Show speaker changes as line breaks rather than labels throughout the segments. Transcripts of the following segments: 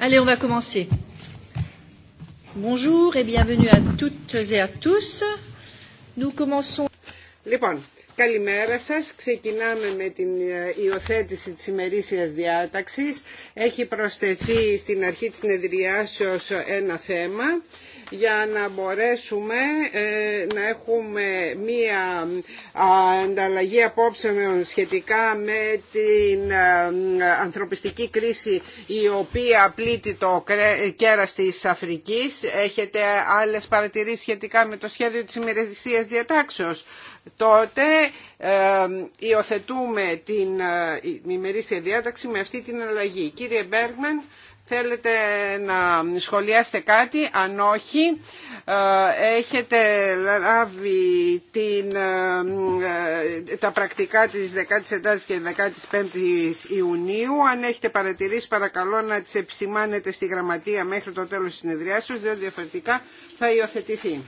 Allez, on va commencer. Bonjour et bienvenue à toutes
et à tous. Nous commençons. Λοιπόν, καλημέρα σας. Ξεκινάμε με την ε, υιοθέτηση της ημερήσιας διάταξης. Έχει προσθεθεί στην αρχή της συνεδριάσεως ένα θέμα για να μπορέσουμε ε, να έχουμε μία ανταλλαγή απόψεων σχετικά με την ε, ανθρωπιστική κρίση η οποία πλήττει το κέρας της Αφρικής. Έχετε άλλες παρατηρήσεις σχετικά με το σχέδιο της ημερησίας διατάξεως. Τότε ε, υιοθετούμε την ε, ημερήσια διάταξη με αυτή την αλλαγή. Κύριε Μπέργμαν, Θέλετε να σχολιάσετε κάτι, αν όχι, ε, έχετε λάβει την, ε, ε, τα πρακτικά της 14ης και 15ης Ιουνίου. Αν έχετε παρατηρήσει παρακαλώ να τις επισημάνετε στη γραμματεία μέχρι το τέλος της συνεδριάσεως, διότι διαφορετικά θα υιοθετηθεί.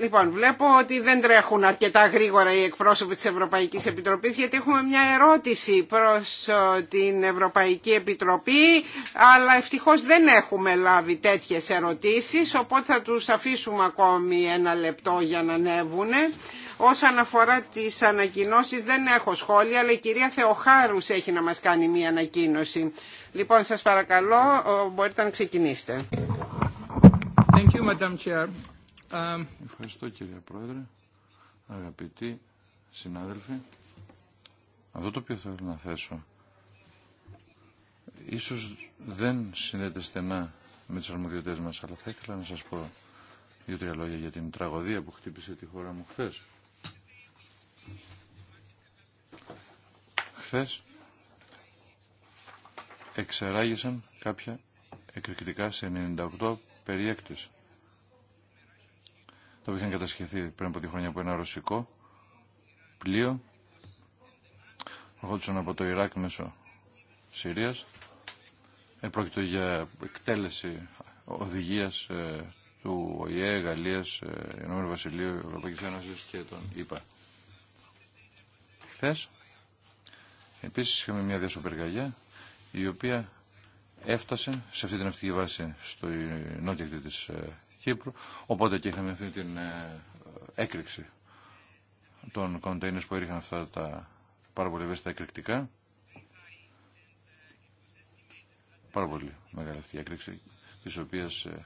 Λοιπόν, βλέπω ότι δεν τρέχουν αρκετά γρήγορα οι εκπρόσωποι της Ευρωπαϊκής Επιτροπής γιατί έχουμε μια ερώτηση προς ε, την Ευρωπαϊκή Επιτροπή αλλά ευτυχώς δεν έχουμε λάβει τέτοιες ερωτήσεις οπότε θα τους αφήσουμε ακόμη ένα λεπτό για να ανέβουν. Όσον αφορά τις ανακοινώσεις δεν έχω σχόλια αλλά η κυρία Θεοχάρους έχει να μας κάνει μια ανακοίνωση. Λοιπόν, σας παρακαλώ, μπορείτε να ξεκινήσετε.
Thank you, Madam Um, Ευχαριστώ κύριε Πρόεδρε, αγαπητοί συνάδελφοι. Αυτό το οποίο θέλω να θέσω ίσως δεν συνδέεται στενά με τις αρμοδιωτές μας, αλλά θα ήθελα να σας πω δύο-τρία λόγια για την τραγωδία που χτύπησε τη χώρα μου χθες. Χθες εξεράγησαν κάποια εκρηκτικά σε 98 περιέκτες το οποίο είχαν κατασχεθεί πριν από δύο χρόνια από ένα ρωσικό πλοίο. Προχώρησαν από το Ιράκ μέσω Συρίας. Πρόκειται για εκτέλεση οδηγίας ε, του ΟΗΕ, Γαλλία ε, Ηνωμένου Βασιλείου, Ευρωπαϊκής Ένωση και των ΙΠΑ. Χθε, επίσης είχαμε μια διασωπεργαγιά η οποία έφτασε σε αυτή την αυτική βάση στο νότιο τη ε, Κύπρου, οπότε και είχαμε αυτή την ε, έκρηξη των κοντέινες που έρχαν αυτά τα πάρα πολύ ευαίσθητα εκρηκτικά. Πάρα πολύ μεγάλη αυτή η έκρηξη, της οποίας ε,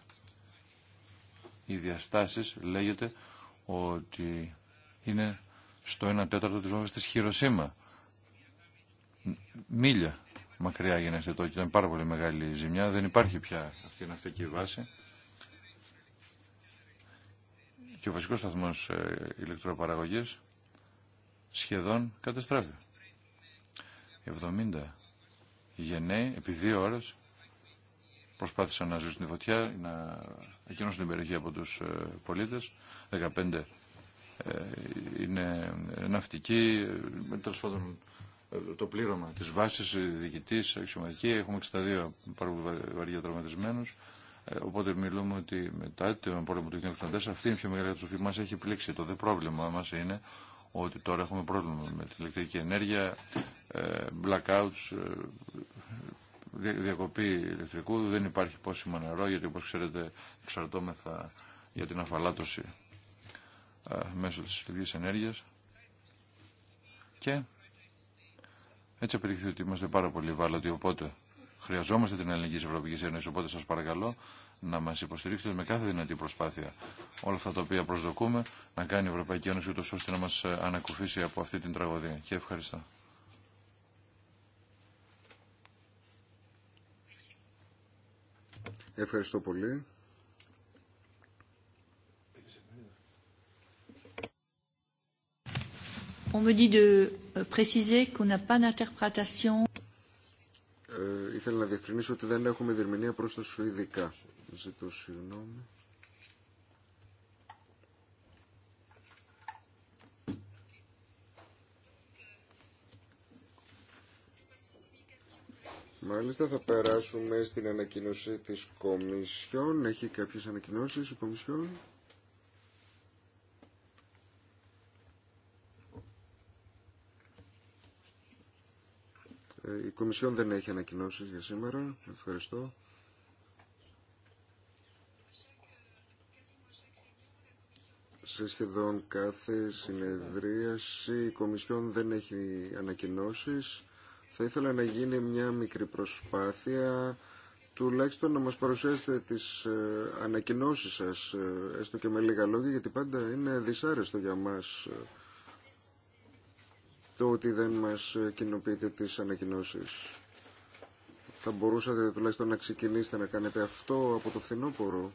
οι διαστάσεις λέγεται ότι είναι στο 1 τέταρτο της βόμβας της Χειροσύμα. Μίλια μακριά γίνεται το και ήταν πάρα πολύ μεγάλη ζημιά. Δεν υπάρχει πια αυτή η ναυτική βάση και ο βασικός σταθμός ε, ηλεκτροπαραγωγής σχεδόν καταστράφει. 70 γενναίοι επί δύο ώρες προσπάθησαν να ζήσουν τη φωτιά, να ακοινώσουν την περιοχή από τους ε, πολίτες. 15 ε, είναι ναυτικοί, τέλο πάντων το πλήρωμα της βάσης, διοικητής, αξιωματική. Έχουμε 62 βαριά τραυματισμένους. Ε, οπότε μιλούμε ότι μετά το πόλεμο του 1984, αυτή η πιο μεγάλη καταστροφή μα έχει πλήξει. Το δε πρόβλημα μα είναι ότι τώρα έχουμε πρόβλημα με την ηλεκτρική ενέργεια, ε, blackouts, ε, διακοπή ηλεκτρικού, δεν υπάρχει πόσιμο νερό γιατί όπως ξέρετε εξαρτώμεθα για την αφαλάτωση μέσω της ηλεκτρικής ενέργειας και έτσι απαιτείται ότι είμαστε πάρα πολύ βάλλοντοι, οπότε Χρειαζόμαστε την ελληνική ευρωπαϊκή Ευρωπαϊκής Ένωσης, οπότε σας παρακαλώ να μας υποστηρίξετε με κάθε δυνατή προσπάθεια όλα αυτά τα οποία προσδοκούμε να κάνει η Ευρωπαϊκή Ένωση ούτως ώστε να μας ανακουφίσει από αυτή την τραγωδία. Και ευχαριστώ.
Ευχαριστώ πολύ.
On me dit de préciser qu'on n'a pas d'interprétation.
Ε, ήθελα να διευκρινίσω ότι δεν έχουμε διερμηνία προς τα Σουηδικά. Ζητώ συγγνώμη. Μάλιστα θα περάσουμε στην ανακοίνωση της Κομισιόν. Έχει κάποιες ανακοινώσεις η Κομισιόν. Ε, η Κομισιόν δεν έχει ανακοινώσει για σήμερα. Ευχαριστώ. Σε σχεδόν κάθε συνεδρίαση η Κομισιόν δεν έχει ανακοινώσεις. Θα ήθελα να γίνει μια μικρή προσπάθεια τουλάχιστον να μας παρουσιάσετε τις ε, ανακοινώσεις σας, ε, έστω και με λίγα λόγια, γιατί πάντα είναι δυσάρεστο για μας το ότι δεν μας κοινοποιείτε τις ανακοινώσεις. Θα μπορούσατε τουλάχιστον να ξεκινήσετε να κάνετε αυτό από το φθινόπωρο.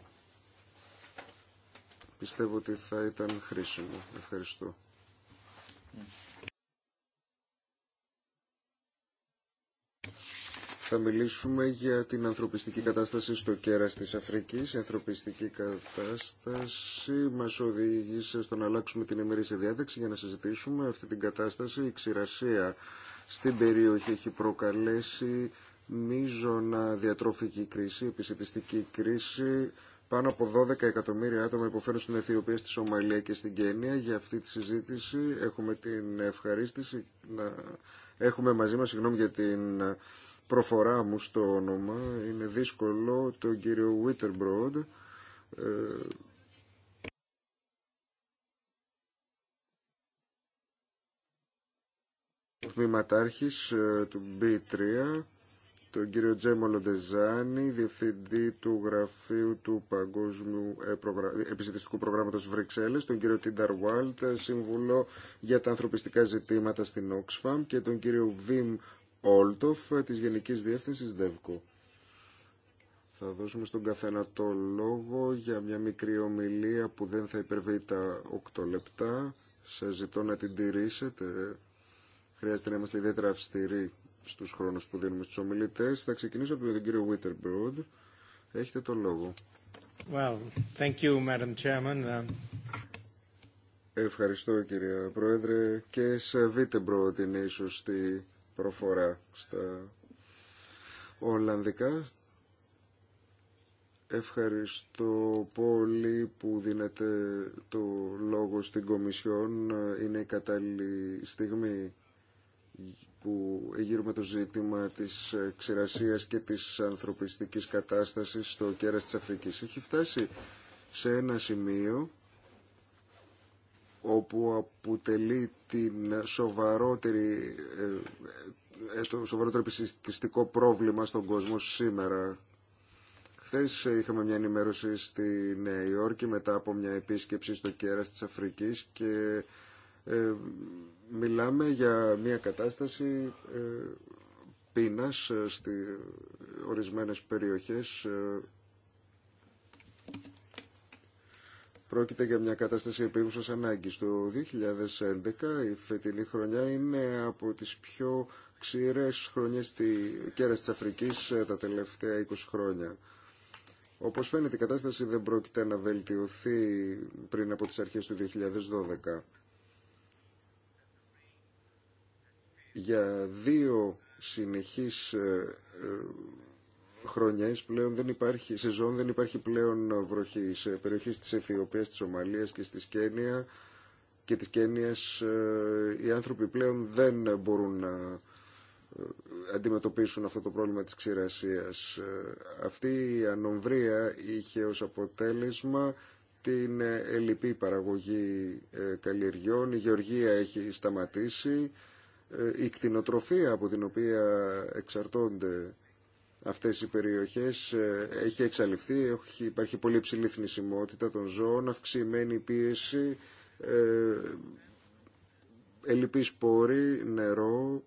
Πιστεύω ότι θα ήταν χρήσιμο. Ευχαριστώ. Θα μιλήσουμε για την ανθρωπιστική κατάσταση στο κέρας της Αφρικής. Η ανθρωπιστική κατάσταση μας οδήγησε στο να αλλάξουμε την ημερήσια διάταξη για να συζητήσουμε αυτή την κατάσταση. Η ξηρασία στην περιοχή έχει προκαλέσει μίζωνα διατροφική κρίση, επισητιστική κρίση. Πάνω από 12 εκατομμύρια άτομα υποφέρουν στην Αιθιοπία, στη Σομαλία και στην Κένια. Για αυτή τη συζήτηση έχουμε την ευχαρίστηση να έχουμε μαζί μας, συγγνώμη για την προφορά μου στο όνομα. Είναι δύσκολο τον κύριο Βίτερμπροντ. Ε, τμήματάρχης ε, του B3, τον κύριο Τζέμο Λοντεζάνη, διευθυντή του γραφείου του Παγκόσμιου ε, Επιστημιστικού Προγράμματος Βρυξέλλες, τον κύριο Τίνταρ Βάλτ, σύμβουλο για τα ανθρωπιστικά ζητήματα στην Oxfam και τον κύριο Βιμ Όλτοφ της Γενικής Διεύθυνσης ΔΕΒΚΟ. Θα δώσουμε στον καθένα το λόγο για μια μικρή ομιλία που δεν θα υπερβεί τα 8 λεπτά. Σας ζητώ να την τηρήσετε. Χρειάζεται να είμαστε ιδιαίτερα αυστηροί στους χρόνους που δίνουμε στους ομιλητές. Θα ξεκινήσω από τον κύριο Βίτερμπροντ. Έχετε το λόγο.
Well, thank you, Madam Chairman. Um,
Ευχαριστώ κυρία Πρόεδρε και σε Βίτεμπρο την η σωστή προφορά στα Ολλανδικά. Ευχαριστώ πολύ που δίνετε το λόγο στην Κομισιόν. Είναι η κατάλληλη στιγμή που εγείρουμε το ζήτημα της ξηρασίας και της ανθρωπιστικής κατάστασης στο κέρας της Αφρικής. Έχει φτάσει σε ένα σημείο όπου αποτελεί την σοβαρότερη, ε, ε, ε, το σοβαρότερο επιστηστικό πρόβλημα στον κόσμο σήμερα. Χθε είχαμε μια ενημέρωση στη Νέα Υόρκη μετά από μια επίσκεψη στο κέρας της Αφρικής και μιλάμε για μια κατάσταση ε, πείνας στις ορισμένες περιοχές Πρόκειται για μια κατάσταση επίγουσα ανάγκη. Το 2011 η φετινή χρονιά είναι από τις πιο ξηρέ χρονιές στη κέρα τη Αφρική ε, τα τελευταία 20 χρόνια. Όπως φαίνεται η κατάσταση δεν πρόκειται να βελτιωθεί πριν από τις αρχές του 2012. Για δύο συνεχείς ε, ε, χρόνια. πλέον δεν υπάρχει, σεζόν δεν υπάρχει πλέον βροχή σε περιοχές της Αιθιοπίας, της Ομαλίας και της Κένια και της Κένιας ε, οι άνθρωποι πλέον δεν μπορούν να ε, αντιμετωπίσουν αυτό το πρόβλημα της ξηρασίας. Ε, αυτή η ανομβρία είχε ως αποτέλεσμα την ελλειπή παραγωγή καλλιεργιών. Η γεωργία έχει σταματήσει. Η κτηνοτροφία από την οποία εξαρτώνται αυτές οι περιοχές ε, έχει εξαλειφθεί, υπάρχει πολύ ψηλή θνησιμότητα των ζώων, αυξημένη πίεση, ε, ελλειπή σπόρη, νερό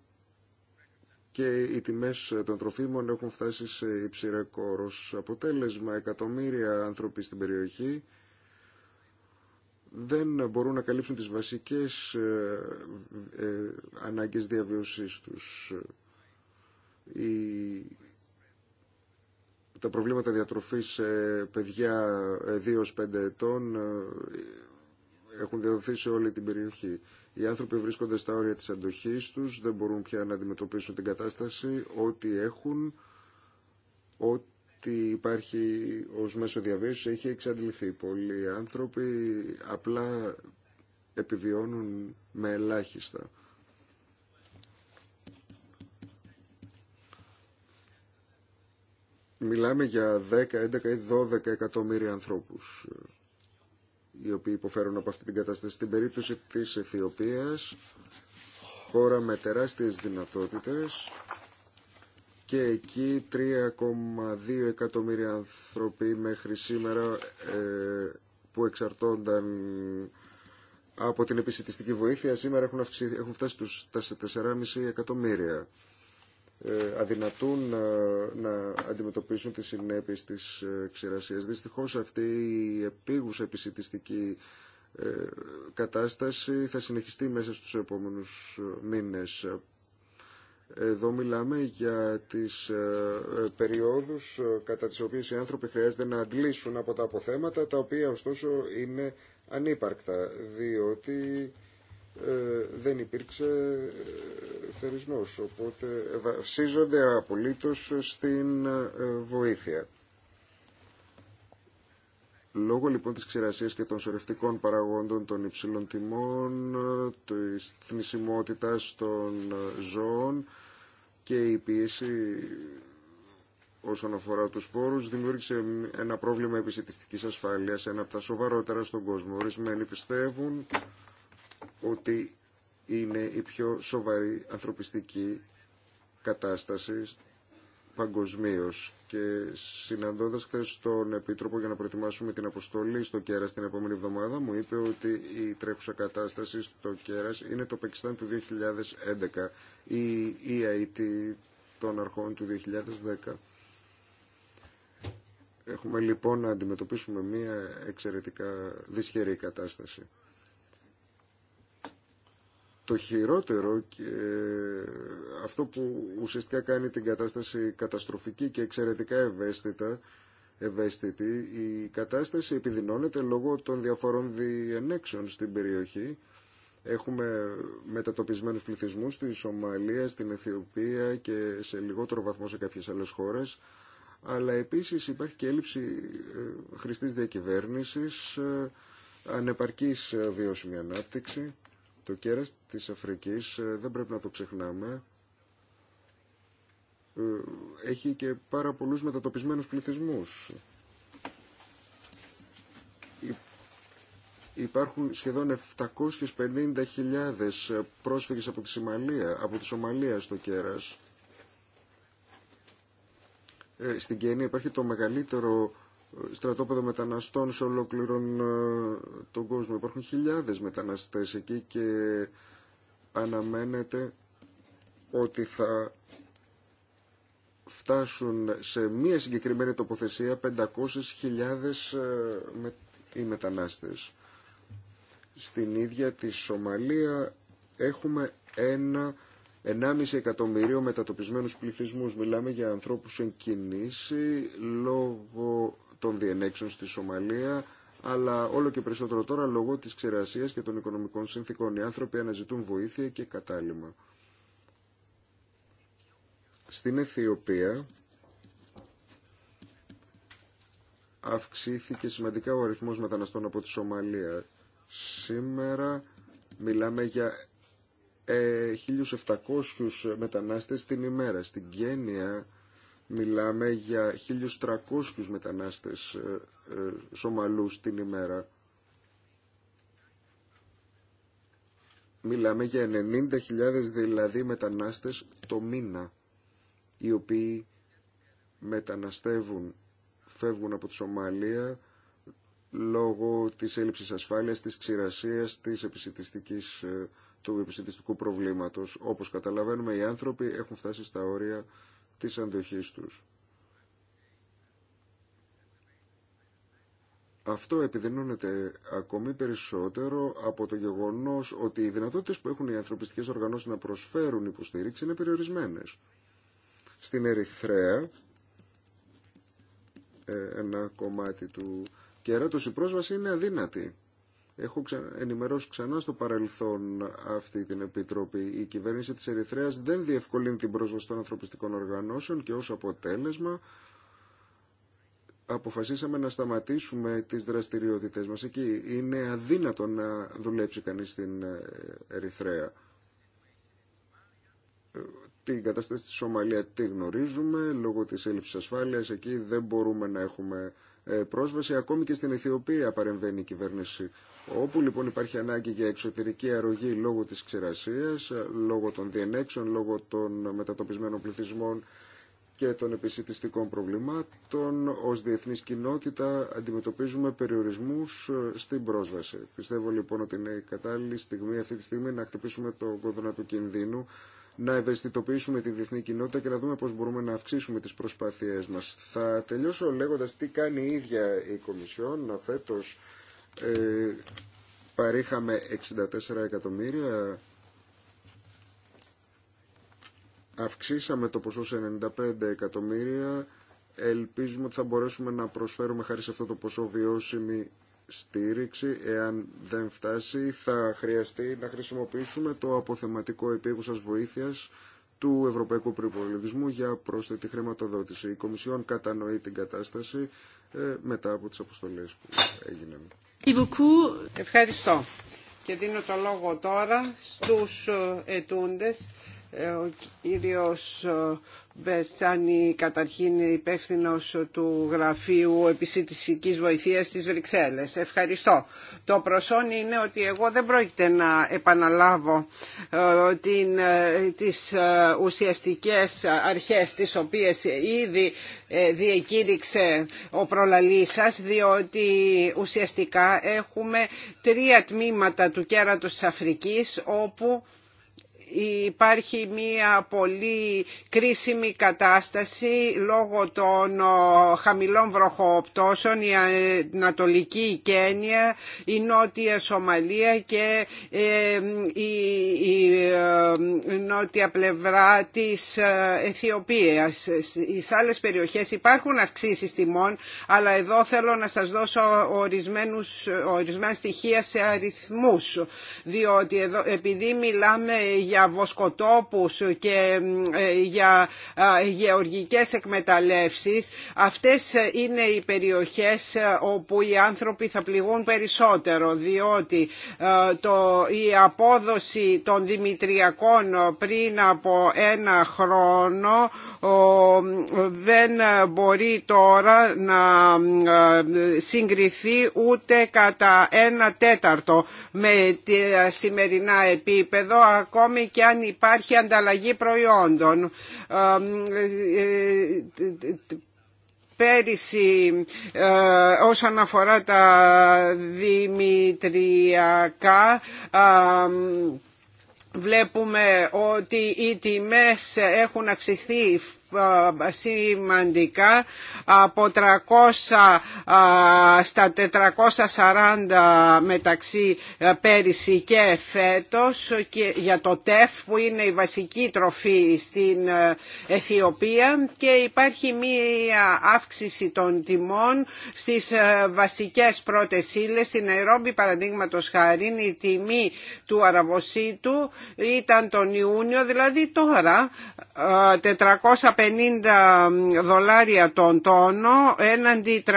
και οι τιμές των τροφίμων έχουν φτάσει σε υψηρά κόρος. Αποτέλεσμα, εκατομμύρια άνθρωποι στην περιοχή δεν μπορούν να καλύψουν τις βασικές ε, ανάγκες διαβίωσής τους τα προβλήματα διατροφής σε παιδιά 2-5 ε, ετών ε, έχουν διαδοθεί σε όλη την περιοχή. Οι άνθρωποι βρίσκονται στα όρια της αντοχής τους, δεν μπορούν πια να αντιμετωπίσουν την κατάσταση, ό,τι έχουν, ό,τι υπάρχει ως μέσο διαβίωσης έχει εξαντληθεί. Πολλοί άνθρωποι απλά επιβιώνουν με ελάχιστα. μιλάμε για 10, 11 ή 12 εκατομμύρια ανθρώπους ε, οι οποίοι υποφέρουν από αυτή την κατάσταση. Στην περίπτωση της Αιθιοπίας, χώρα με τεράστιες δυνατότητες και εκεί 3,2 εκατομμύρια άνθρωποι μέχρι σήμερα ε, που εξαρτώνταν από την επισητιστική βοήθεια σήμερα έχουν, αυξηθεί, έχουν φτάσει τους στα 4,5 εκατομμύρια. Ε, αδυνατούν ε, να αντιμετωπίσουν τις συνέπειες της ε, ξηρασίας. Δυστυχώς αυτή η επίγουσα επισητιστική κατάσταση θα συνεχιστεί μέσα στους επόμενους μήνες. Εδώ μιλάμε για τις περιόδους κατά τις οποίες οι άνθρωποι χρειάζεται να αντλήσουν από τα αποθέματα, τα οποία ωστόσο είναι ανύπαρκτα, διότι ε, δεν υπήρξε ε, θερισμός. Οπότε βασίζονται απολύτως στην ε, βοήθεια. Λόγω λοιπόν της ξηρασίας και των σωρευτικών παραγόντων των υψηλών τιμών, της θνησιμότητας των ζώων και η πίεση όσον αφορά τους σπόρους δημιούργησε ένα πρόβλημα επιστημιστικής ασφάλειας, ένα από τα σοβαρότερα στον κόσμο. Ορισμένοι πιστεύουν ότι είναι η πιο σοβαρή ανθρωπιστική κατάσταση παγκοσμίω. Και συναντώντα χθε τον Επίτροπο για να προετοιμάσουμε την αποστολή στο Κέρα την επόμενη εβδομάδα, μου είπε ότι η τρέχουσα κατάσταση στο Κέρα είναι το Πακιστάν του 2011, η η e αιτή των αρχών του 2010. Έχουμε λοιπόν να αντιμετωπίσουμε μια εξαιρετικά δυσχερή κατάσταση. Το χειρότερο και αυτό που ουσιαστικά κάνει την κατάσταση καταστροφική και εξαιρετικά ευαίσθητα, ευαίσθητη, η κατάσταση επιδεινώνεται λόγω των διαφορών διενέξεων στην περιοχή. Έχουμε μετατοπισμένους πληθυσμούς στη Σομαλία, στην Αιθιοπία και σε λιγότερο βαθμό σε κάποιες άλλες χώρες. Αλλά επίσης υπάρχει και έλλειψη ε, χρηστής διακυβέρνησης, ε, ανεπαρκής ε, βιώσιμη ανάπτυξη το κέρας της Αφρικής ε, δεν πρέπει να το ξεχνάμε. Ε, έχει και πάρα πολλούς μετατοπισμένους πληθυσμούς. Υπάρχουν σχεδόν 750.000 πρόσφυγες από τη, Σομαλία, από τη Σομαλία στο κέρας. Ε, στην Κένια υπάρχει το μεγαλύτερο στρατόπεδο μεταναστών σε ολόκληρον ε, τον κόσμο. Υπάρχουν χιλιάδες μεταναστές εκεί και αναμένεται ότι θα φτάσουν σε μία συγκεκριμένη τοποθεσία 500.000 ε, οι μετανάστες. Στην ίδια τη Σομαλία έχουμε ένα 1,5 εκατομμύριο μετατοπισμένους πληθυσμούς. Μιλάμε για ανθρώπους εν κινήσει λόγω των διενέξεων στη Σομαλία, αλλά όλο και περισσότερο τώρα λόγω της ξερασίας και των οικονομικών συνθήκων. Οι άνθρωποι αναζητούν βοήθεια και κατάλημα. Στην Αιθιοπία αυξήθηκε σημαντικά ο αριθμός μεταναστών από τη Σομαλία. Σήμερα μιλάμε για 1.700 ε, μετανάστες την ημέρα. Στην Κένια Μιλάμε για 1.300 μετανάστες ε, ε, Σομαλούς την ημέρα. Μιλάμε για 90.000 δηλαδή μετανάστες το μήνα, οι οποίοι μεταναστεύουν, φεύγουν από τη Σομαλία λόγω της έλλειψης ασφάλειας, της ξηρασίας, της επισητιστικής, ε, του επισητιστικού προβλήματος. Όπως καταλαβαίνουμε οι άνθρωποι έχουν φτάσει στα όρια της αντοχής τους. Αυτό επιδεινώνεται ακόμη περισσότερο από το γεγονός ότι οι δυνατότητες που έχουν οι ανθρωπιστικές οργανώσεις να προσφέρουν υποστήριξη είναι περιορισμένες. Στην Ερυθρέα, ε, ένα κομμάτι του κέρατος, η πρόσβαση είναι αδύνατη Έχω ενημερώσει ξανά στο παρελθόν αυτή την Επιτροπή. Η κυβέρνηση της Ερυθρέας δεν διευκολύνει την πρόσβαση των ανθρωπιστικών οργανώσεων και ως αποτέλεσμα αποφασίσαμε να σταματήσουμε τις δραστηριότητες μας εκεί. Είναι αδύνατο να δουλέψει κανείς στην ε, Ερυθρέα. Την κατάσταση στη Σομαλία τη γνωρίζουμε, λόγω της έλλειψης ασφάλειας εκεί δεν μπορούμε να έχουμε ε, πρόσβαση ακόμη και στην Αιθιοπία παρεμβαίνει η κυβέρνηση. Όπου λοιπόν υπάρχει ανάγκη για εξωτερική αρρωγή λόγω της ξηρασίας, ε, λόγω των διενέξεων, λόγω των μετατοπισμένων πληθυσμών και των επισητιστικών προβλημάτων, ως διεθνής κοινότητα αντιμετωπίζουμε περιορισμούς ε, στην πρόσβαση. Πιστεύω λοιπόν ότι είναι η κατάλληλη στιγμή αυτή τη στιγμή να χτυπήσουμε το κόδωνα του κινδύνου να ευαισθητοποιήσουμε τη διεθνή κοινότητα και να δούμε πώς μπορούμε να αυξήσουμε τις προσπάθειές μας. Θα τελειώσω λέγοντας τι κάνει η ίδια η Κομισιόν. Φέτος ε, παρήχαμε 64 εκατομμύρια αυξήσαμε το ποσό σε 95 εκατομμύρια. Ελπίζουμε ότι θα μπορέσουμε να προσφέρουμε χάρη σε αυτό το ποσό βιώσιμη στήριξη. Εάν δεν φτάσει θα χρειαστεί να χρησιμοποιήσουμε το αποθεματικό επίγουσας βοήθειας του Ευρωπαϊκού Προπολογισμού για πρόσθετη χρηματοδότηση. Η Κομισιόν κατανοεί την κατάσταση ε, μετά από τις αποστολές που έγιναν. Ευχαριστώ.
Και δίνω το λόγο τώρα στους ε, ετούντες. Ε, ο κύριος ε, Μπερτσάνη καταρχήν υπεύθυνο του Γραφείου Επισητιστικής Βοηθείας της Βρυξέλλες. Ευχαριστώ. Το προσόν είναι ότι εγώ δεν πρόκειται να επαναλάβω ε, την, τις ουσιαστικές αρχές τις οποίες ήδη διεκήρυξε ο προλαλής σας διότι ουσιαστικά έχουμε τρία τμήματα του κέρατος της Αφρικής όπου υπάρχει μια πολύ κρίσιμη κατάσταση λόγω των χαμηλών βροχοπτώσεων η Ανατολική Κένια, η Νότια Σομαλία και ε, η ε, νότια πλευρά της ε, Αιθιοπίας. Στις άλλες περιοχές υπάρχουν αυξήσεις τιμών, αλλά εδώ θέλω να σας δώσω ορισμένους, ορισμένα στοιχεία σε αριθμούς, διότι εδώ, επειδή μιλάμε για για βοσκοτόπους και ε, για γεωργικές εκμεταλλεύσεις αυτές είναι οι περιοχές ε, όπου οι άνθρωποι θα πληγούν περισσότερο διότι ε, το, η απόδοση των δημητριακών πριν από ένα χρόνο δεν μπορεί τώρα να συγκριθεί ούτε κατά ένα τέταρτο με τη σημερινά επίπεδο ακόμη και αν υπάρχει ανταλλαγή προϊόντων ε, ε, πέρυσι ε, όσον αφορά τα δημητριακά βλέπουμε ότι οι τιμές έχουν αυξηθεί ε, σημαντικά από 300 ε, στα 440 μεταξύ ε, πέρυσι και φέτος και για το τεφ που είναι η βασική τροφή στην Αιθιοπία και υπάρχει μία αύξηση των τιμών στις βασικές πρώτες ύλες. Στην Αερόμπη παραδείγματος χάρη η τιμή του αραβοσίτου ήταν τον Ιούνιο, δηλαδή τώρα 450 δολάρια τον τόνο έναντι 370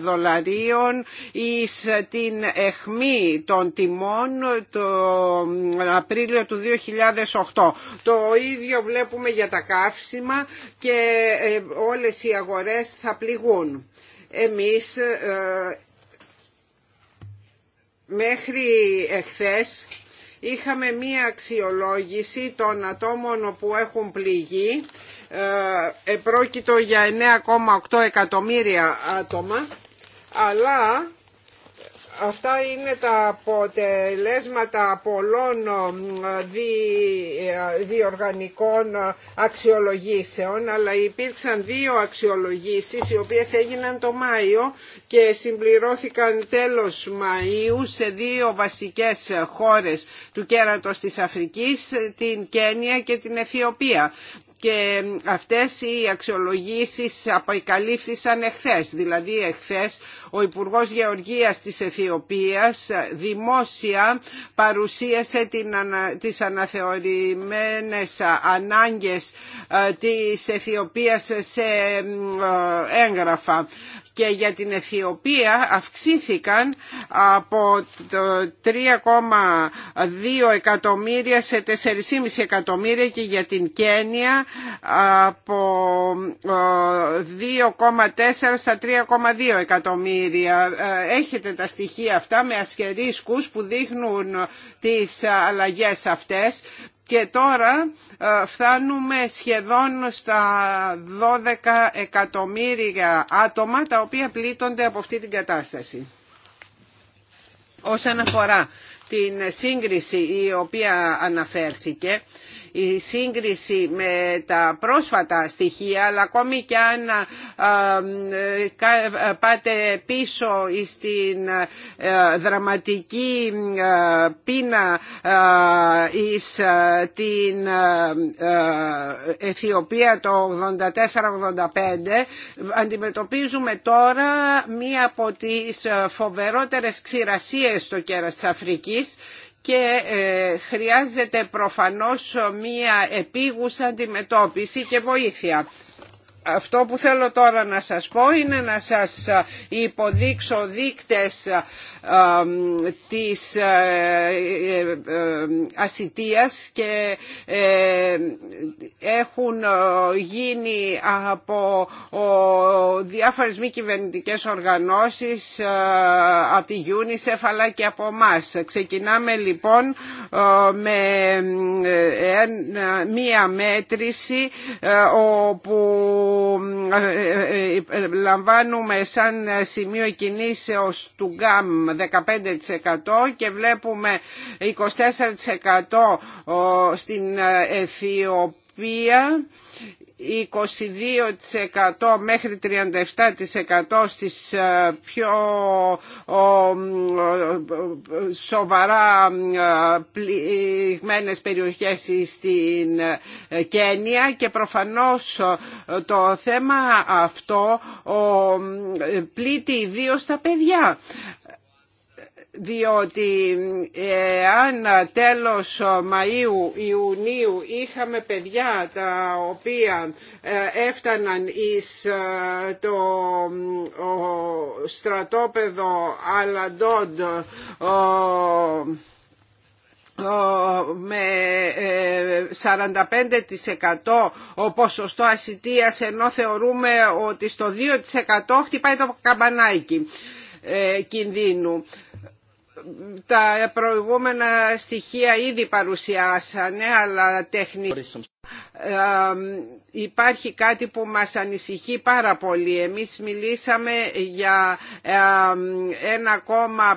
δολαρίων εις την εχμή των τιμών το Απρίλιο του 2008. Το ίδιο βλέπουμε για τα καύσιμα και ε, όλες οι αγορές θα πληγούν. Εμείς ε, μέχρι εχθές είχαμε μία αξιολόγηση των ατόμων που έχουν πληγεί. Ε, επρόκειτο για 9,8 εκατομμύρια άτομα αλλά Αυτά είναι τα αποτελέσματα πολλών ε, ε, διοργανικών ε, αξιολογήσεων, αλλά υπήρξαν δύο αξιολογήσεις οι οποίες έγιναν το Μάιο και συμπληρώθηκαν τέλος Μαΐου σε δύο βασικές χώρες του κέρατος της Αφρικής, την Κένια και την Αιθιοπία και αυτές οι αξιολογήσεις αποκαλύφθησαν εχθές. Δηλαδή εχθές ο Υπουργός Γεωργίας της Αιθιοπίας δημόσια παρουσίασε την, τις αναθεωρημένες ανάγκες ε, της Αιθιοπίας σε ε, έγγραφα και για την Αιθιοπία αυξήθηκαν από 3,2 εκατομμύρια σε 4,5 εκατομμύρια και για την Κένια από 2,4 ε, στα 3,2 εκατομμύρια. Ε, έχετε τα στοιχεία αυτά με ασκερίσκους που δείχνουν τις αλλαγές αυτές και τώρα ε, φτάνουμε σχεδόν στα 12 εκατομμύρια άτομα τα οποία πλήττονται από αυτή την κατάσταση. Όσον αφορά την σύγκριση η οποία αναφέρθηκε, η σύγκριση με τα πρόσφατα στοιχεία αλλά ακόμη και αν πάτε πίσω στην δραματική πείνα εις την Αιθιοπία το 84-85 αντιμετωπίζουμε τώρα μία από τις φοβερότερες ξηρασίες στο κέρας της Αφρικής και ε, χρειάζεται προφανώς μία επίγουσα αντιμετώπιση και βοήθεια. Αυτό που θέλω τώρα να σας πω είναι να σας ε, υποδείξω δείκτες της ε, ε, ε, ασιτίας και έχουν γίνει από διάφορες μη κυβερνητικέ οργανώσεις από τη UNICEF αλλά και από εμά. Ξεκινάμε λοιπόν με μία μέτρηση όπου λαμβάνουμε σαν σημείο κινήσεως του ΓΑΜ 15% και βλέπουμε 24% στην ε, Αιθιοπία 22% μέχρι 37% στις ε, πιο σοβαρά ε, πληγμένες περιοχές στην Κένια και προφανώς το θέμα αυτό πλήττει ιδίως τα παιδιά διότι ε, αν τέλος Μαΐου, Ιουνίου είχαμε παιδιά τα οποία ε, έφταναν εις ε, το στρατόπεδο Αλαντόντ με 45% ο ποσοστό ασυτείας ενώ θεωρούμε ότι στο 2% χτυπάει το καμπανάκι κινδύνου τα προηγούμενα στοιχεία ήδη παρουσιάσανε, αλλά τεχνικά υπάρχει κάτι που μας ανησυχεί πάρα πολύ. Εμείς μιλήσαμε για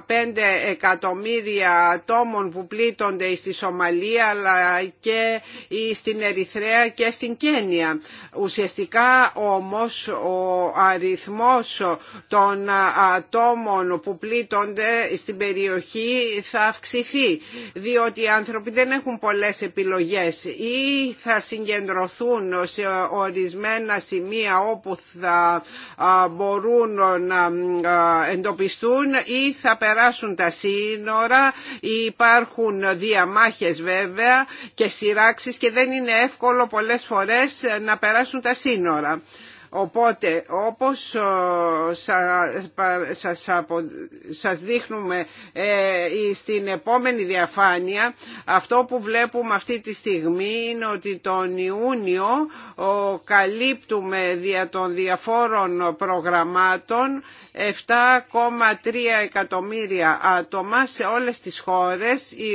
1,5 εκατομμύρια ατόμων που πλήττονται στη Σομαλία αλλά και στην Ερυθρέα και στην Κένια. Ουσιαστικά όμως ο αριθμός των ατόμων που πλήττονται στην περιοχή θα αυξηθεί διότι οι άνθρωποι δεν έχουν πολλές επιλογές ή θα συγκεντρωθούν σε ορισμένα σημεία όπου θα μπορούν να εντοπιστούν ή θα περάσουν τα σύνορα υπάρχουν διαμάχες βέβαια και σειράξεις και δεν είναι εύκολο πολλές φορές να περάσουν τα σύνορα. Οπότε όπως ε, σας δείχνουμε ε, στην επόμενη διαφάνεια αυτό που βλέπουμε αυτή τη στιγμή είναι ότι τον Ιούνιο καλύπτουμε δια των διαφόρων προγραμμάτων 7,3 εκατομμύρια άτομα σε όλες τις χώρες οι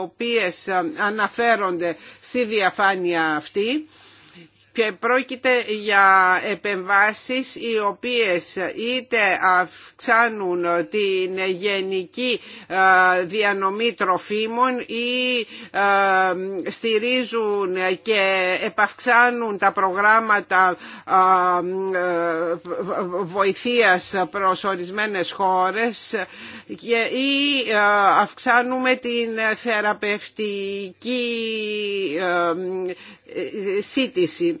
οποίες ε, αναφέρονται στη διαφάνεια αυτή και πρόκειται για επεμβάσεις οι οποίες είτε αυξάνουν την γενική ε, διανομή τροφίμων ή ε, στηρίζουν και επαυξάνουν τα προγράμματα ε, βοηθείας προς ορισμένες χώρες ή αυξάνουμε την θεραπευτική σύντηση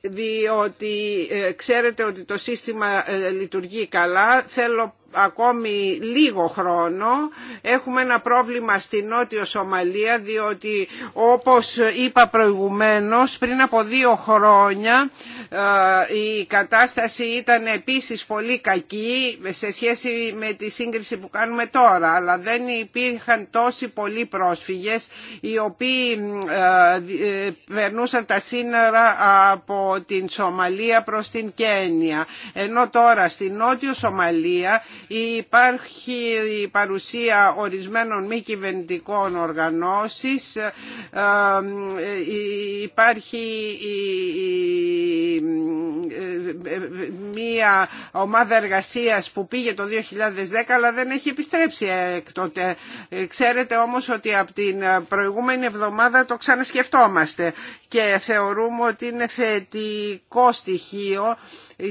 διότι ε, ξέρετε ότι το σύστημα ε, λειτουργεί καλά. Θέλω ακόμη λίγο χρόνο. Έχουμε ένα πρόβλημα στην Νότιο Σομαλία διότι όπως είπα προηγουμένως πριν από δύο χρόνια ε, η κατάσταση ήταν επίσης πολύ κακή σε σχέση με τη σύγκριση που κάνουμε τώρα αλλά δεν υπήρχαν τόσοι πολλοί πρόσφυγες οι οποίοι ε, ε, περνούσαν τα σύνορα από την Σομαλία προς την Κένια ενώ τώρα στη Νότιο Σομαλία Υπάρχει η παρουσία ορισμένων μη κυβερνητικών οργανώσεις, ε, ε, υπάρχει ε, μία ομάδα εργασίας που πήγε το 2010 αλλά δεν έχει επιστρέψει εκ τότε. Ξέρετε όμως ότι από την προηγούμενη εβδομάδα το ξανασκεφτόμαστε και θεωρούμε ότι είναι θετικό στοιχείο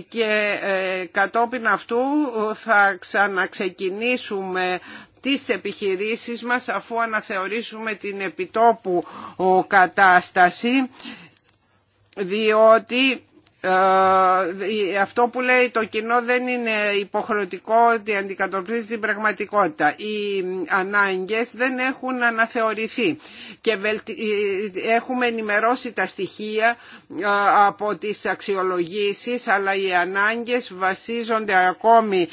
και ε, κατόπιν αυτού ε, θα ξαναξεκινήσουμε τις επιχειρήσεις μας αφού αναθεωρήσουμε την επιτόπου κατάσταση διότι ε, αυτό που λέει το κοινό δεν είναι υποχρεωτικό ότι αντικατοπτρίζει την πραγματικότητα. Οι ανάγκες δεν έχουν αναθεωρηθεί και ε, έχουμε ενημερώσει τα στοιχεία ε, από τις αξιολογήσεις αλλά οι ανάγκες βασίζονται ακόμη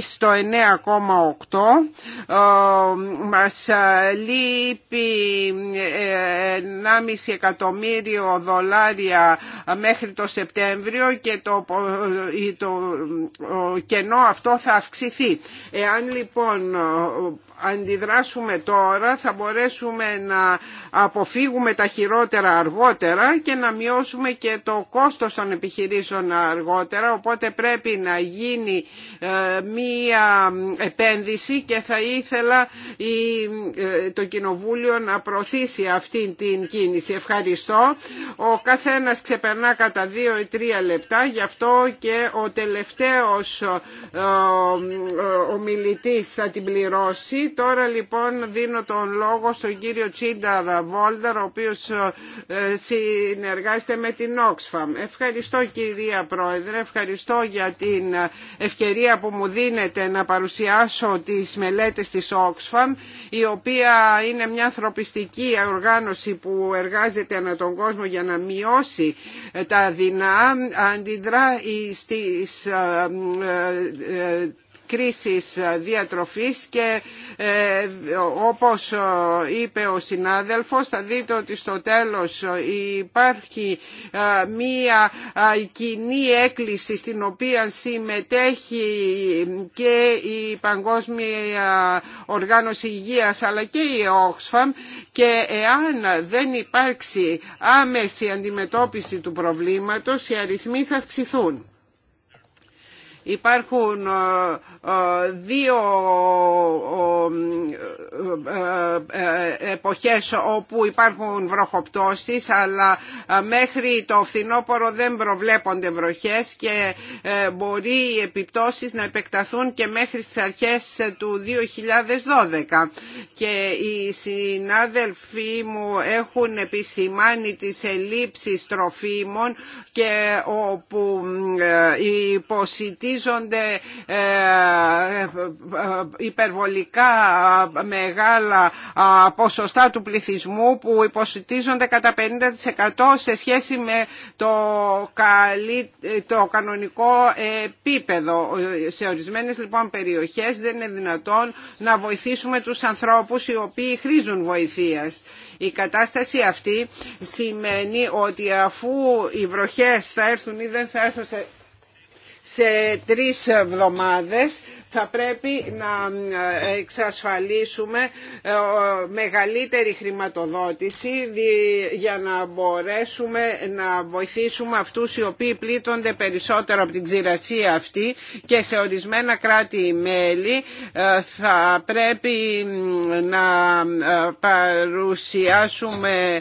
στο 9,8 μας λείπει 1,5 εκατομμύριο δολάρια μέχρι το Σεπτέμβριο Σεπτέμβριο και το, το κενό αυτό θα αυξηθεί. Εάν λοιπόν αντιδράσουμε τώρα θα μπορέσουμε να αποφύγουμε τα χειρότερα αργότερα και να μειώσουμε και το κόστος των επιχειρήσεων αργότερα οπότε πρέπει να γίνει ε, μία επένδυση και θα ήθελα ε, το Κοινοβούλιο να προωθήσει αυτή την κίνηση. Ευχαριστώ. Ο καθένας ξεπερνά κατά δύο ή τρία λεπτά γι' αυτό και ο τελευταίος ε, ο μιλητής θα την πληρώσει Τώρα λοιπόν δίνω τον λόγο στον κύριο Τσίνταρ Βόλταρ, ο οποίος ε, συνεργάζεται με την Oxfam. Ευχαριστώ κυρία Πρόεδρε, ευχαριστώ για την ευκαιρία που μου δίνετε να παρουσιάσω τις μελέτες της Oxfam, η οποία είναι μια ανθρωπιστική οργάνωση που εργάζεται ανά τον κόσμο για να μειώσει ε, τα δεινά, αντιδρά στις κρίσης διατροφής και ε, όπως ε, είπε ο συνάδελφος θα δείτε ότι στο τέλος ε, υπάρχει μία κοινή έκκληση στην οποία συμμετέχει και η Παγκόσμια Οργάνωση Υγείας αλλά και η Oxfam και εάν δεν υπάρξει άμεση αντιμετώπιση του προβλήματος οι αριθμοί θα αυξηθούν. Υπάρχουν δύο ε, ε, εποχές όπου υπάρχουν βροχοπτώσεις αλλά ε, μέχρι το φθινόπωρο δεν προβλέπονται βροχές και μπορεί οι επιπτώσεις να επεκταθούν και μέχρι τις αρχές του 2012 και οι συνάδελφοί μου έχουν επισημάνει τις ελλείψεις τροφίμων και όπου υποσυτίζονται υπερβολικά μεγάλα ποσοστά του πληθυσμού που υποστηρίζονται κατά 50% σε σχέση με το, το κανονικό επίπεδο. Σε ορισμένες λοιπόν περιοχές δεν είναι δυνατόν να βοηθήσουμε τους ανθρώπους οι οποίοι χρήζουν βοηθείας. Η κατάσταση αυτή σημαίνει ότι αφού οι βροχές θα έρθουν ή δεν θα έρθουν σε σε τρεις εβδομάδες θα πρέπει να ε, εξασφαλίσουμε ε, μεγαλύτερη χρηματοδότηση για να μπορέσουμε να βοηθήσουμε αυτούς οι οποίοι πλήττονται περισσότερο από την ξηρασία αυτή και σε ορισμένα κράτη-μέλη ε, θα πρέπει να παρουσιάσουμε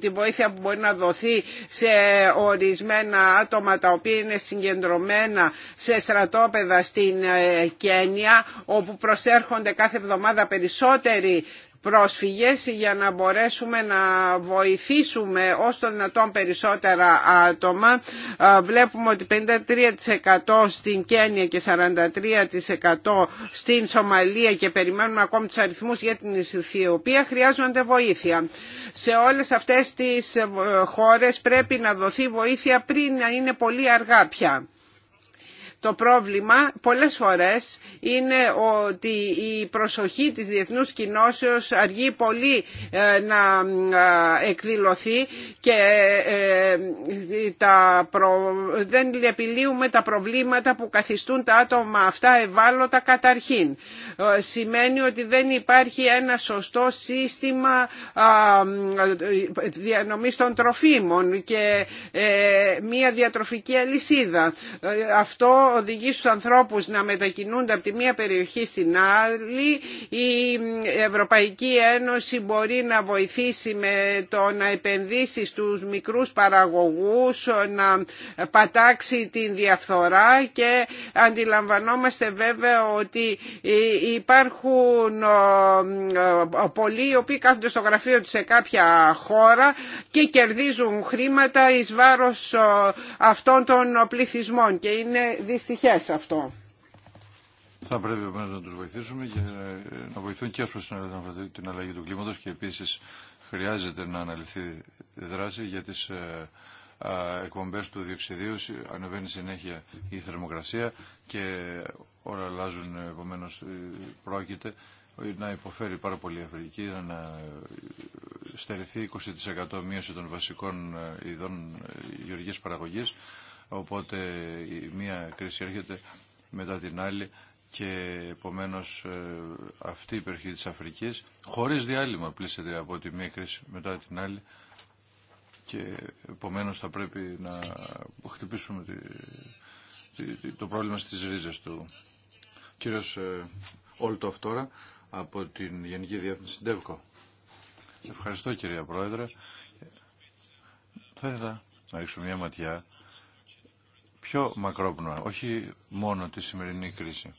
τη βοήθεια που μπορεί να δοθεί σε ορισμένα άτομα τα οποία είναι συγκεντρωμένα σε στρατόπεδα στην ε, Κένια όπου προσέρχονται κάθε εβδομάδα περισσότεροι πρόσφυγες για να μπορέσουμε να βοηθήσουμε ως το δυνατόν περισσότερα άτομα. Βλέπουμε ότι 53% στην Κένια και 43% στην Σομαλία και περιμένουμε ακόμη τους αριθμούς για την Ισουθιοπία χρειάζονται βοήθεια. Σε όλες αυτές τις ε, χώρες πρέπει να δοθεί βοήθεια πριν να είναι πολύ αργά πια. Το πρόβλημα πολλές φορές είναι ότι η προσοχή της διεθνούς κοινώσεως αργεί πολύ ε, να ε, εκδηλωθεί και ε, τα δεν επιλύουμε τα προβλήματα που καθιστούν τα άτομα αυτά ευάλωτα καταρχήν. Σημαίνει ότι δεν υπάρχει ένα σωστό σύστημα διανομής των τροφίμων και μια διατροφική αλυσίδα. Αυτό οδηγεί στους ανθρώπους να μετακινούνται από τη μία περιοχή στην άλλη. Η Ευρωπαϊκή Ένωση μπορεί να βοηθήσει με το να επενδύσει στους μικρούς παραγωγούς, να πατάξει την διαφθορά και αντιλαμβανόμαστε βέβαια ότι υπάρχουν πολλοί οι οποίοι κάθονται στο γραφείο τους σε κάποια χώρα και κερδίζουν χρήματα εις βάρος αυτών των πληθυσμών και είναι δυστυχές αυτό.
Θα πρέπει να τους βοηθήσουμε και ε, να βοηθούν και ω προς την αλλαγή του κλίματος και επίσης χρειάζεται να αναλυθεί δράση για τις ε, εκπομπές του διοξιδίου, ανεβαίνει συνέχεια η θερμοκρασία και όλα αλλάζουν, επομένως ε, πρόκειται να υποφέρει πάρα πολύ η Αφρική, να στερηθεί 20% μείωση των βασικών ειδών γεωργία παραγωγής Οπότε η μία κρίση έρχεται μετά την άλλη και επομένως ε, αυτή η περιοχή της Αφρικής χωρίς διάλειμμα πλήσεται από τη μία κρίση μετά την άλλη και επομένως θα πρέπει να χτυπήσουμε το πρόβλημα στις ρίζες του. Κύριος ε, Όλτοφ τώρα από την Γενική Διεύθυνση ΔΕΒΚΟ. Ευχαριστώ κυρία Πρόεδρε. Θα ήθελα να ρίξω μια ματιά πιο μακρόπνοα, όχι μόνο τη σημερινή κρίση.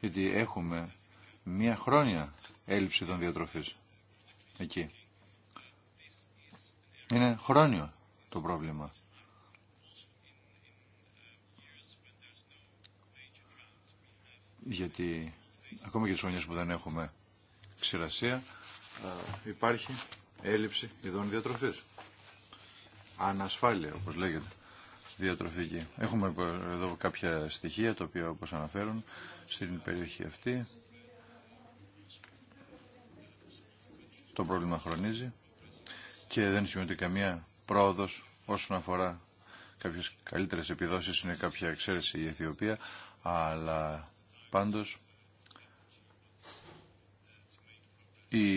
Γιατί έχουμε μία χρόνια έλλειψη των διατροφής εκεί. Είναι χρόνιο το πρόβλημα. Γιατί ακόμα και τις χρονιές που δεν έχουμε ξηρασία ε, υπάρχει έλλειψη ειδών διατροφής ανασφάλεια, όπω λέγεται, διατροφική. Έχουμε εδώ κάποια στοιχεία, τα οποία όπως αναφέρουν, στην περιοχή αυτή. Το πρόβλημα χρονίζει και δεν σημαίνει καμία πρόοδος όσον αφορά κάποιε καλύτερες επιδόσεις, είναι κάποια εξαίρεση η Αιθιοπία, αλλά πάντως οι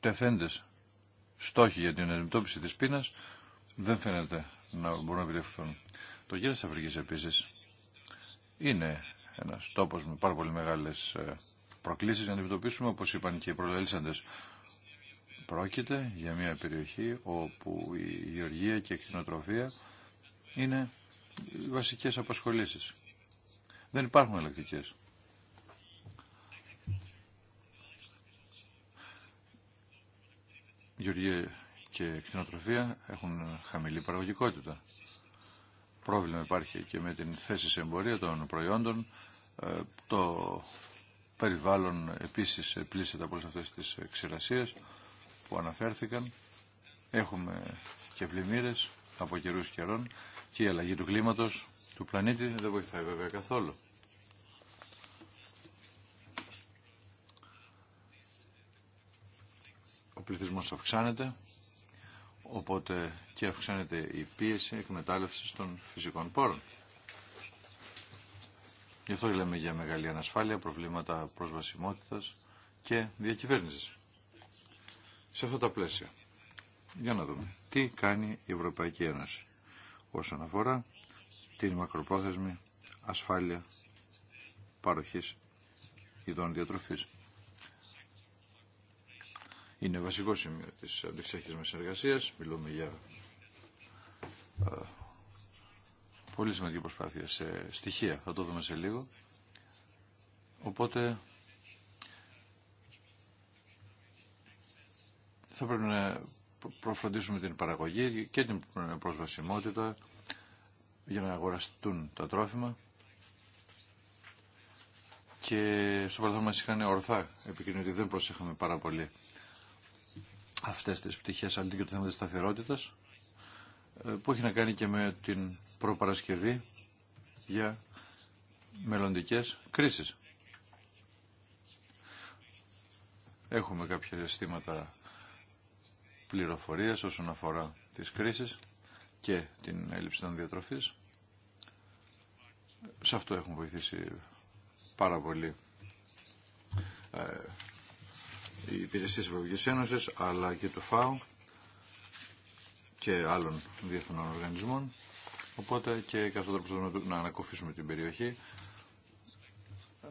τεθέντες στόχοι για την αντιμετώπιση της πείνας δεν φαίνεται να μπορούν να επιτευχθούν. Το γύρο τη Αφρικής επίσης είναι ένας τόπος με πάρα πολύ μεγάλες ε, προκλήσεις να αντιμετωπίσουμε, όπως είπαν και οι προλαλήσαντες. Πρόκειται για μια περιοχή όπου η γεωργία και η κτηνοτροφία είναι οι βασικές απασχολήσεις. Δεν υπάρχουν ελεκτικέ. Γεωργία και κτηνοτροφία έχουν χαμηλή παραγωγικότητα. Πρόβλημα υπάρχει και με την θέση σε εμπορία των προϊόντων. Ε, το περιβάλλον επίσης πλήσεται από όλες αυτές τις ξηρασίες που αναφέρθηκαν. Έχουμε και πλημμύρες από καιρούς καιρών και η αλλαγή του κλίματος του πλανήτη δεν βοηθάει βέβαια καθόλου. Ο πληθυσμός αυξάνεται Οπότε και αυξάνεται η πίεση εκμετάλλευση των φυσικών πόρων. Γι' αυτό λέμε για μεγάλη ανασφάλεια, προβλήματα προσβασιμότητας και διακυβέρνησης. Σε αυτά τα πλαίσια. Για να δούμε. Τι κάνει η Ευρωπαϊκή Ένωση όσον αφορά την μακροπρόθεσμη ασφάλεια παροχής ειδών διατροφής είναι βασικό σημείο της αντιξέχης μα συνεργασίας. Μιλούμε για α, ε, πολύ σημαντική προσπάθεια σε στοιχεία. Θα το δούμε σε λίγο. Οπότε θα πρέπει να προφροντίσουμε την παραγωγή και την ε, προσβασιμότητα για να αγοραστούν τα τρόφιμα και στο παρελθόν μας είχαν ορθά επικοινωνία δεν προσέχαμε πάρα πολύ αυτές τις πτυχές αλλά και το θέμα της σταθερότητας ε, που έχει να κάνει και με την προπαρασκευή για μελλοντικές κρίσεις. Έχουμε κάποια αισθήματα πληροφορίας όσον αφορά τις κρίσεις και την έλλειψη των διατροφής. Σε αυτό έχουν βοηθήσει πάρα πολύ ε, οι υπηρεσίες Ευρωπαϊκής Ένωσης αλλά και του ΦΑΟ και άλλων διεθνών οργανισμών. Οπότε και κατά τον τρόπο να ανακοφίσουμε την περιοχή,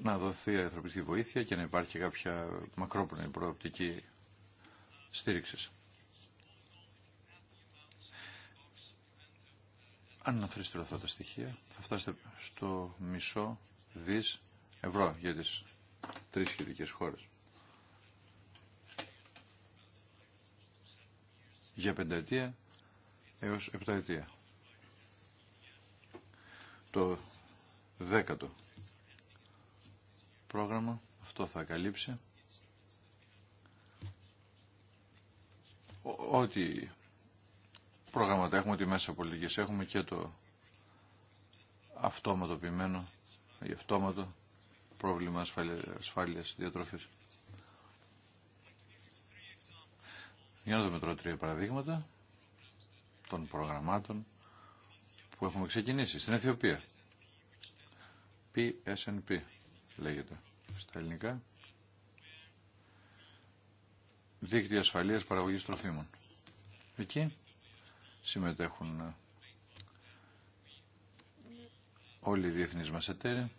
να δοθεί ανθρωπιστική βοήθεια και να υπάρχει κάποια μακρόπνοη προοπτική στήριξη. Αν αναφέρεστε όλα αυτά τα στοιχεία, θα φτάσετε στο μισό δις ευρώ για τις τρεις χειρικές χώρες. για πενταετία έως επταετία. Το δέκατο πρόγραμμα αυτό θα καλύψει ό,τι προγράμματα έχουμε, ό,τι μέσα πολιτικής έχουμε και το αυτόματο αυτόματοποιημένο ή αυτόματο πρόβλημα ασφάλειας διατροφής. Για να δούμε τώρα τρία παραδείγματα των προγραμμάτων που έχουμε ξεκινήσει στην Αιθιοπία. PSNP λέγεται στα ελληνικά. Δίκτυα ασφαλείας παραγωγής τροφίμων. Εκεί συμμετέχουν ε, όλοι οι διεθνείς μας εταίροι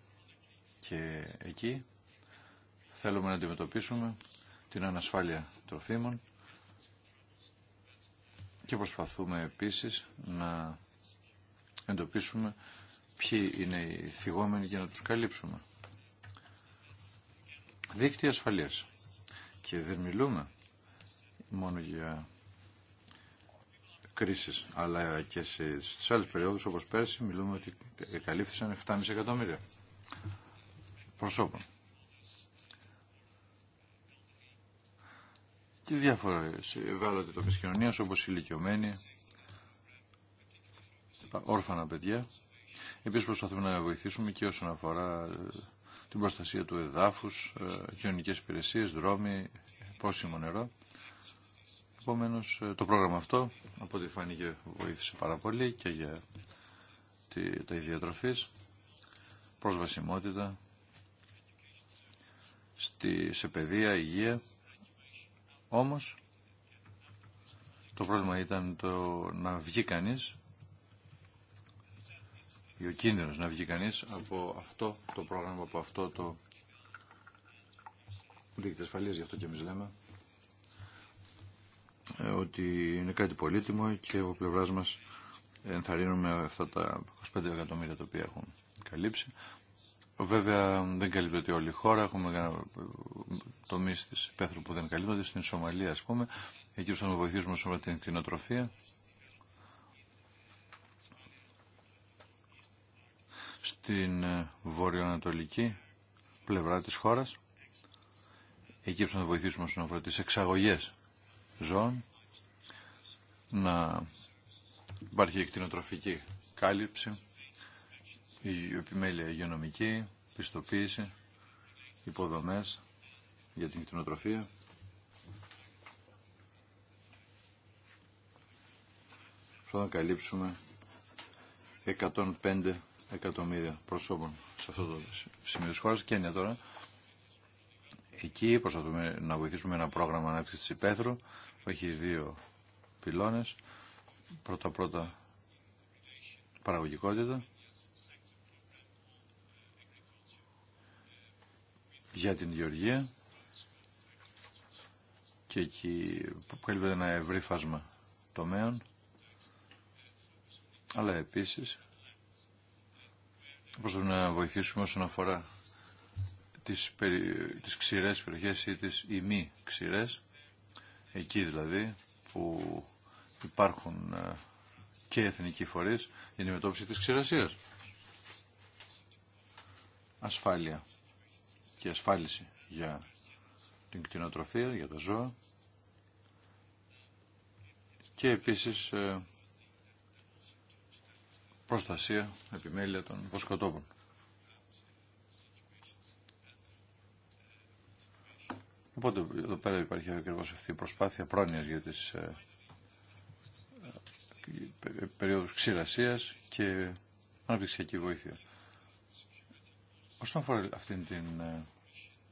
και εκεί θέλουμε να αντιμετωπίσουμε την ανασφάλεια τροφίμων και προσπαθούμε επίσης να εντοπίσουμε ποιοι είναι οι θυγόμενοι για να τους καλύψουμε. Δίκτυα ασφαλείας. Και δεν μιλούμε μόνο για κρίσεις, αλλά και στις άλλες περιόδους όπως πέρσι μιλούμε ότι καλύφθησαν 7,5 εκατομμύρια προσώπων. τι διάφορες ευάλωτε το κοινωνίας όπως ηλικιωμένοι, όρφανα παιδιά. Επίσης προσπαθούμε να βοηθήσουμε και όσον αφορά ε, την προστασία του εδάφους, ε, κοινωνικές υπηρεσίες, δρόμοι, πόσιμο νερό. Επομένω, ε, το πρόγραμμα αυτό από ό,τι φάνηκε βοήθησε πάρα πολύ και για τη, τα ιδιατροφής, πρόσβασιμότητα στη, σε παιδεία, υγεία όμως το πρόβλημα ήταν το να βγει κανείς ή ο κίνδυνος να βγει κανείς από αυτό το πρόγραμμα, από αυτό το δίκτυο ασφαλείας, γι' αυτό και εμείς λέμε ε, ότι είναι κάτι πολύτιμο και από πλευράς μας ενθαρρύνουμε αυτά τα 25 εκατομμύρια τα οποία έχουν καλύψει Βέβαια δεν καλύπτεται όλη η χώρα. Έχουμε τομεί τη υπαίθρου που δεν καλύπτονται. Στην Σομαλία, α πούμε, εκεί που θα βοηθήσουμε όσον την κτηνοτροφία. Στην ε, βορειοανατολική πλευρά της χώρας, εκεί που θα βοηθήσουμε όσον αφορά τις εξαγωγές ζώων, να υπάρχει εκτινοτροφική κάλυψη η επιμέλεια υγειονομική, πιστοποίηση, υποδομές για την κτηνοτροφία. Θα καλύψουμε 105 εκατομμύρια προσώπων σε αυτό το σημείο της χώρας. Και είναι τώρα. Εκεί προσπαθούμε να βοηθήσουμε ένα πρόγραμμα ανάπτυξης υπαίθρου που έχει δύο πυλώνες. Πρώτα-πρώτα παραγωγικότητα για την γεωργία και εκεί που καλύπτεται ένα ευρύφασμα τομέων αλλά επίσης προσπαθούμε να βοηθήσουμε όσον αφορά τις, περι... τις ξηρές περιοχές ή τις ημί ξηρές εκεί δηλαδή που υπάρχουν ε, και εθνικοί φορείς για την μετώπιση της ξηρασίας. Ασφάλεια και ασφάλιση για την κτηνοτροφία, για τα ζώα και επίσης ε, προστασία, επιμέλεια των βοσκοτόπων. Οπότε εδώ πέρα υπάρχει ακριβώς αυτή η προσπάθεια πρόνοιας για τις ε, ε, περίοδους ξηρασίας και αναπτυξιακή βοήθεια. Όσον αφορά αυτήν την ε,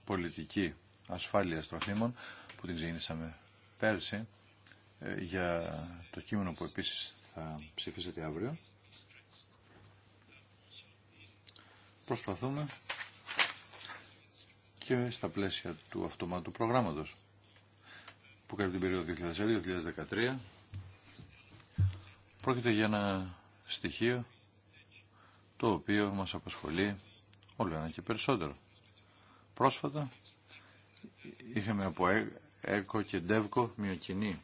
πολιτική ασφάλειας τροφίμων που την ξεκινήσαμε πέρσι ε, για το κείμενο που επίσης θα ψηφίσετε αύριο προσπαθούμε και στα πλαίσια του αυτομάτου προγράμματος που κάνει την περιοδο 2011-2013 πρόκειται για ένα στοιχείο το οποίο μας απασχολεί όλο ένα και περισσότερο. Πρόσφατα είχαμε από ΕΚΟ και ΝΤΕΒΚΟ μια κοινή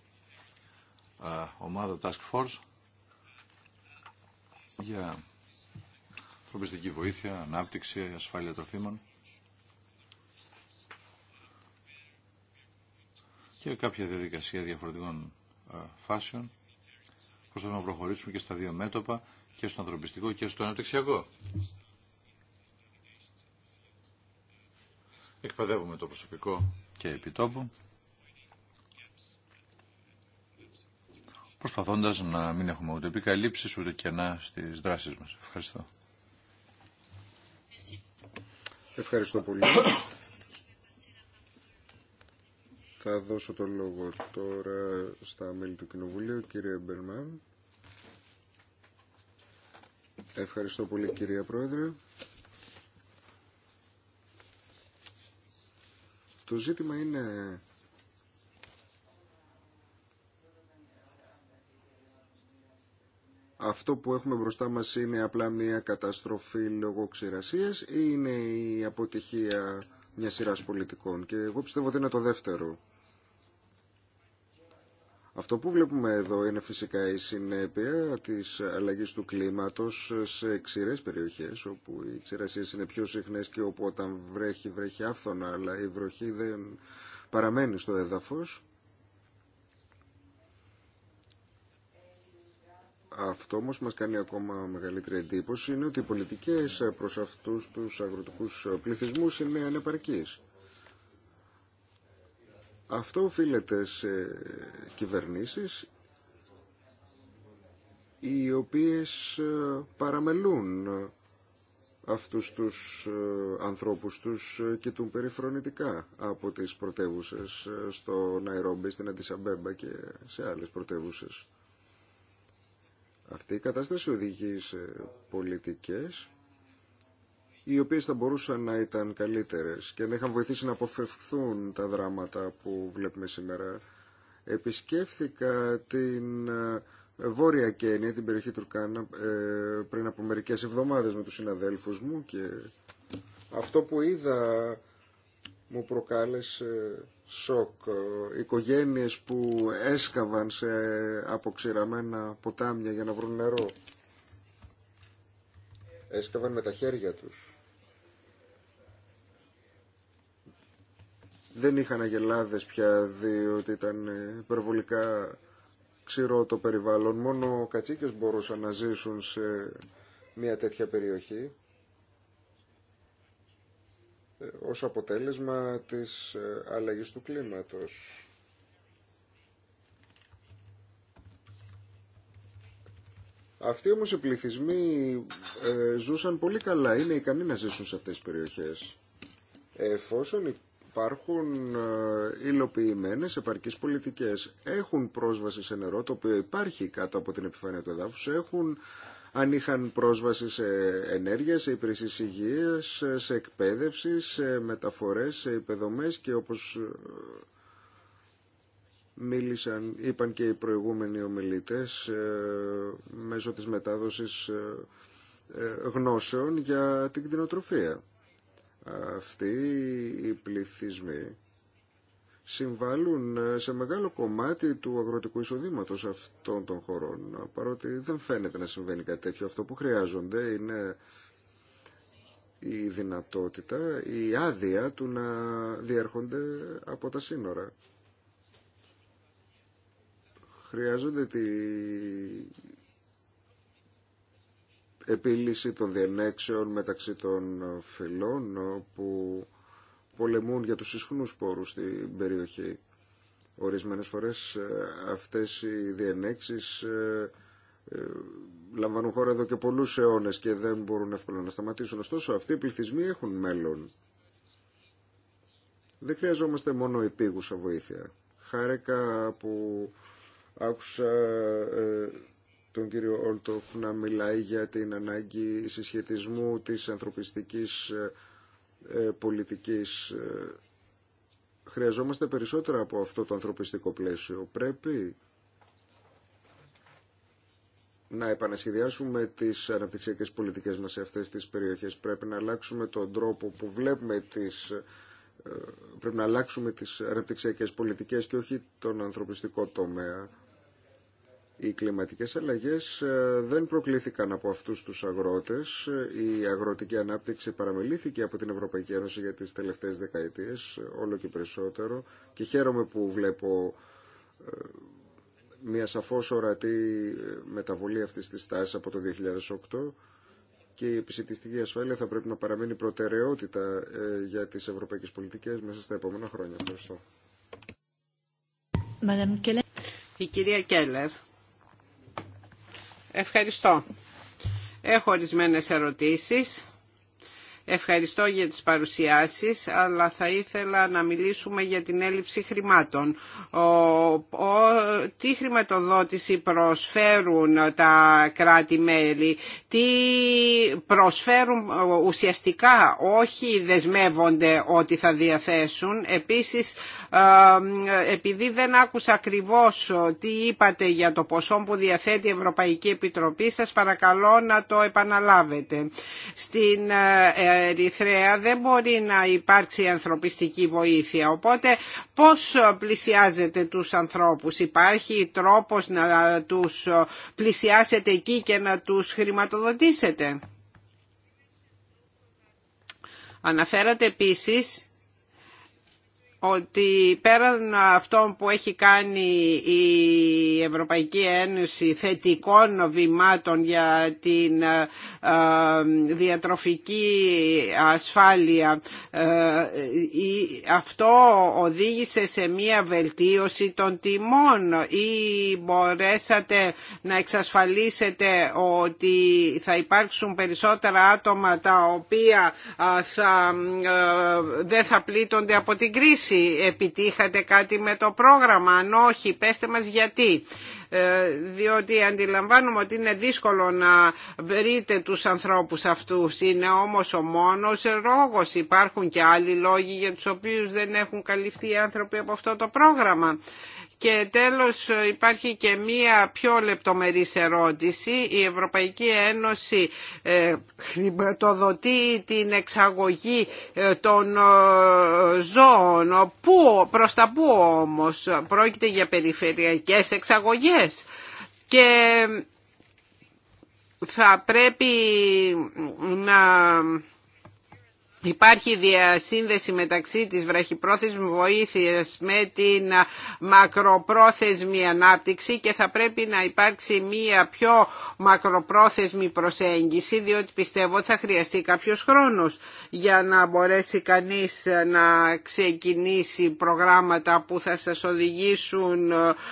ομάδα Task Force για ανθρωπιστική βοήθεια, ανάπτυξη, ασφάλεια τροφίμων. και κάποια διαδικασία διαφορετικών φάσεων. Προσπαθούμε να προχωρήσουμε και στα δύο μέτωπα, και στο ανθρωπιστικό και στο αναπτυξιακό. εκπαιδεύουμε το προσωπικό και επιτόπου προσπαθώντας να μην έχουμε ούτε επικαλύψεις ούτε κενά
στις δράσεις μας. Ευχαριστώ. Ευχαριστώ πολύ. Θα δώσω το λόγο τώρα στα μέλη του Κοινοβουλίου, κύριε Μπερμάν. Ευχαριστώ πολύ κυρία Πρόεδρε. Το ζήτημα είναι αυτό που έχουμε μπροστά μας είναι απλά μια καταστροφή λόγω ξηρασίας ή είναι η αποτυχία μια σειράς πολιτικών. Και εγώ πιστεύω ότι είναι το δεύτερο. Αυτό που βλέπουμε εδώ είναι φυσικά η συνέπεια της αλλαγής του κλίματος σε ξηρές περιοχές όπου οι ξηρασίες είναι πιο συχνές και όπου όταν βρέχει βρέχει άφθονα αλλά η βροχή δεν παραμένει στο έδαφος. Αυτό όμως μας κάνει ακόμα μεγαλύτερη εντύπωση είναι ότι οι πολιτικές προς αυτούς τους αγροτικούς πληθυσμούς είναι ανεπαρκείς. Αυτό οφείλεται σε κυβερνήσεις οι οποίες ε, παραμελούν αυτούς τους ε, ανθρώπους τους ε, κοιτούν περιφρονητικά από τις πρωτεύουσε στο Ναϊρόμπι, στην Αντισαμπέμπα και σε άλλες πρωτεύουσε. Αυτή η κατάσταση οδηγεί σε πολιτικές οι οποίες θα μπορούσαν να ήταν καλύτερες και να είχαν βοηθήσει να αποφευχθούν τα δράματα που βλέπουμε σήμερα. Επισκέφθηκα την ε, Βόρεια Κένια, την περιοχή Τουρκάνα, ε, πριν από μερικές εβδομάδες με τους συναδέλφους μου και αυτό που είδα μου προκάλεσε σοκ. Οικογένειες που έσκαβαν σε αποξηραμένα ποτάμια για να βρουν νερό. Έσκαβαν με τα χέρια τους. δεν είχαν αγελάδες πια διότι ήταν ε, υπερβολικά ξηρό το περιβάλλον. Μόνο κατσίκες μπορούσαν να ζήσουν σε μια τέτοια περιοχή ε, ως αποτέλεσμα της ε, αλλαγής του κλίματος. Αυτοί όμως οι πληθυσμοί ζούσαν πολύ καλά, είναι ικανοί να ζήσουν σε αυτές τις περιοχές. Εφόσον υπάρχουν ε, υλοποιημένες επαρκείς πολιτικές. Έχουν πρόσβαση σε νερό το οποίο υπάρχει κάτω από την επιφάνεια του εδάφους. Έχουν, αν είχαν πρόσβαση σε ενέργεια, σε υπηρεσίες υγείας, σε εκπαίδευση, σε μεταφορές, σε υπεδομές και όπως ε, μίλησαν, είπαν και οι προηγούμενοι ομιλητές ε, μέσω της μετάδοσης γνώσεων για την κτηνοτροφία. Αυτοί οι πληθυσμοί συμβάλλουν σε μεγάλο κομμάτι του αγροτικού εισοδήματος αυτών των χωρών, παρότι δεν φαίνεται να συμβαίνει κάτι τέτοιο. Αυτό που χρειάζονται είναι η δυνατότητα, η άδεια του να διέρχονται από τα σύνορα. Χρειάζονται τη επίλυση των διενέξεων μεταξύ των ε, φυλών ε, που πολεμούν για τους ισχνούς πόρους στην περιοχή. Ορισμένες φορές ε, αυτές οι διενέξεις λαμβάνουν χώρα εδώ και πολλούς αιώνες και δεν μπορούν εύκολα να σταματήσουν. Ωστόσο αυτοί οι πληθυσμοί έχουν μέλλον. Δεν χρειαζόμαστε μόνο επίγουσα βοήθεια. Χάρηκα που άκουσα τον κύριο Όλτοφ να μιλάει για την ανάγκη συσχετισμού της ανθρωπιστικής ε, ε, πολιτικής. Ε. Χρειαζόμαστε περισσότερα από αυτό το ανθρωπιστικό πλαίσιο. Πρέπει να επανασχεδιάσουμε τις αναπτυξιακές πολιτικές μας σε αυτές τις περιοχές. Πρέπει να αλλάξουμε τον τρόπο που βλέπουμε τις πρέπει να αλλάξουμε τις αναπτυξιακές πολιτικές και όχι τον ανθρωπιστικό τομέα. Οι κλιματικές αλλαγές ε, δεν προκλήθηκαν από αυτούς τους αγρότες. Η αγροτική ανάπτυξη παραμελήθηκε από την Ευρωπαϊκή Ένωση για τις τελευταίες δεκαετίες, όλο και περισσότερο. Και χαίρομαι που βλέπω ε, μια σαφώς ορατή ε, μεταβολή αυτής της τάσης από το 2008 και η επισητιστική ασφάλεια θα πρέπει να παραμείνει προτεραιότητα για τις ευρωπαϊκές πολιτικές μέσα στα επόμενα χρόνια. Ευχαριστώ.
Η κυρία Κέλλερ. Ευχαριστώ. Έχω ορισμένε ερωτήσεις. Ευχαριστώ για τις παρουσιάσεις, αλλά θα ήθελα να μιλήσουμε για την έλλειψη χρημάτων. Ο, τι χρηματοδότηση προσφέρουν τα κράτη-μέλη, τι προσφέρουν ουσιαστικά, όχι δεσμεύονται ότι θα διαθέσουν. Επίσης, ε, επειδή δεν άκουσα ακριβώς τι είπατε για το ποσό που διαθέτει η Ευρωπαϊκή Επιτροπή, σας παρακαλώ να το επαναλάβετε. Στην ε, Ερυθρέα δεν μπορεί να υπάρξει ανθρωπιστική βοήθεια. Οπότε πώς πλησιάζετε τους ανθρώπους. Υπάρχει τρόπος να τους πλησιάσετε εκεί και να τους χρηματοδοτήσετε. Αναφέρατε επίσης ότι πέραν αυτών που έχει κάνει η Ευρωπαϊκή Ένωση θετικών βημάτων για την ε, διατροφική ασφάλεια, ε, αυτό οδήγησε σε μία βελτίωση των τιμών ή μπορέσατε να εξασφαλίσετε ότι θα υπάρξουν περισσότερα άτομα τα οποία ε, θα, δεν θα πλήττονται από την κρίση. Επιτύχατε κάτι με το πρόγραμμα. Αν όχι, πέστε μας γιατί. Ε, διότι αντιλαμβάνουμε ότι είναι δύσκολο να βρείτε τους ανθρώπους αυτούς. Είναι όμως ο μόνος ρόγος Υπάρχουν και άλλοι λόγοι για τους οποίους δεν έχουν καλυφθεί οι άνθρωποι από αυτό το πρόγραμμα. Και τέλος ε, υπάρχει και μία πιο λεπτομερής ερώτηση. Η Ευρωπαϊκή Ένωση ε, χρηματοδοτεί την εξαγωγή ε, των ζώων. Πού, προς τα πού όμως πρόκειται για περιφερειακές εξαγωγές. Και θα πρέπει να Υπάρχει διασύνδεση μεταξύ της βραχυπρόθεσμης βοήθειας με την μακροπρόθεσμη ανάπτυξη και θα πρέπει να υπάρξει μία πιο μακροπρόθεσμη προσέγγιση διότι πιστεύω ότι θα χρειαστεί κάποιος χρόνος για να μπορέσει κανείς να ξεκινήσει προγράμματα που θα σας οδηγήσουν ε,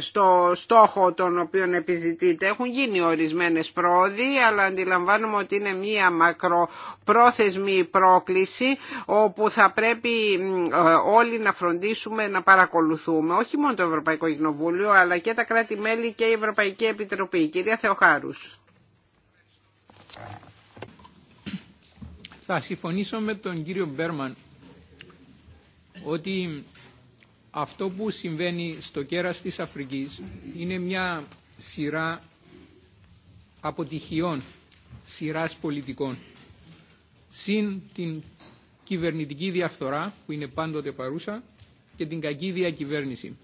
στο στόχο τον οποίων επιζητείτε. Έχουν γίνει ορισμένες πρόοδοι αλλά αντιλαμβάνομαι ότι είναι μία μακροπρόθεσμη θεσμοί πρόκληση όπου θα πρέπει ε, όλοι να φροντίσουμε να παρακολουθούμε όχι μόνο το Ευρωπαϊκό Κοινοβούλιο αλλά και τα κράτη-μέλη και η Ευρωπαϊκή Επιτροπή. Κυρία Θεοχάρους.
Θα συμφωνήσω με τον κύριο Μπέρμαν ότι αυτό που συμβαίνει στο κέρας της Αφρικής είναι μια σειρά αποτυχιών, σειράς πολιτικών συν την κυβερνητική διαφθορά που είναι πάντοτε παρούσα και την κακή διακυβέρνηση.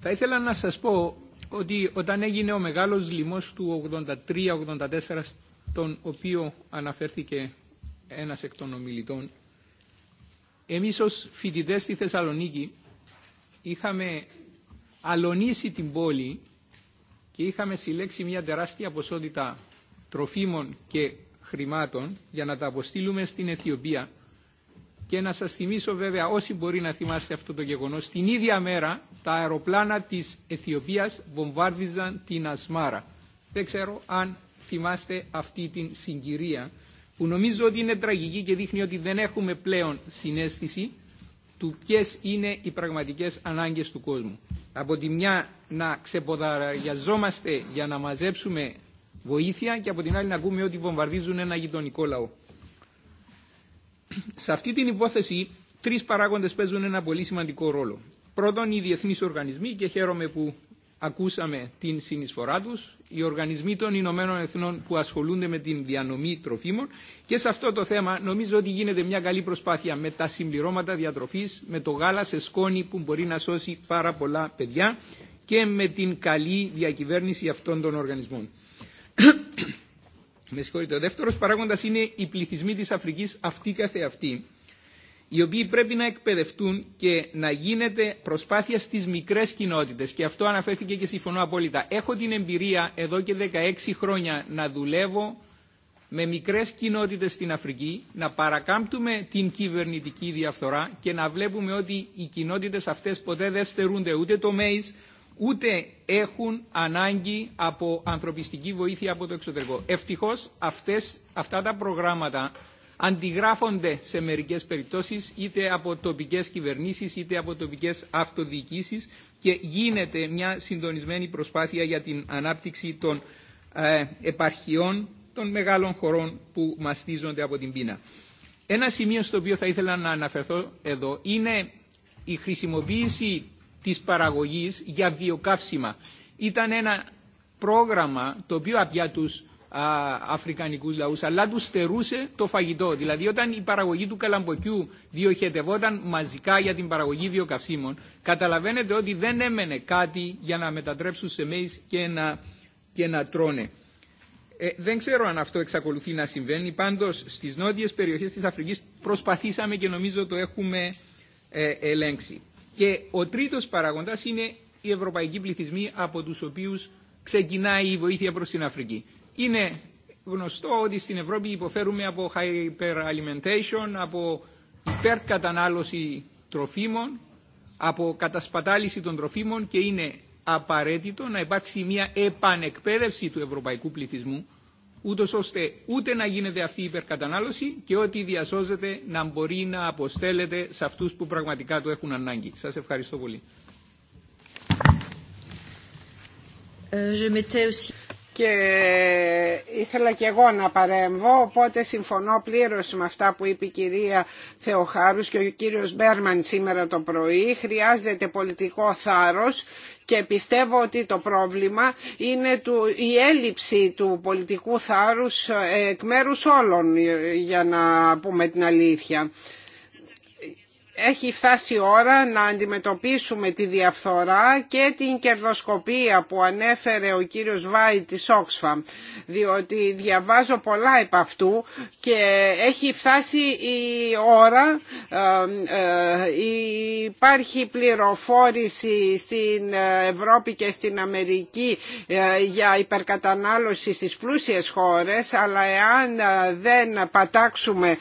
Θα ήθελα να σας πω ότι όταν έγινε ο μεγάλος λοιμός του 83-84 τον οποίο αναφέρθηκε ένας εκ των ομιλητών εμείς ως φοιτητές στη Θεσσαλονίκη είχαμε αλωνίσει την πόλη και είχαμε συλλέξει μια τεράστια ποσότητα τροφίμων και χρημάτων για να τα αποστείλουμε στην Αιθιοπία και να σας θυμίσω βέβαια όσοι μπορεί να θυμάστε αυτό το γεγονός την ίδια μέρα τα αεροπλάνα της Αιθιοπίας βομβάρδιζαν την Ασμάρα. Δεν ξέρω αν θυμάστε αυτή την συγκυρία που νομίζω ότι είναι τραγική και δείχνει ότι δεν έχουμε πλέον συνέστηση του ποιε είναι οι πραγματικές ανάγκες του κόσμου. Από τη μια να ξεποδαριαζόμαστε για να μαζέψουμε βοήθεια και από την άλλη να ακούμε ότι βομβαρδίζουν ένα γειτονικό λαό. Σε αυτή την υπόθεση τρεις παράγοντες παίζουν ένα πολύ σημαντικό ρόλο. Πρώτον, οι διεθνείς οργανισμοί και χαίρομαι που ακούσαμε την συνεισφορά τους, οι οργανισμοί των Ηνωμένων Εθνών που ασχολούνται με την διανομή τροφίμων και σε αυτό το θέμα νομίζω ότι γίνεται μια καλή προσπάθεια με τα συμπληρώματα διατροφής, με το γάλα σε σκόνη που μπορεί να σώσει πάρα πολλά παιδιά και με την καλή διακυβέρνηση αυτών των οργανισμών. Με συγχωρείτε. Ο δεύτερος παράγοντας είναι οι πληθυσμοί της Αφρικής αυτοί καθεαυτοί, οι οποίοι πρέπει να εκπαιδευτούν και να γίνεται προσπάθεια στις μικρές κοινότητες. Και αυτό αναφέρθηκε και συμφωνώ απόλυτα. Έχω την εμπειρία εδώ και 16 χρόνια να δουλεύω με μικρές κοινότητες στην Αφρική, να παρακάμπτουμε την κυβερνητική διαφθορά και να βλέπουμε ότι οι κοινότητες αυτές ποτέ δεν στερούνται ούτε το ΜΕΙΣ, ούτε έχουν ανάγκη από ανθρωπιστική βοήθεια από το εξωτερικό. Ευτυχώς αυτές, αυτά τα προγράμματα αντιγράφονται σε μερικές περιπτώσεις είτε από τοπικές κυβερνήσεις είτε από τοπικές αυτοδιοικήσεις και γίνεται μια συντονισμένη προσπάθεια για την ανάπτυξη των ε, επαρχιών των μεγάλων χωρών που μαστίζονται από την πείνα. Ένα σημείο στο οποίο θα ήθελα να αναφερθώ εδώ είναι η χρησιμοποίηση της παραγωγής για βιοκαύσιμα. Ήταν ένα πρόγραμμα το οποίο απιά τους α, αφρικανικούς λαούς, αλλά τους στερούσε το φαγητό. Δηλαδή όταν η παραγωγή του καλαμποκιού διοχετευόταν μαζικά για την παραγωγή βιοκαυσίμων, καταλαβαίνετε ότι δεν έμενε κάτι για να μετατρέψουν σε μέις και να, και να τρώνε. Ε, δεν ξέρω αν αυτό εξακολουθεί να συμβαίνει. Πάντως στις νότιες περιοχές της Αφρικής προσπαθήσαμε και νομίζω το έχουμε ε, ελέγξει. Και ο τρίτος παραγοντάς είναι οι ευρωπαϊκοί πληθυσμοί από τους οποίους ξεκινάει η βοήθεια προς την Αφρική. Είναι γνωστό ότι στην Ευρώπη υποφέρουμε από hyperalimentation, από υπερκατανάλωση τροφίμων, από κατασπατάληση των τροφίμων και είναι απαραίτητο να υπάρξει μια επανεκπαίδευση του ευρωπαϊκού πληθυσμού ούτω ώστε ούτε να γίνεται αυτή η υπερκατανάλωση και ό,τι διασώζεται να μπορεί να αποστέλλεται σε αυτούς που πραγματικά το έχουν ανάγκη. Σας ευχαριστώ πολύ. Ε, και
ήθελα και εγώ να παρέμβω, οπότε συμφωνώ πλήρως με αυτά που είπε η κυρία Θεοχάρους και ο κύριος Μπέρμαν σήμερα το πρωί. Χρειάζεται πολιτικό θάρρος και πιστεύω ότι το πρόβλημα είναι του, η έλλειψη του πολιτικού θάρρους ε, εκ μέρους όλων, για να πούμε την αλήθεια έχει φτάσει η ώρα να αντιμετωπίσουμε τη διαφθορά και την κερδοσκοπία που ανέφερε ο κύριος Βάη της Oxfam διότι διαβάζω πολλά επ' αυτού και έχει φτάσει η ώρα ε, ε, υπάρχει πληροφόρηση στην Ευρώπη και στην Αμερική ε, για υπερκατανάλωση στις πλούσιες χώρες αλλά εάν δεν πατάξουμε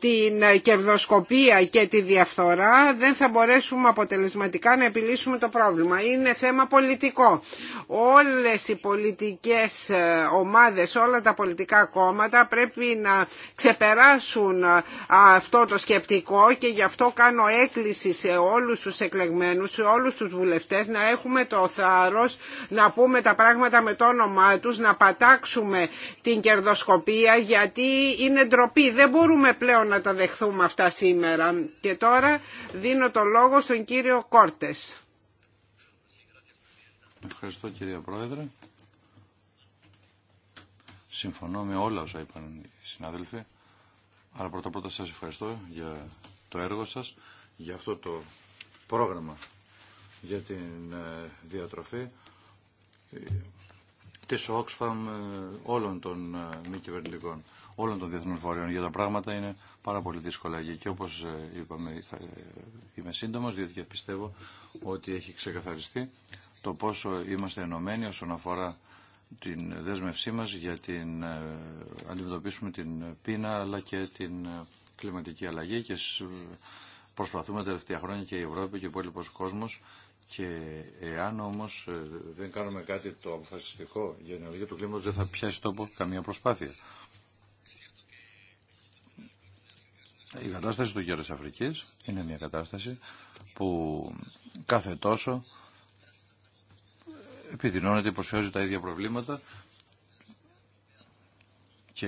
την κερδοσκοπία και τη διαφθορά διαφθορά δεν θα μπορέσουμε αποτελεσματικά να επιλύσουμε το πρόβλημα. Είναι θέμα πολιτικό. Όλες οι πολιτικές ε, ομάδες, όλα τα πολιτικά κόμματα πρέπει να ξεπεράσουν ε, αυτό το σκεπτικό και γι' αυτό κάνω έκκληση σε όλους τους εκλεγμένους, σε όλους τους βουλευτές να έχουμε το θάρρος να πούμε τα πράγματα με το όνομά τους, να πατάξουμε την κερδοσκοπία γιατί είναι ντροπή. Δεν μπορούμε πλέον να τα δεχθούμε αυτά σήμερα τώρα δίνω το λόγο στον κύριο Κόρτες.
Ευχαριστώ κυρία Πρόεδρε. Συμφωνώ με όλα όσα είπαν οι συνάδελφοι. Αλλά πρώτα πρώτα σας ευχαριστώ για το έργο σας, για αυτό το πρόγραμμα για την ε, διατροφή ε, της Oxfam ε, όλων των μη κυβερνητικών όλων των διεθνών φορέων για τα πράγματα είναι πάρα πολύ δύσκολα. Και όπως ε, είπαμε θα ε, είμαι σύντομο, διότι πιστεύω ότι έχει ξεκαθαριστεί το πόσο είμαστε ενωμένοι όσον αφορά την δέσμευσή μας για την ε, αντιμετωπίσουμε την πείνα αλλά και την κλιματική αλλαγή και προσπαθούμε τα τελευταία χρόνια και η Ευρώπη και ο υπόλοιπο κόσμος και εάν όμω δεν κάνουμε κάτι το αποφασιστικό για την αλλαγή του κλίματο δεν θα πιάσει τόπο καμία προσπάθεια. Η κατάσταση του γέρος Αφρικής είναι μια κατάσταση που κάθε τόσο επιδεινώνεται, υποσχεώζει τα ίδια προβλήματα και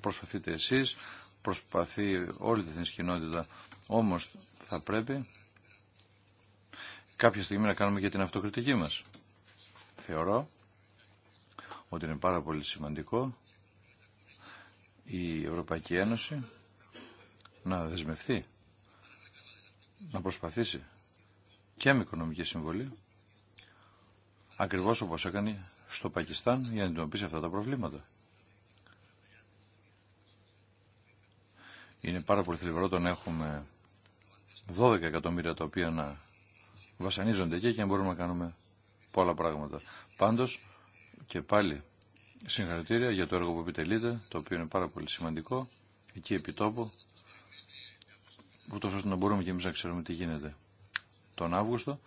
προσπαθείτε εσείς, προσπαθεί όλη την κοινότητα, όμως θα πρέπει κάποια στιγμή να κάνουμε και την αυτοκριτική μας. Θεωρώ ότι είναι πάρα πολύ σημαντικό η Ευρωπαϊκή Ένωση να δεσμευτεί, να προσπαθήσει και με οικονομική συμβολή, ακριβώς όπως έκανε στο Πακιστάν για να αντιμετωπίσει αυτά τα προβλήματα. Είναι πάρα πολύ θλιβερό το να έχουμε 12 εκατομμύρια τα οποία να βασανίζονται εκεί και να μπορούμε να κάνουμε πολλά πράγματα. Πάντως και πάλι συγχαρητήρια για το έργο που επιτελείται, το οποίο είναι πάρα πολύ σημαντικό, εκεί επί τόπου ούτως ώστε να μπορούμε και εμείς να ξέρουμε τι γίνεται. Τον Αύγουστο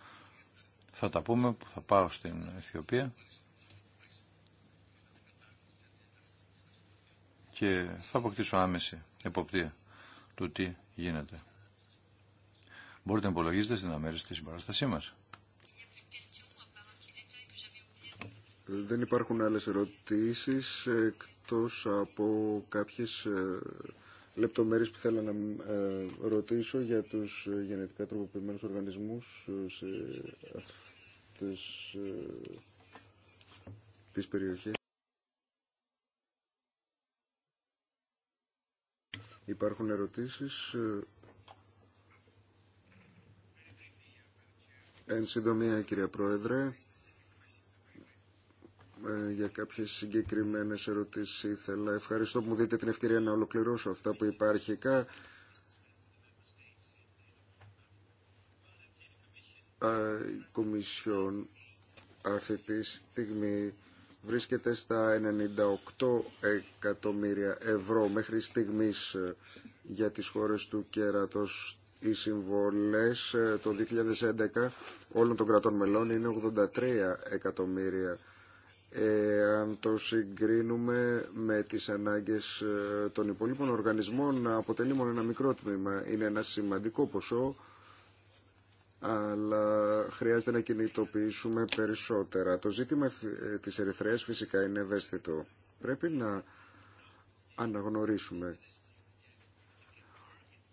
θα τα πούμε που θα πάω στην Αιθιοπία και θα αποκτήσω άμεση εποπτεία του τι γίνεται. Μπορείτε να υπολογίζετε στην αμέριστη συμπαράστασή μας.
Δεν υπάρχουν άλλες ερωτήσεις εκτός από κάποιες ε, λεπτομέρειες που θέλω να ε, ρωτήσω για τους ε, γενετικά τροποποιημένους οργανισμούς ε, σε αυτές τις περιοχές. Υπάρχουν ερωτήσεις. Εν συντομία, κυρία Πρόεδρε, ε, για κάποιες συγκεκριμένες ερωτήσεις ήθελα. Ευχαριστώ που μου δίνετε την ευκαιρία να ολοκληρώσω αυτά που υπάρχει αρχικά. Η Κομισιόν αυτή τη στιγμή βρίσκεται στα 98 εκατομμύρια ευρώ μέχρι στιγμής ε, για τις χώρες του κέρατος οι συμβολές ε, το 2011 όλων των κρατών μελών είναι 83 εκατομμύρια αν το συγκρίνουμε με τις ανάγκες ε, των υπολείπων οργανισμών να αποτελεί μόνο ένα μικρό τμήμα. Είναι ένα σημαντικό ποσό, αλλά χρειάζεται να κινητοποιήσουμε περισσότερα. Το ζήτημα ε, της Ερυθρέας φυσικά είναι ευαίσθητο. Πρέπει να αναγνωρίσουμε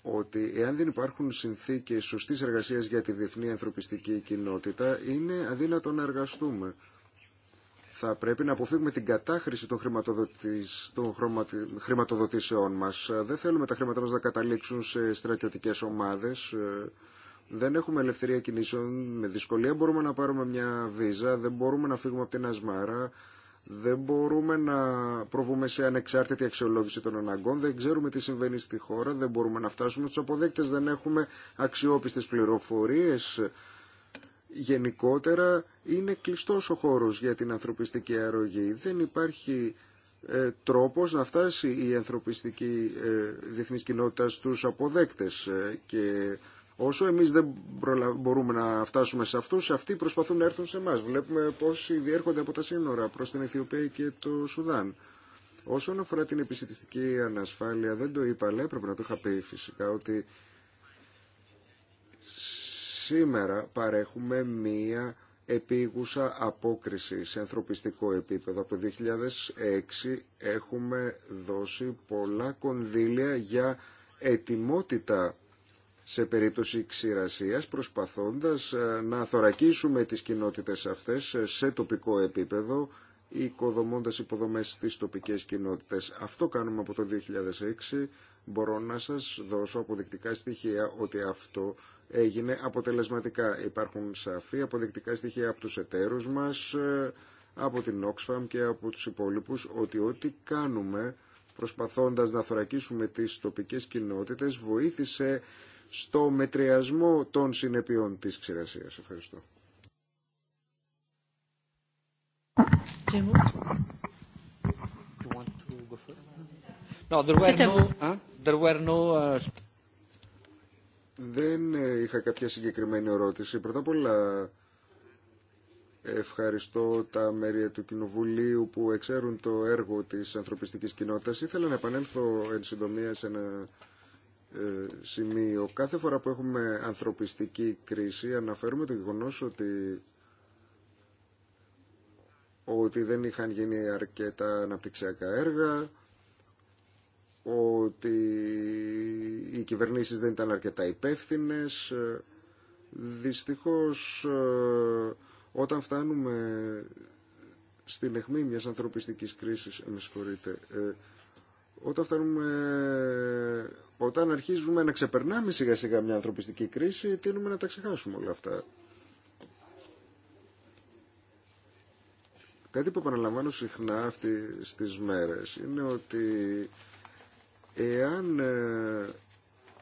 ότι εάν δεν υπάρχουν συνθήκες σωστής εργασίας για τη διεθνή ανθρωπιστική κοινότητα, είναι αδύνατο να εργαστούμε θα πρέπει να αποφύγουμε την κατάχρηση των, των χρηματοδοτήσεών μας. Δεν θέλουμε τα χρήματά μας να καταλήξουν σε στρατιωτικές ομάδες. Δεν έχουμε ελευθερία κινήσεων. Με δυσκολία μπορούμε να πάρουμε μια βίζα. Δεν μπορούμε να φύγουμε από την Ασμάρα. Δεν μπορούμε να προβούμε σε ανεξάρτητη αξιολόγηση των αναγκών. Δεν ξέρουμε τι συμβαίνει στη χώρα. Δεν μπορούμε να φτάσουμε στους αποδέκτες. Δεν έχουμε αξιόπιστες πληροφορίες γενικότερα είναι κλειστός ο χώρος για την ανθρωπιστική αρρωγή. Δεν υπάρχει ε, τρόπος να φτάσει η ανθρωπιστική ε, διεθνής κοινότητα στους αποδέκτες ε, και όσο εμείς δεν μπορούμε να φτάσουμε σε αυτούς, αυτοί προσπαθούν να έρθουν σε εμά. Βλέπουμε πόσοι διέρχονται από τα σύνορα προς την Αιθιοπία και το Σουδάν. Όσον αφορά την επιστημιστική ανασφάλεια, δεν το είπα, αλλά έπρεπε να το είχα πει φυσικά, ότι Σήμερα παρέχουμε μία επίγουσα απόκριση σε ανθρωπιστικό επίπεδο. Από το 2006 έχουμε δώσει πολλά κονδύλια για ετοιμότητα σε περίπτωση ξηρασίας προσπαθώντας ε, να θωρακίσουμε τις κοινότητες αυτές σε τοπικό επίπεδο οικοδομώντας υποδομές στις τοπικές κοινότητες. Αυτό κάνουμε από το 2006. Μπορώ να σας δώσω αποδεικτικά στοιχεία ότι αυτό έγινε αποτελεσματικά. Υπάρχουν σαφή αποδεικτικά στοιχεία από τους εταίρους μας, ε, από την Oxfam και από τους υπόλοιπους, ότι ό,τι κάνουμε προσπαθώντας να θωρακίσουμε τις τοπικές κοινότητες βοήθησε στο μετριασμό των συνεπειών της ξηρασίας. Ευχαριστώ. Δεν ε, είχα κάποια συγκεκριμένη ερώτηση. Πρώτα απ' όλα ευχαριστώ τα μέρη του Κοινοβουλίου που εξέρουν το έργο της ανθρωπιστικής κοινότητας. Ήθελα να επανέλθω εν συντομία σε ένα ε, σημείο. Κάθε φορά που έχουμε ανθρωπιστική κρίση αναφέρουμε το γεγονός ότι ότι δεν είχαν γίνει αρκετά αναπτυξιακά έργα, ότι οι κυβερνήσεις δεν ήταν αρκετά υπεύθυνε. Δυστυχώς όταν φτάνουμε στην αιχμή μιας ανθρωπιστικής κρίσης, ε, με συγχωρείτε, ε, όταν, φτάνουμε, όταν αρχίζουμε να ξεπερνάμε σιγά σιγά μια ανθρωπιστική κρίση, τείνουμε να τα ξεχάσουμε όλα αυτά. Κάτι που επαναλαμβάνω συχνά αυτή στις μέρες είναι ότι Εάν ε,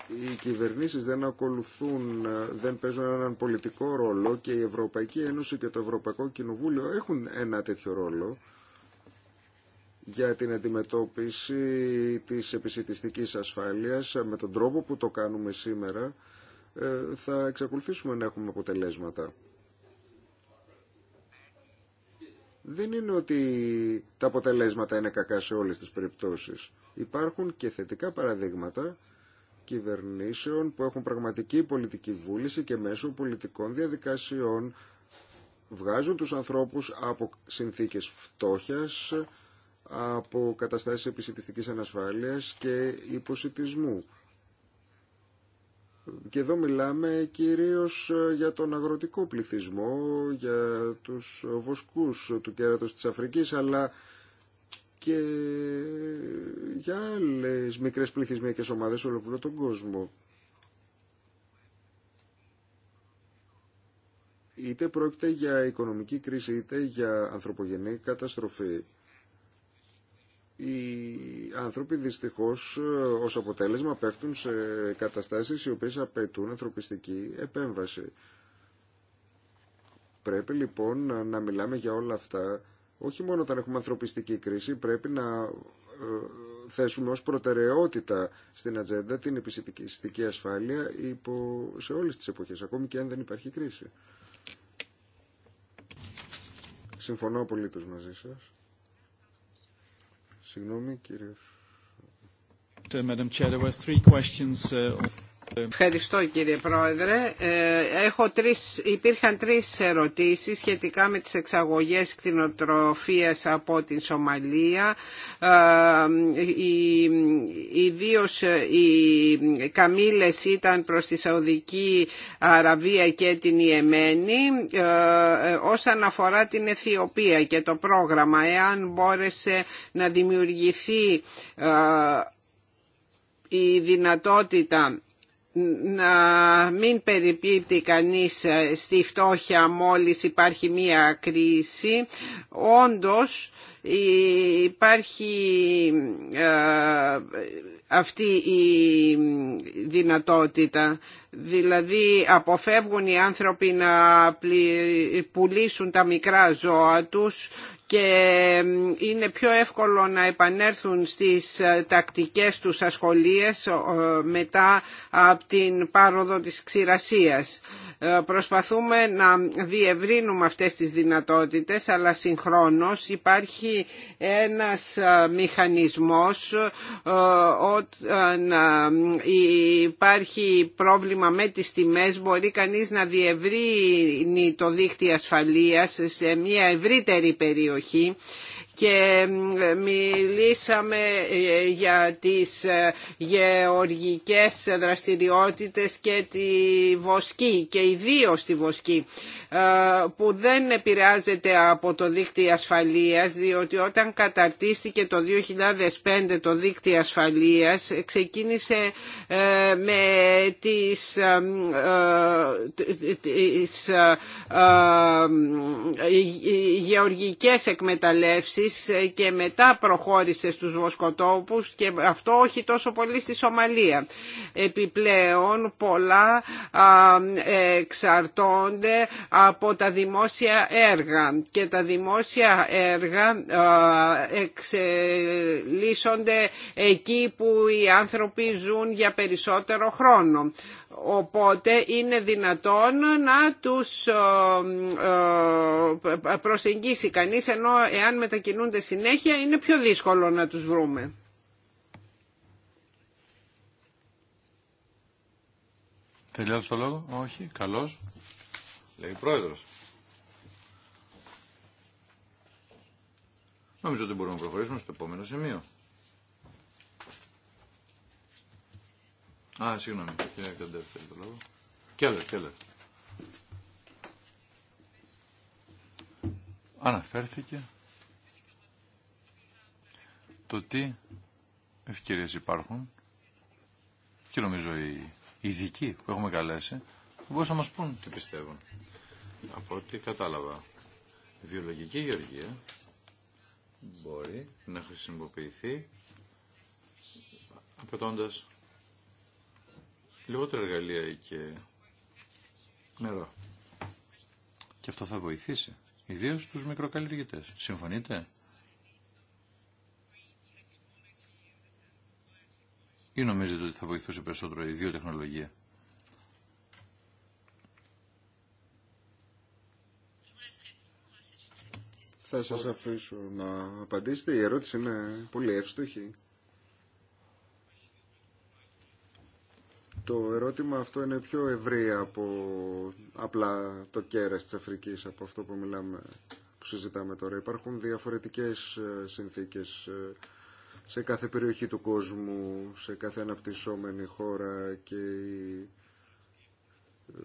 οι κυβερνήσεις δεν ακολουθούν, ε, δεν παίζουν έναν πολιτικό ρόλο και η Ευρωπαϊκή Ένωση και το Ευρωπαϊκό Κοινοβούλιο έχουν ένα τέτοιο ρόλο για την αντιμετώπιση της επισητιστικής ασφάλειας με τον τρόπο που το κάνουμε σήμερα ε, θα εξακολουθήσουμε να έχουμε αποτελέσματα. Δεν είναι ότι τα αποτελέσματα είναι κακά σε όλες τις περιπτώσεις. Υπάρχουν και θετικά παραδείγματα κυβερνήσεων που έχουν πραγματική πολιτική βούληση και μέσω πολιτικών διαδικασιών βγάζουν τους ανθρώπους από συνθήκες φτώχειας, από καταστάσεις επισητιστικής ανασφάλειας και υποσυτισμού. Και εδώ μιλάμε κυρίως για τον αγροτικό πληθυσμό, για τους βοσκούς του κέρατος της Αφρικής, αλλά και για άλλε μικρές πληθυσμιακές ομάδες όλο τον κόσμο. Είτε πρόκειται για οικονομική κρίση, είτε για ανθρωπογενή καταστροφή. Οι άνθρωποι δυστυχώς ως αποτέλεσμα πέφτουν σε καταστάσεις οι οποίες απαιτούν ανθρωπιστική επέμβαση. Πρέπει λοιπόν να μιλάμε για όλα αυτά όχι μόνο όταν έχουμε ανθρωπιστική κρίση, πρέπει να ε, θέσουμε ως προτεραιότητα στην ατζέντα την επιστημιστική ασφάλεια υπό, σε όλες τις εποχές, ακόμη και αν δεν υπάρχει κρίση. Συμφωνώ απολύτως μαζί σας. Συγγνώμη, κύριε. Madam Chair, there three questions. Uh,
Ευχαριστώ κύριε Πρόεδρε. Ε, έχω τρεις, υπήρχαν τρεις ερωτήσεις σχετικά με τις εξαγωγές κτηνοτροφίας από την Σομαλία. οι, ε, ιδίως ε, οι καμήλες ήταν προς τη Σαουδική Αραβία και την Ιεμένη. όσον αφορά την Αιθιοπία και το πρόγραμμα, εάν μπόρεσε να δημιουργηθεί η δυνατότητα να μην περιπίπτει κανείς ε, στη φτώχεια μόλις υπάρχει μία κρίση. Όντως υπάρχει ε, αυτή η δυνατότητα. Δηλαδή αποφεύγουν οι άνθρωποι να πουλήσουν τα μικρά ζώα τους και είναι πιο εύκολο να επανέλθουν στις ε, τακτικές τους ασχολίες ε, μετά από την πάροδο της ξηρασίας. Ε, προσπαθούμε να διευρύνουμε αυτές τις δυνατότητες, αλλά συγχρόνως υπάρχει ένας ε, μηχανισμός όταν ε, υπάρχει πρόβλημα με τις τιμές μπορεί κανείς να διευρύνει το δίκτυο ασφαλείας σε μια ευρύτερη περιοχή και μιλήσαμε ε, για τις ε, γεωργικές δραστηριότητες και τη βοσκή και ιδίω τη βοσκή ε, που δεν επηρεάζεται από το δίκτυο ασφαλείας διότι όταν καταρτίστηκε το 2005 το δίκτυο ασφαλείας ξεκίνησε με τις, τις γεωργικές εκμεταλλεύσεις ε, και μετά προχώρησε στους βοσκοτόπους και αυτό όχι τόσο πολύ στη Σομαλία. Επιπλέον πολλά εξαρτώνται από τα δημόσια έργα και τα δημόσια έργα εξελίσσονται εκεί που οι άνθρωποι ζουν για περισσότερο χρόνο. Οπότε είναι δυνατόν να τους προσεγγίσει κανείς ενώ εάν μετακινούν κινούνται συνέχεια είναι πιο δύσκολο να τους βρούμε.
Τελειώνω το λόγο. Όχι. Καλώς. Λέει πρόεδρος. Νομίζω ότι μπορούμε να προχωρήσουμε στο επόμενο σημείο. Α, συγγνώμη. Κυρία λόγο. Αναφέρθηκε το τι ευκαιρίες υπάρχουν και νομίζω οι ειδικοί που έχουμε καλέσει μπορούσαν να μας πούν τι πιστεύουν. Από ό,τι κατάλαβα, η βιολογική γεωργία μπορεί να χρησιμοποιηθεί απαιτώντα λιγότερα εργαλεία και νερό. Και αυτό θα βοηθήσει, ιδίως τους μικροκαλλιεργητές. Συμφωνείτε? ή νομίζετε ότι θα βοηθούσε περισσότερο η νομιζετε οτι θα βοηθουσε περισσοτερο
η τεχνολογια Θα σας αφήσω να απαντήσετε. Η ερώτηση είναι πολύ εύστοχη. Το ερώτημα αυτό είναι πιο ευρύ από απλά το κέρας της Αφρικής, από αυτό που μιλάμε, που συζητάμε τώρα. Υπάρχουν διαφορετικές ε, συνθήκες ε, σε κάθε περιοχή του κόσμου, σε κάθε αναπτυσσόμενη χώρα και οι ε,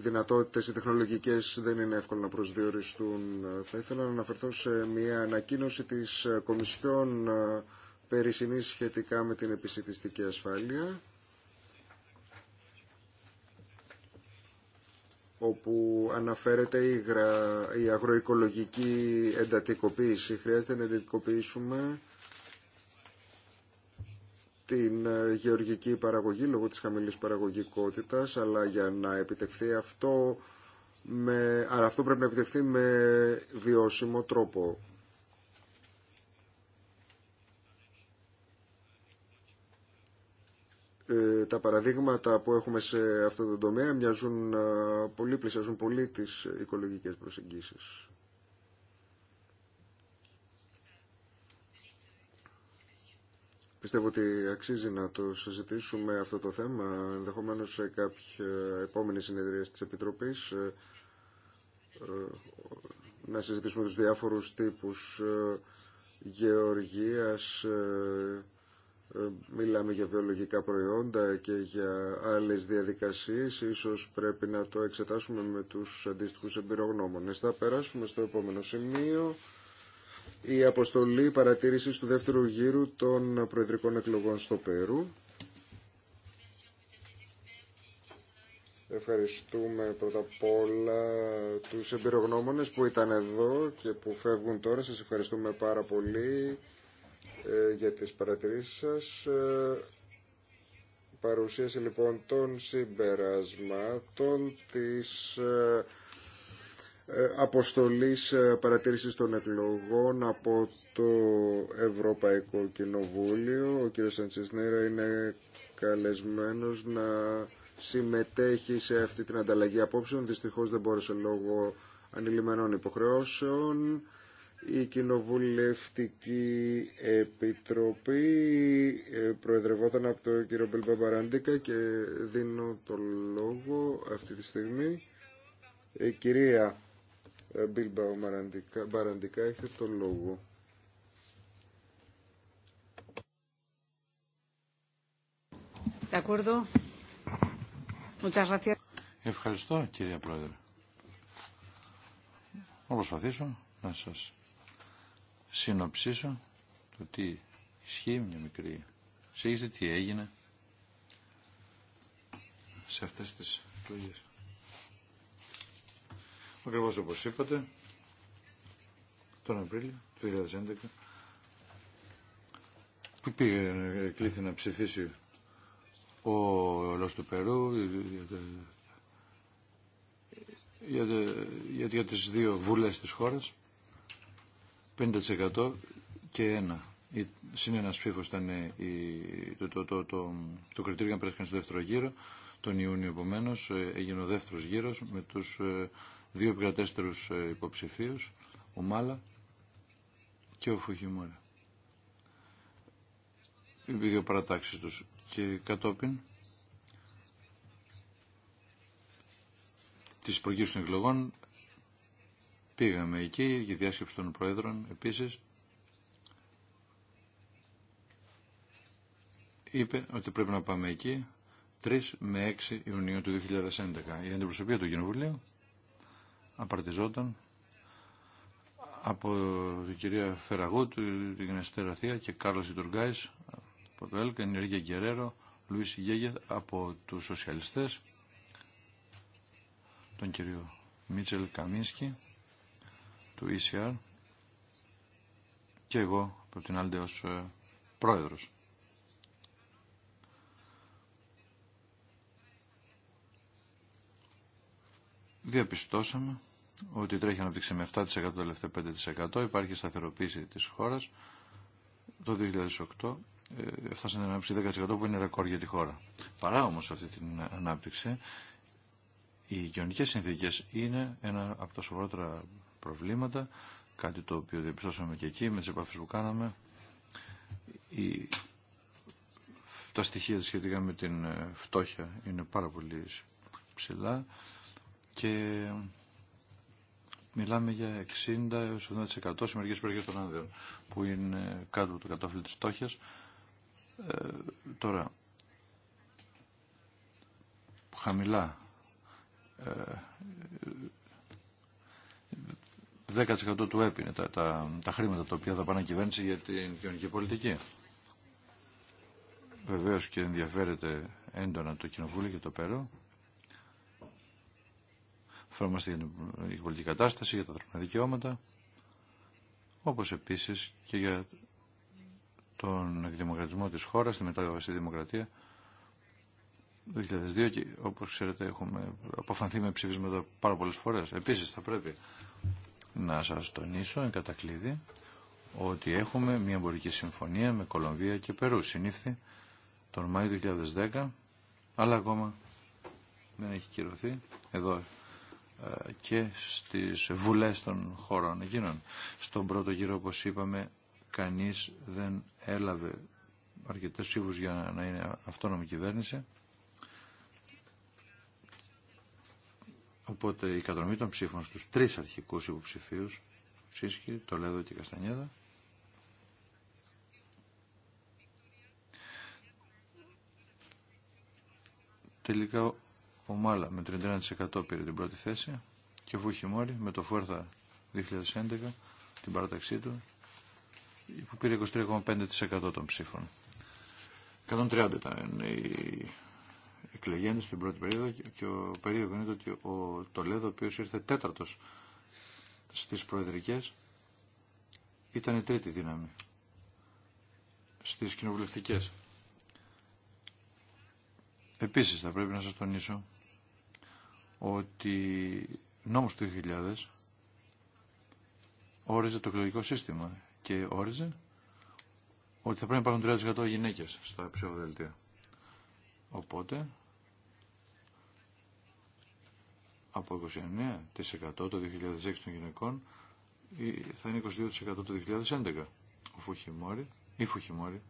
δυνατότητες οι τεχνολογικές δεν είναι εύκολο να προσδιοριστούν. Θα ήθελα να αναφερθώ σε μια ανακοίνωση της Κομισιόν ε, περισσυνή σχετικά με την επιστημιστική ασφάλεια. όπου αναφέρεται η, αγροοικολογική εντατικοποίηση. Χρειάζεται να εντατικοποιήσουμε την ε, γεωργική παραγωγή λόγω της χαμηλής παραγωγικότητας, αλλά για να επιτευχθεί αυτό, με, αλλά αυτό πρέπει να επιτευχθεί με βιώσιμο τρόπο. Ε, τα παραδείγματα που έχουμε σε αυτό το τομέα μοιάζουν ε, πολύ, πλησιάζουν πολύ τις οικολογικές προσεγγίσεις. Πιστεύω ότι αξίζει να το συζητήσουμε αυτό το θέμα, ενδεχομένως σε κάποια επόμενη συνεδρία της Επιτροπής, ε, ε, να συζητήσουμε τους διάφορους τύπους ε, γεωργίας, μιλάμε για βιολογικά προϊόντα και για άλλες διαδικασίες. Ίσως πρέπει να το εξετάσουμε με τους αντίστοιχους εμπειρογνώμονες. Θα περάσουμε στο επόμενο σημείο η αποστολή παρατήρησης του δεύτερου γύρου των προεδρικών εκλογών στο Περού. Ευχαριστούμε πρώτα απ' όλα τους εμπειρογνώμονες που ήταν εδώ και που φεύγουν τώρα. Σας ευχαριστούμε πάρα πολύ ε, για τις παρατηρήσεις σας. Ε, παρουσίαση λοιπόν των συμπερασμάτων της ε, ε, αποστολής ε, παρατήρησης των εκλογών από το Ευρωπαϊκό Κοινοβούλιο. Ο κ. Σαντσισνέρα είναι καλεσμένος να συμμετέχει σε αυτή την ανταλλαγή απόψεων. Δυστυχώς δεν μπόρεσε λόγω ανηλυμένων υποχρεώσεων. Η Κοινοβουλευτική Επιτροπή ε, προεδρευόταν από τον κύριο Μπελμπα και δίνω το λόγο αυτή τη στιγμή. Ε, κυρία ε,
Ευχαριστώ κυρία Πρόεδρε. Θα προσπαθήσω να σας συνοψίσω το τι ισχύει μια μικρή εισήγηση, τι έγινε σε αυτές τις εκλογές ακριβώς όπως είπατε, τον Απρίλιο του 2011, που πήγε, κλήθη να ψηφίσει ο Λος του Περού για, για, για τις δύο βουλές της χώρας, 50% και ένα. Συν ένας ήταν η, το, το, το, το, το κριτήριο να πέρασαν στο δεύτερο γύρο, τον Ιούνιο επομένω ε, έγινε ο δεύτερος γύρος με τους ε, δύο επικρατέστερους ε, υποψηφίους, ο Μάλα και ο Φουχιμόρα. Οι δύο παρατάξεις τους και κατόπιν της υπουργής των εκλογών πήγαμε εκεί για διάσκεψη των Προέδρων επίσης είπε ότι πρέπει να πάμε εκεί 3 με 6 Ιουνίου του 2011. Η αντιπροσωπεία του Κοινοβουλίου απαρτιζόταν από την κυρία Φεραγούτου, την Εστέρα Θεία και Κάρλος Ιτουργκάης από το ΕΛΚΑ, Ενεργία Γκερέρο, Λουίς Γέγεθ από τους σοσιαλιστές, τον κύριο Μίτσελ Καμίνσκι του ECR και εγώ από την Άλντε ως ε, πρόεδρος. διαπιστώσαμε ότι τρέχει αναπτύξη με 7% το τελευταίο 5%. Υπάρχει σταθεροποίηση τη χώρα Το 2008 ε, φτάσαμε να ανάψει 10% που είναι ρεκόρ για τη χώρα. Παρά όμω αυτή την ανάπτυξη, οι κοινωνικέ συνθήκε είναι ένα από τα σοβαρότερα προβλήματα, κάτι το οποίο διαπιστώσαμε και εκεί με τι επαφέ που κάναμε. Η... Τα στοιχεία σχετικά με την ε, φτώχεια είναι πάρα πολύ ψηλά και μιλάμε για 60 70% σε μερικές των άνδρων που είναι κάτω από το κατόφυλλο της φτώχειας. Ε, τώρα, χαμηλά, ε, 10% του ΕΠ τα, χρήματα τα οποία θα πάνε κυβέρνηση για την κοινωνική πολιτική. Βεβαίως και ενδιαφέρεται έντονα το κοινοβούλιο και το πέρο. Φερόμαστε για την πολιτική κατάσταση, για τα ανθρώπινα δικαιώματα, όπως επίσης και για τον εκδημοκρατισμό της χώρας, τη μετάβαση δημοκρατία. Το 2002 και όπως ξέρετε έχουμε αποφανθεί με ψηφίσματα πάρα πολλές φορές. Επίσης θα πρέπει να σας τονίσω εν κατακλείδη ότι έχουμε μια εμπορική συμφωνία με Κολομβία και Περού. Συνήφθη τον Μάιο 2010, αλλά ακόμα δεν έχει κυρωθεί. Εδώ ε, και στις βουλές των χωρών εκείνων. Στον πρώτο γύρο, όπως είπαμε, κανείς δεν έλαβε αρκετές ψήφους για να είναι αυτόνομη κυβέρνηση. Οπότε η κατανομή των ψήφων στους τρεις αρχικούς υποψηφίους, Σύσκη, Τολέδο και Καστανιέδα, τελικά ο Μάλα με 31% πήρε την πρώτη θέση και Βούχη Μόρι με το Φόρθα 2011 την παράταξή του που πήρε 23,5% των ψήφων. 130 ήταν οι εκλεγέντε στην πρώτη περίοδο και ο περίεργο είναι ότι ο Τολέδο, ο οποίο ήρθε τέταρτος στις προεδρικές, ήταν η τρίτη δύναμη στις κοινοβουλευτικέ. Επίση θα πρέπει να σα τονίσω ότι νόμος του 2000 όριζε το εκλογικό σύστημα και όριζε ότι θα πρέπει να υπάρχουν 30% γυναίκες στα ψηφοδελτία. Οπότε, από 29% το 2006 των γυναικών θα είναι 22% το 2011. Ο Φουχημόρη, η Φουχημόρη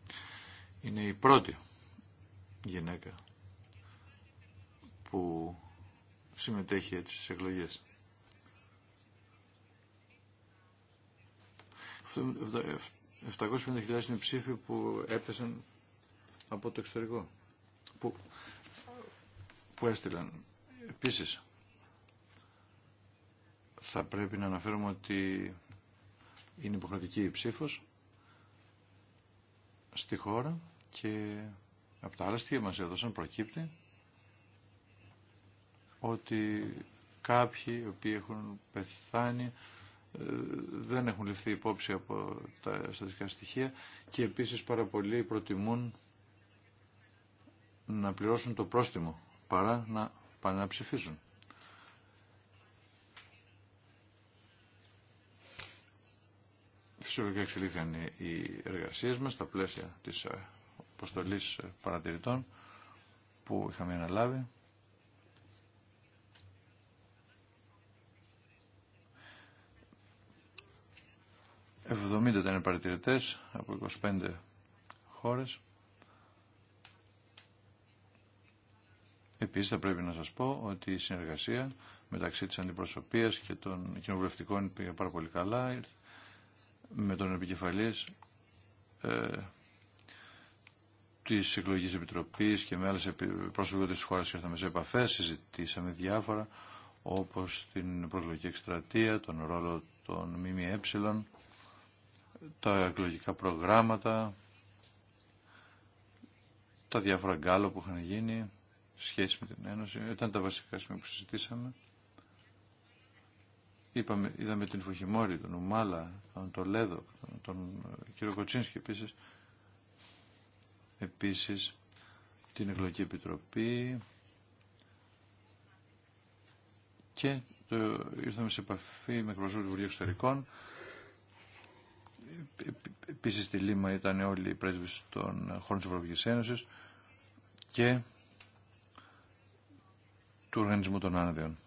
είναι η πρώτη γυναίκα που συμμετέχει έτσι στις εκλογές. Αυτό, 750.000 είναι ψήφοι που έπεσαν από το εξωτερικό, που, που έστειλαν. Επίσης, θα πρέπει να αναφέρουμε ότι είναι υποχρεωτική η ψήφος στη χώρα και από τα άλλα στιγμή μας έδωσαν προκύπτει ότι κάποιοι οι οποίοι έχουν πεθάνει ε, δεν έχουν ληφθεί υπόψη από τα στατιστικά στοιχεία και επίσης πάρα πολλοί προτιμούν να πληρώσουν το πρόστιμο παρά να πάνε να ψηφίζουν. Φυσιολογικά εξελίχθηκαν οι εργασίες μας στα πλαίσια της αποστολής παρατηρητών που είχαμε αναλάβει. 70 ήταν οι από 25 χώρε. Επίσης θα πρέπει να σας πω ότι η συνεργασία μεταξύ της αντιπροσωπείας και των κοινοβουλευτικών πήγε πάρα πολύ καλά. Με τον επικεφαλής ε, της εκλογής επιτροπής και με άλλες πρόσωπες της χώρας ήρθαμε σε επαφές, συζητήσαμε διάφορα όπως την προεκλογική εκστρατεία, τον ρόλο των ΜΜΕ, τα εκλογικά προγράμματα, τα διάφορα γκάλο που είχαν γίνει, σχέση με την Ένωση, ήταν τα βασικά σημεία που συζητήσαμε. Είπαμε, είδαμε την Φουχημόρη, τον Ουμάλα, τον Τολέδο, τον, τον κύριο Κοτσίνσκι επίσης. Επίσης, την Εκλογική Επιτροπή και το, ήρθαμε σε επαφή με εκπροσώπους του Βουλίου Εξωτερικών Επίση στη Λίμα ήταν όλοι οι πρέσβει των χώρων τη Ευρωπαϊκή Ένωση και του Οργανισμού των Άνδεων.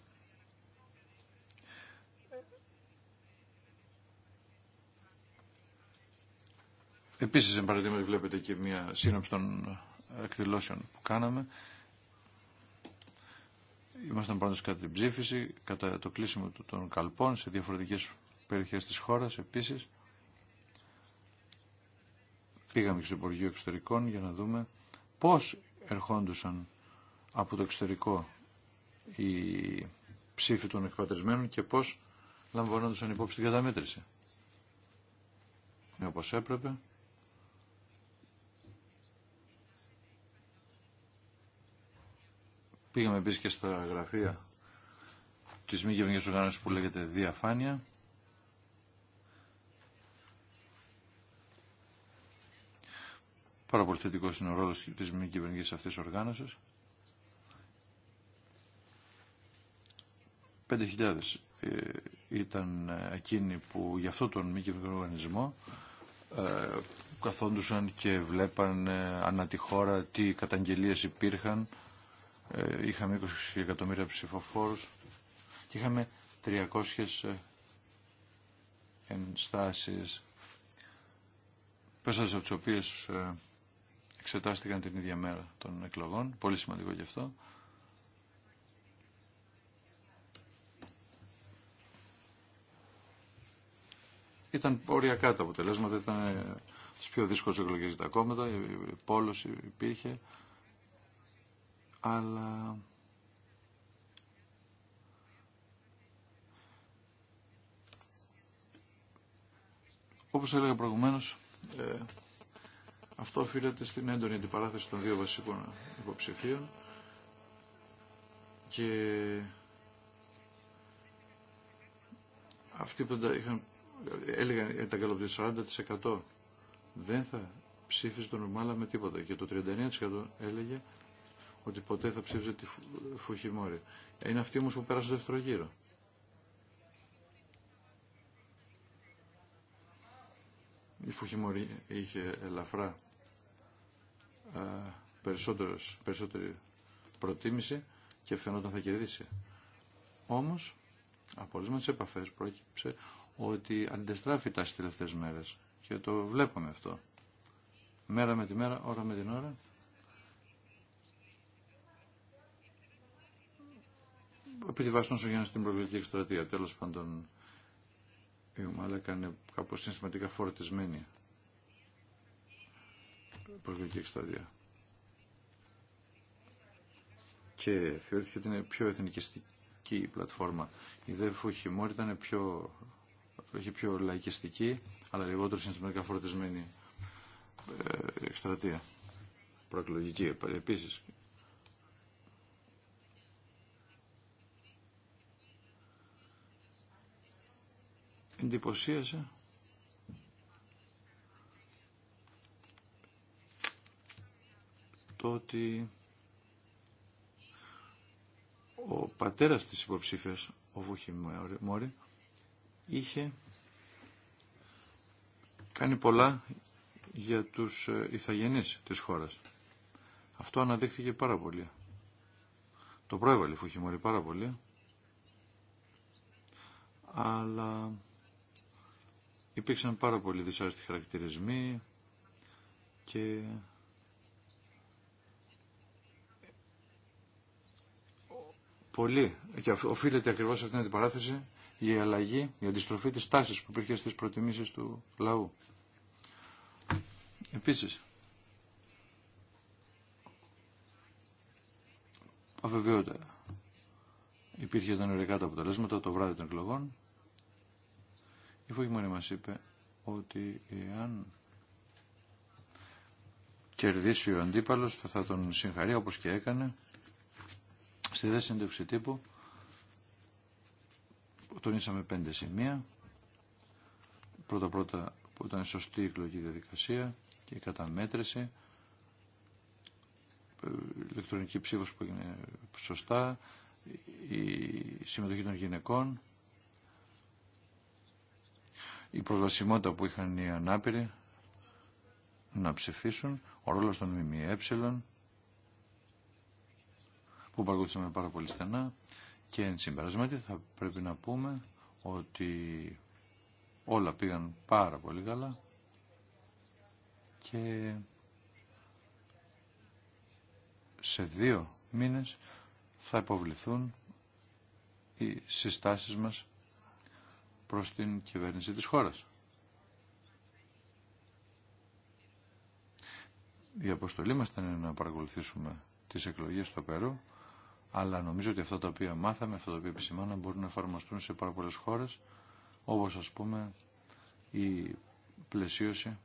Επίσης, εν παραδείγματι, βλέπετε και μία σύνοψη των εκδηλώσεων που κάναμε. Ήμασταν πάντως κατά την ψήφιση, κατά το κλείσιμο των καλπών σε διαφορετικές περιοχές της χώρας επίσης. Πήγαμε και στο Υπουργείο Εξωτερικών για να δούμε πώς ερχόντουσαν από το εξωτερικό οι ψήφοι των εκπατρισμένων και πώς λαμβανόντουσαν υπόψη την καταμέτρηση. Είναι όπως έπρεπε. Πήγαμε επίσης και στα γραφεία της μη κυβερνικής οργάνωσης που λέγεται Διαφάνεια Πάρα πολύ θετικό είναι ο ρόλο τη μη κυβερνητική αυτή οργάνωση. 5.000 ε, ήταν εκείνοι που για αυτόν τον μη κυβερνητικό οργανισμό ε, καθόντουσαν και βλέπαν ε, ανά τη χώρα τι καταγγελίες υπήρχαν. Είχαμε 20 εκατομμύρια ψηφοφόρους και είχαμε 300 ενστάσεις πέσα από τις οποίες εξετάστηκαν την ίδια μέρα των εκλογών. Πολύ σημαντικό γι' αυτό. Ήταν οριακά τα αποτελέσματα, ήταν ε, τις πιο δύσκολες εκλογές για τα κόμματα, η ε, ε, πόλωση υπήρχε, αλλά... Όπως έλεγα προηγουμένως, αυτό οφείλεται στην έντονη αντιπαράθεση των δύο βασικών υποψηφίων και αυτοί που τα είχαν, έλεγαν τα 40% δεν θα ψήφιζε τον Ουμάλα με τίποτα και το 39% έλεγε ότι ποτέ θα ψήφιζε τη Φουχημόρη. Είναι αυτοί όμως που πέρασαν το δεύτερο γύρο. Η Φουχιμόρη είχε ελαφρά ε, περισσότερος, περισσότερη προτίμηση και φαινόταν θα κερδίσει. Όμως, από όλες μας επαφές πρόκειψε ότι αντιστράφει τα τελευταίες μέρες και το βλέπουμε αυτό. Μέρα με τη μέρα, ώρα με την ώρα. Επειδή βάστον σου στην προβλητική εκστρατεία, τέλος πάντων, η ομάδα έκανε κάπως συναισθηματικά φορτισμένη προεκλογική εκστρατεία. Και θεωρήθηκε ότι είναι πιο εθνικιστική η πλατφόρμα. Η ΔΕ Φουχημόρ ήταν πιο, όχι πιο λαϊκιστική, αλλά λιγότερο συναισθηματικά φορτισμένη ε, εκστρατεία. Προεκλογική επίση. Εντυπωσίασε το ότι ο πατέρας της υποψήφιας, ο Βούχη είχε κάνει πολλά για τους ε, ηθαγενείς της χώρας. Αυτό αναδείχθηκε πάρα πολύ. Το προέβαλε Φουχημόρη πάρα πολύ. Αλλά υπήρξαν πάρα πολλοί δυσάρεστοι χαρακτηρισμοί και πολύ και οφείλεται ακριβώς σε αυτήν την παράθεση η αλλαγή, η αντιστροφή της τάση που υπήρχε στι προτιμήσει του λαού. Επίσης, αβεβαιότητα. Υπήρχε τα τα αποτελέσματα το βράδυ των εκλογών. Η Φωγημόνη μα είπε ότι εάν κερδίσει ο αντίπαλος θα τον συγχαρεί όπως και έκανε Στη δε συνέντευξη τύπου τονίσαμε πέντε σημεία. Πρώτα-πρώτα που ήταν σωστή η εκλογική διαδικασία και η καταμέτρηση. ηλεκτρονική ψήφος που έγινε σωστά. Η συμμετοχή των γυναικών. Η προσβασιμότητα που είχαν οι ανάπηροι να ψηφίσουν. Ο ρόλος των ΜΜΕ που παρακολουθήσαμε πάρα πολύ στενά και εν συμπερασμένη θα πρέπει να πούμε ότι όλα πήγαν πάρα πολύ καλά και σε δύο μήνες θα υποβληθούν οι συστάσεις μας προς την κυβέρνηση της χώρας. Η αποστολή μας ήταν να παρακολουθήσουμε τις εκλογές στο Περού αλλά νομίζω ότι αυτό το οποίο μάθαμε, αυτό το οποίο επισημάνω μπορούν να εφαρμοστούν σε πάρα πολλέ χώρε όπω α πούμε η πλαισίωση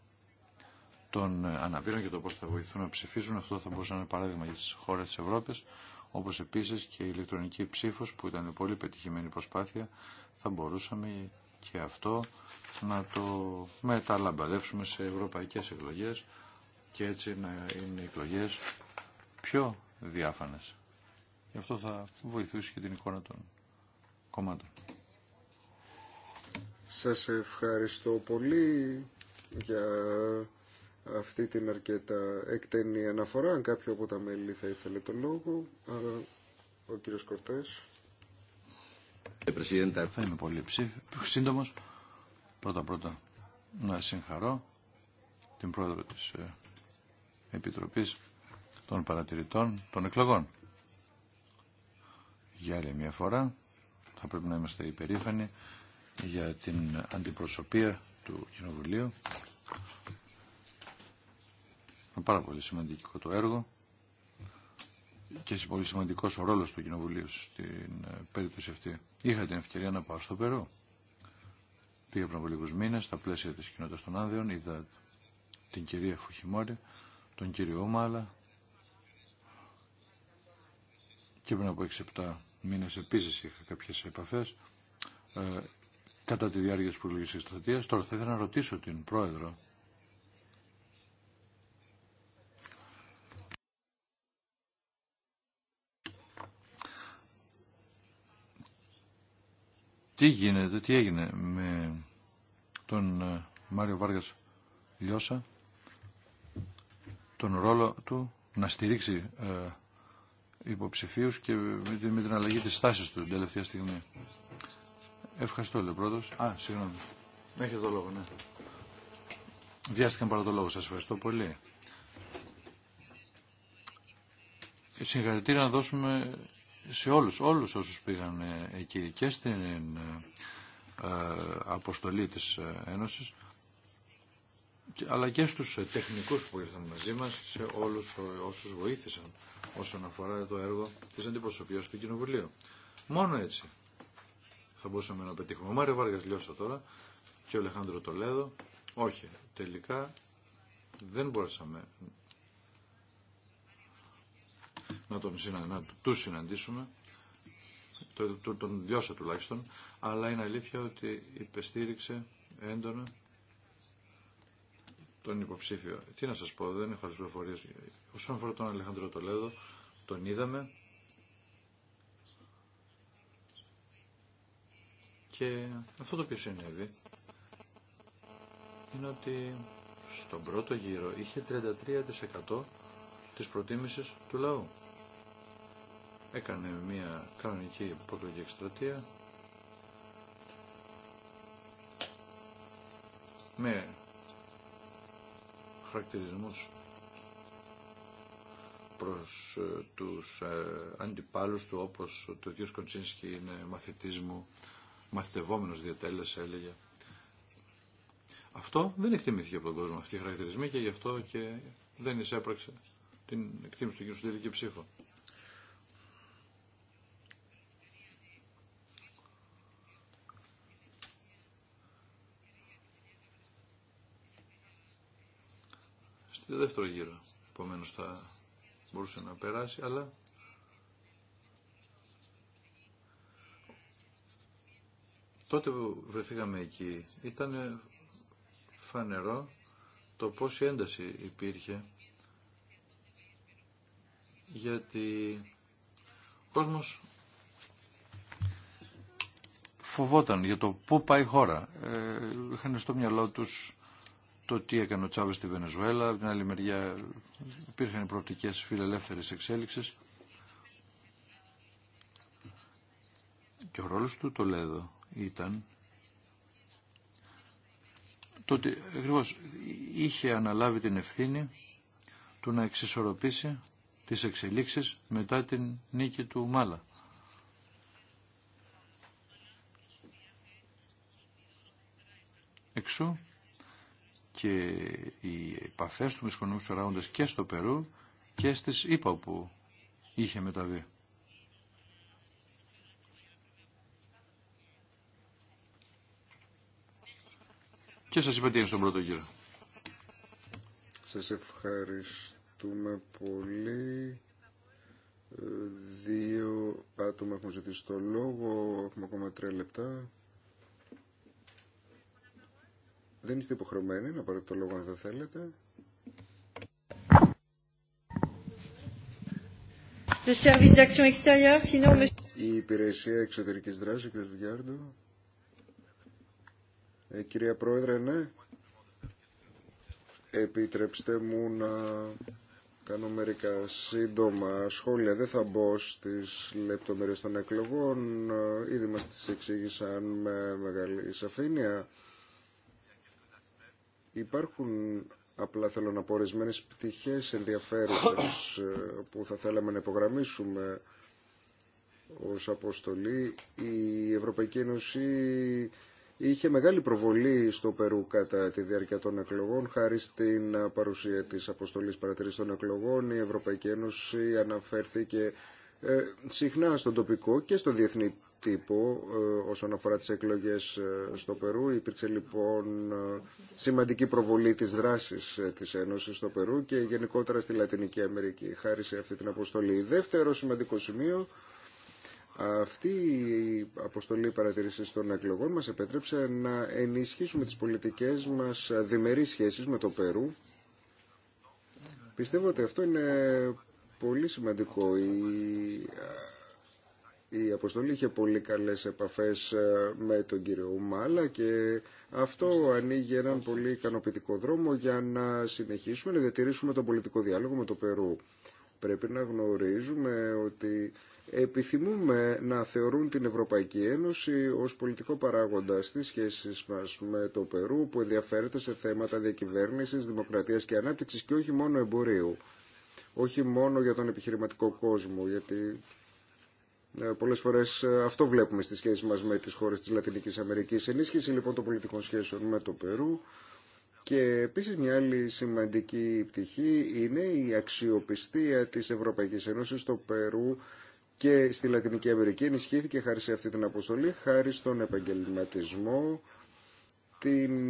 των ε, αναπήρων και το πώ θα βοηθούν να ψηφίζουν. Αυτό θα μπορούσε να είναι παράδειγμα για τι χώρε τη Ευρώπη, όπω επίση και η ηλεκτρονική ψήφο, που ήταν πολύ πετυχημένη προσπάθεια, θα μπορούσαμε και αυτό να το μεταλαμπαδεύσουμε σε ευρωπαϊκέ εκλογέ και έτσι να είναι εκλογέ πιο διάφανες. Γι' αυτό θα βοηθούσε και την εικόνα των κομμάτων.
Σας ευχαριστώ πολύ για αυτή την αρκετά εκτενή αναφορά. Αν κάποιο από τα μέλη θα ήθελε το λόγο, ο κύριος Κορτές.
Ε, θα είμαι πολύ ψήφι. σύντομος. Πρώτα-πρώτα να συγχαρώ την πρόεδρο της ε, Επιτροπής των Παρατηρητών των Εκλογών για άλλη μια φορά θα πρέπει να είμαστε υπερήφανοι για την αντιπροσωπεία του Κοινοβουλίου. Είναι πάρα πολύ σημαντικό το έργο και πολύ σημαντικό ο ρόλο του Κοινοβουλίου στην ε, περίπτωση αυτή. Είχα την ευκαιρία να πάω στο Περού. Πήγα πριν από λίγου μήνε στα πλαίσια τη κοινότητα των Άνδεων, είδα την κυρία Φουχημόρη, τον κύριο Ομάλα, και πριν από 6-7 μήνες επίσης είχα κάποιες επαφές ε, κατά τη διάρκεια της προλογική Εκστρατεία. Τώρα θα ήθελα να ρωτήσω την Πρόεδρο τι γίνεται, τι έγινε με τον ε, Μάριο Βάργας Λιώσα τον ρόλο του να στηρίξει ε, υποψηφίους και με την αλλαγή της στάσης του την τελευταία στιγμή. Ευχαριστώ, λέει πρώτος. Α, συγγνώμη. Έχετε το λόγο, ναι. Βιάστηκαν παρά το λόγο. Σας ευχαριστώ πολύ. Συγχαρητήρια να δώσουμε σε όλους, όλους όσους πήγαν εκεί και στην ε, αποστολή της ε, Ένωσης αλλά και στους ε, τεχνικούς που ήρθαν μαζί μας, σε όλους ε, όσους βοήθησαν όσον αφορά το έργο της αντιπροσωπείας του Κοινοβουλίου. Μόνο έτσι θα μπορούσαμε να πετύχουμε. Ο Μάριο Βάργας Λιώσα τώρα και ο Λεχάνδρο Τολέδο. Όχι, τελικά δεν μπορέσαμε να, τον συνα... να τους συναντήσουμε, τον Λιώσα τουλάχιστον, αλλά είναι αλήθεια ότι υπεστήριξε έντονα τον υποψήφιο. Τι να σας πω, δεν έχω τις πληροφορίες. Όσον αφορά τον Αλεχάνδρο Τολέδο, τον είδαμε και αυτό το οποίο συνέβη είναι ότι στον πρώτο γύρο είχε 33% της προτίμησης του λαού. Έκανε μια κανονική υπολογική εκστρατεία με χαρακτηρισμούς προς ε, τους ε, αντιπάλους του όπως ο κ. Κοντσίνσκι είναι μαθητής μου, μαθητευόμενος διατέλεσε έλεγε. Αυτό δεν εκτιμήθηκε από τον κόσμο αυτή η χαρακτηρισμή και γι' αυτό και δεν εισέπραξε την εκτίμηση του κοινού στην τελική ψήφο. το δεύτερο γύρο. Επομένω θα μπορούσε να περάσει, αλλά τότε που βρεθήκαμε εκεί ήταν φανερό το πόση ένταση υπήρχε γιατί ο κόσμος φοβόταν για το πού πάει η χώρα. Ε, είχαν στο μυαλό τους το τι έκανε ο Τσάβε στη Βενεζουέλα, από την άλλη μεριά υπήρχαν προοπτικέ φιλελεύθερες εξέλιξεις. Και ο ρόλος του, το λέω, ήταν το ότι ακριβώς είχε αναλάβει την ευθύνη του να εξισορροπήσει τις εξελίξεις μετά την νίκη του Μάλα. Εξού και οι επαφές του με οικονομικούς και στο Περού και στις ΗΠΑ που είχε μεταβεί.
Και σας είπα τι είναι στον πρώτο γύρο. Σας ευχαριστούμε πολύ. Ε, δύο άτομα έχουν ζητήσει το λόγο. Έχουμε ακόμα τρία λεπτά. Δεν είστε υποχρεωμένοι να πάρετε το λόγο αν δεν θέλετε. Η υπηρεσία εξωτερικής δράσης, κ. Βιάρντο. Ε, κυρία Πρόεδρε, ναι. Επιτρέψτε μου να κάνω μερικά σύντομα σχόλια. Δεν θα μπω στις λεπτομέρειες των εκλογών. Ε, ήδη μας τις εξήγησαν με μεγάλη σαφήνεια. Υπάρχουν απλά θέλω να πω ορισμένες πτυχές ενδιαφέρουσες ε, που θα θέλαμε να υπογραμμίσουμε ως αποστολή. Η Ευρωπαϊκή Ένωση είχε μεγάλη προβολή στο Περού κατά τη διάρκεια των εκλογών. Χάρη στην παρουσία της αποστολής παρατηρήσης των εκλογών η Ευρωπαϊκή Ένωση αναφέρθηκε ε, συχνά στον τοπικό και στο διεθνή τύπου ε, όσον αφορά τις εκλογές ε, στο Περού. Υπήρξε λοιπόν ε, σημαντική προβολή της δράσης της Ένωσης στο Περού και γενικότερα στη Λατινική Αμερική χάρη σε αυτή την αποστολή. Δεύτερο σημαντικό σημείο αυτή η αποστολή παρατηρήσεις των εκλογών μας επέτρεψε να ενισχύσουμε τις πολιτικές μας διμερείς σχέσεις με το Περού. Πιστεύω ότι αυτό είναι πολύ σημαντικό. Η η αποστολή είχε πολύ καλές επαφές ε, με τον κύριο Μάλα και αυτό ανοίγει έναν πολύ ικανοποιητικό δρόμο για να συνεχίσουμε να διατηρήσουμε τον πολιτικό διάλογο με το Περού. Πρέπει να γνωρίζουμε ότι επιθυμούμε να θεωρούν την Ευρωπαϊκή Ένωση ως πολιτικό παράγοντα στις σχέσεις μας με το Περού που ενδιαφέρεται σε θέματα διακυβέρνησης, δημοκρατίας και ανάπτυξης και όχι μόνο εμπορίου. Όχι μόνο για τον επιχειρηματικό κόσμο, ε, πολλές φορές ε, αυτό βλέπουμε στις σχέσεις μας με τις χώρες της Λατινικής Αμερικής. Ενίσχυση λοιπόν των πολιτικών σχέσεων με το Περού. Και επίσης μια άλλη σημαντική πτυχή είναι η αξιοπιστία της Ευρωπαϊκής Ένωσης στο Περού και στη Λατινική Αμερική. Ενισχύθηκε χάρη σε αυτή την αποστολή, χάρη στον επαγγελματισμό, την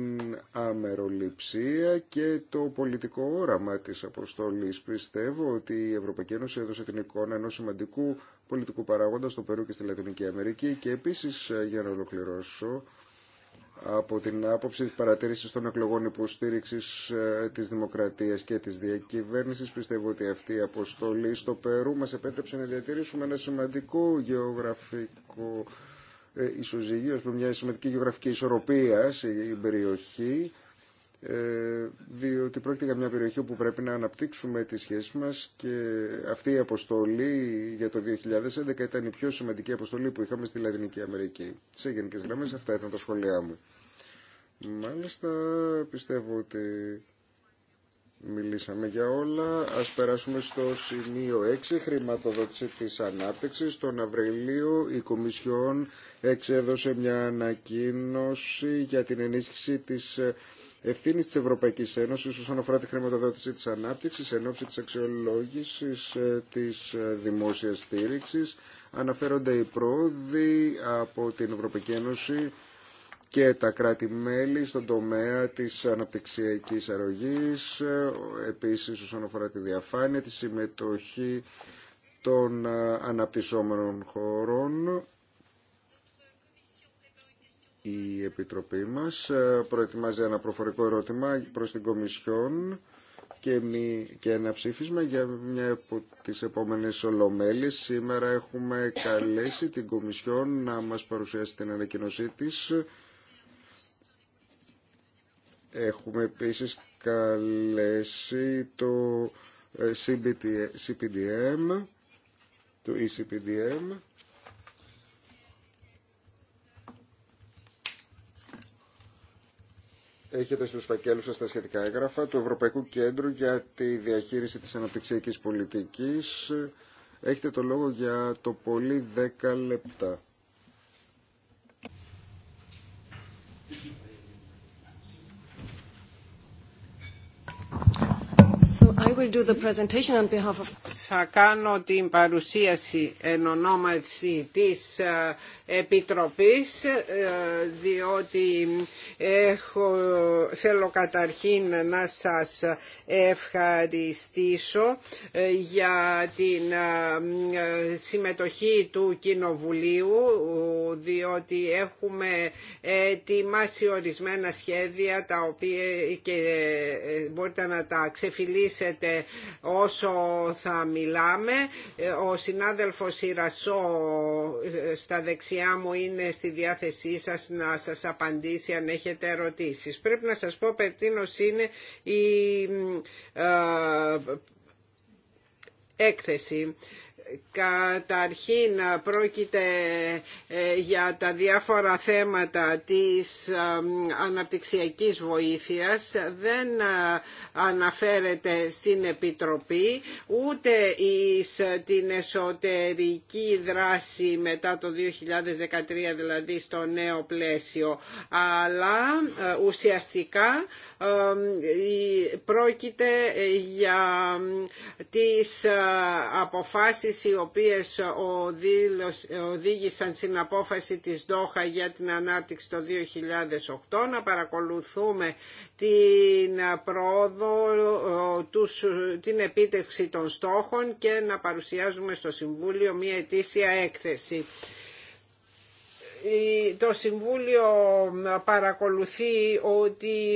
αμεροληψία και το πολιτικό όραμα της αποστολής. Πιστεύω ότι η Ευρωπαϊκή Ένωση έδωσε την εικόνα ενός σημαντικού πολιτικού παράγοντα στο Περού και στη Λατινική Αμερική και επίση ε, για να ολοκληρώσω από την άποψη της παρατήρησης των εκλογών υποστήριξη ε, της δημοκρατίας και της διακυβέρνησης πιστεύω ότι αυτή η αποστολή στο Περού μας επέτρεψε να διατηρήσουμε ένα σημαντικό γεωγραφικό ε, ισοζυγίο, μια σημαντική γεωγραφική ισορροπία στην περιοχή ε, διότι πρόκειται για μια περιοχή όπου πρέπει να αναπτύξουμε τις σχέσεις μας και αυτή η αποστολή για το 2011 ήταν η πιο σημαντική αποστολή που είχαμε στη Λατινική Αμερική. Σε γενικέ γραμμές αυτά ήταν τα σχόλιά μου. Μάλιστα πιστεύω ότι μιλήσαμε για όλα. Ας περάσουμε στο σημείο 6, χρηματοδότηση της ανάπτυξης. Τον Αυρελίο η Κομισιόν εξέδωσε μια ανακοίνωση για την ενίσχυση της ευθύνη τη Ευρωπαϊκή Ένωση όσον αφορά τη χρηματοδότηση τη ανάπτυξη εν ώψη τη αξιολόγηση ε, τη ε, δημόσια στήριξη. Αναφέρονται οι πρόοδοι από την Ευρωπαϊκή Ένωση και τα κράτη-μέλη στον τομέα της αναπτυξιακής αρρωγής, ε, επίσης όσον αφορά τη διαφάνεια, τη συμμετοχή των αναπτυσσόμενων χωρών η Επιτροπή μας ε, προετοιμάζει ένα προφορικό ερώτημα προς την Κομισιόν και, και ένα ψήφισμα για μια από τις επόμενες ολομέλειες. Σήμερα έχουμε καλέσει την Κομισιόν να μας παρουσιάσει την ανακοινωσή της. Έχουμε επίσης καλέσει το ε, CPDM, το ECPDM έχετε στους φακέλους σας τα σχετικά έγγραφα του Ευρωπαϊκού Κέντρου για τη διαχείριση της αναπτυξιακής πολιτικής. Έχετε το λόγο για το πολύ 10 λεπτά.
Θα κάνω την παρουσίαση εν ονόματι της ε, Επιτροπής ε, διότι θέλω καταρχήν να σας ευχαριστήσω ε, για την συμμετοχή του Κοινοβουλίου διότι έχουμε ετοιμάσει ορισμένα σχέδια τα οποία και μπορείτε να τα ξεφυλίσετε συνεχίσετε όσο θα μιλάμε. Ε, ο συνάδελφος Ιρασό ε, στα δεξιά μου είναι στη διάθεσή σας να σας απαντήσει αν έχετε ερωτήσεις. Πρέπει να σας πω περτίνος είναι η ε, έκθεση Καταρχήν πρόκειται ε, για τα διάφορα θέματα της ε, αναπτυξιακής βοήθειας. Δεν ε, αναφέρεται στην Επιτροπή ούτε εις την εσωτερική δράση μετά το 2013 δηλαδή στο νέο πλαίσιο. Αλλά ουσιαστικά πρόκειται για τις αποφάσεις οι οποίες οδήγησαν στην απόφαση της Δόχα για την ανάπτυξη το 2008 να παρακολουθούμε την πρόοδο, την επίτευξη των στόχων και να παρουσιάζουμε στο Συμβούλιο μια ετήσια έκθεση το Συμβούλιο παρακολουθεί ότι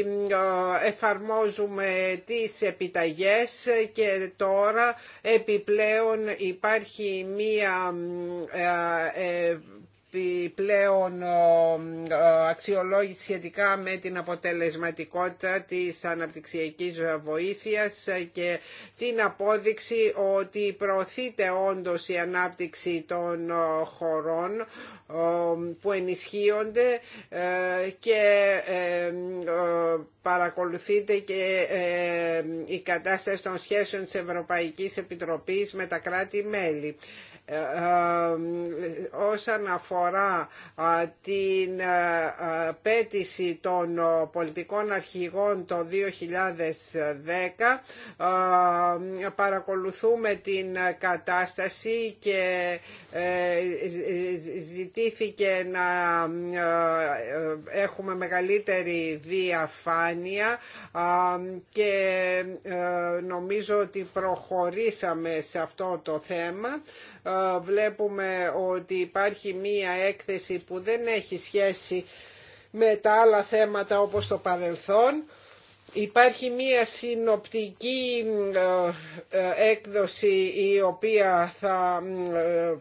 ε, εφαρμόζουμε τις επιταγές και τώρα επιπλέον υπάρχει μία ε, ε, πλέον αξιολόγηση σχετικά με την αποτελεσματικότητα της αναπτυξιακής βοήθειας και την απόδειξη ότι προωθείται όντως η ανάπτυξη των χωρών που ενισχύονται ε, και ε, παρακολουθείται και ε, η κατάσταση των σχέσεων της Ευρωπαϊκής Επιτροπής με τα κράτη-μέλη. Ε, ε, ε, όσον αφορά την πέτηση των πολιτικών αρχηγών το 2010 παρακολουθούμε την κατάσταση και ζητήθηκε να έχουμε μεγαλύτερη διαφάνεια και νομίζω ότι προχωρήσαμε σε αυτό το θέμα βλέπουμε ότι υπάρχει μία έκθεση που δεν έχει σχέση με τα άλλα θέματα όπως το παρελθόν Υπάρχει μία συνοπτική ε, ε, έκδοση η οποία θα ε,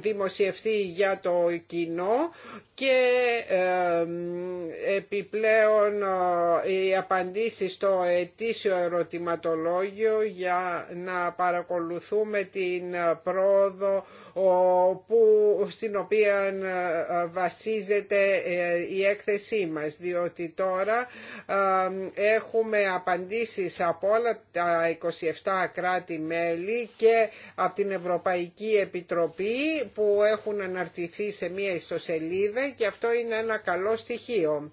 δημοσιευτεί για το κοινό και επιπλέον οι απαντήσει στο ετήσιο ερωτηματολόγιο για να παρακολουθούμε την πρόοδο στην οποία ε, βασίζεται ε, η έκθεσή μας διότι τώρα ε, έχουμε απαντήσεις από όλα τα 27 κράτη-μέλη και από την Ευρωπαϊκή Επιτροπή που έχουν αναρτηθεί σε μία ιστοσελίδα και αυτό είναι ένα καλό στοιχείο.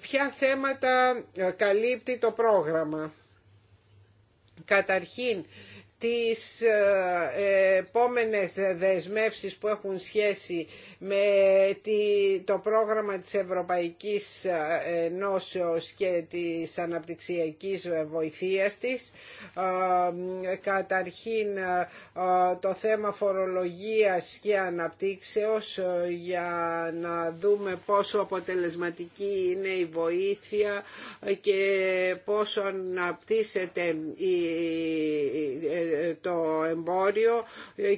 Ποια θέματα καλύπτει το πρόγραμμα. Καταρχήν, τις ε, ε, επόμενες δεσμεύσεις που έχουν σχέση με το πρόγραμμα της Ευρωπαϊκής ε, Ενώσεως και της αναπτυξιακής βοηθείας της. Καταρχήν το θέμα φορολογίας και αναπτύξεως για να δούμε πόσο αποτελεσματική είναι η βοήθεια και πόσο αναπτύσσεται η το εμπόριο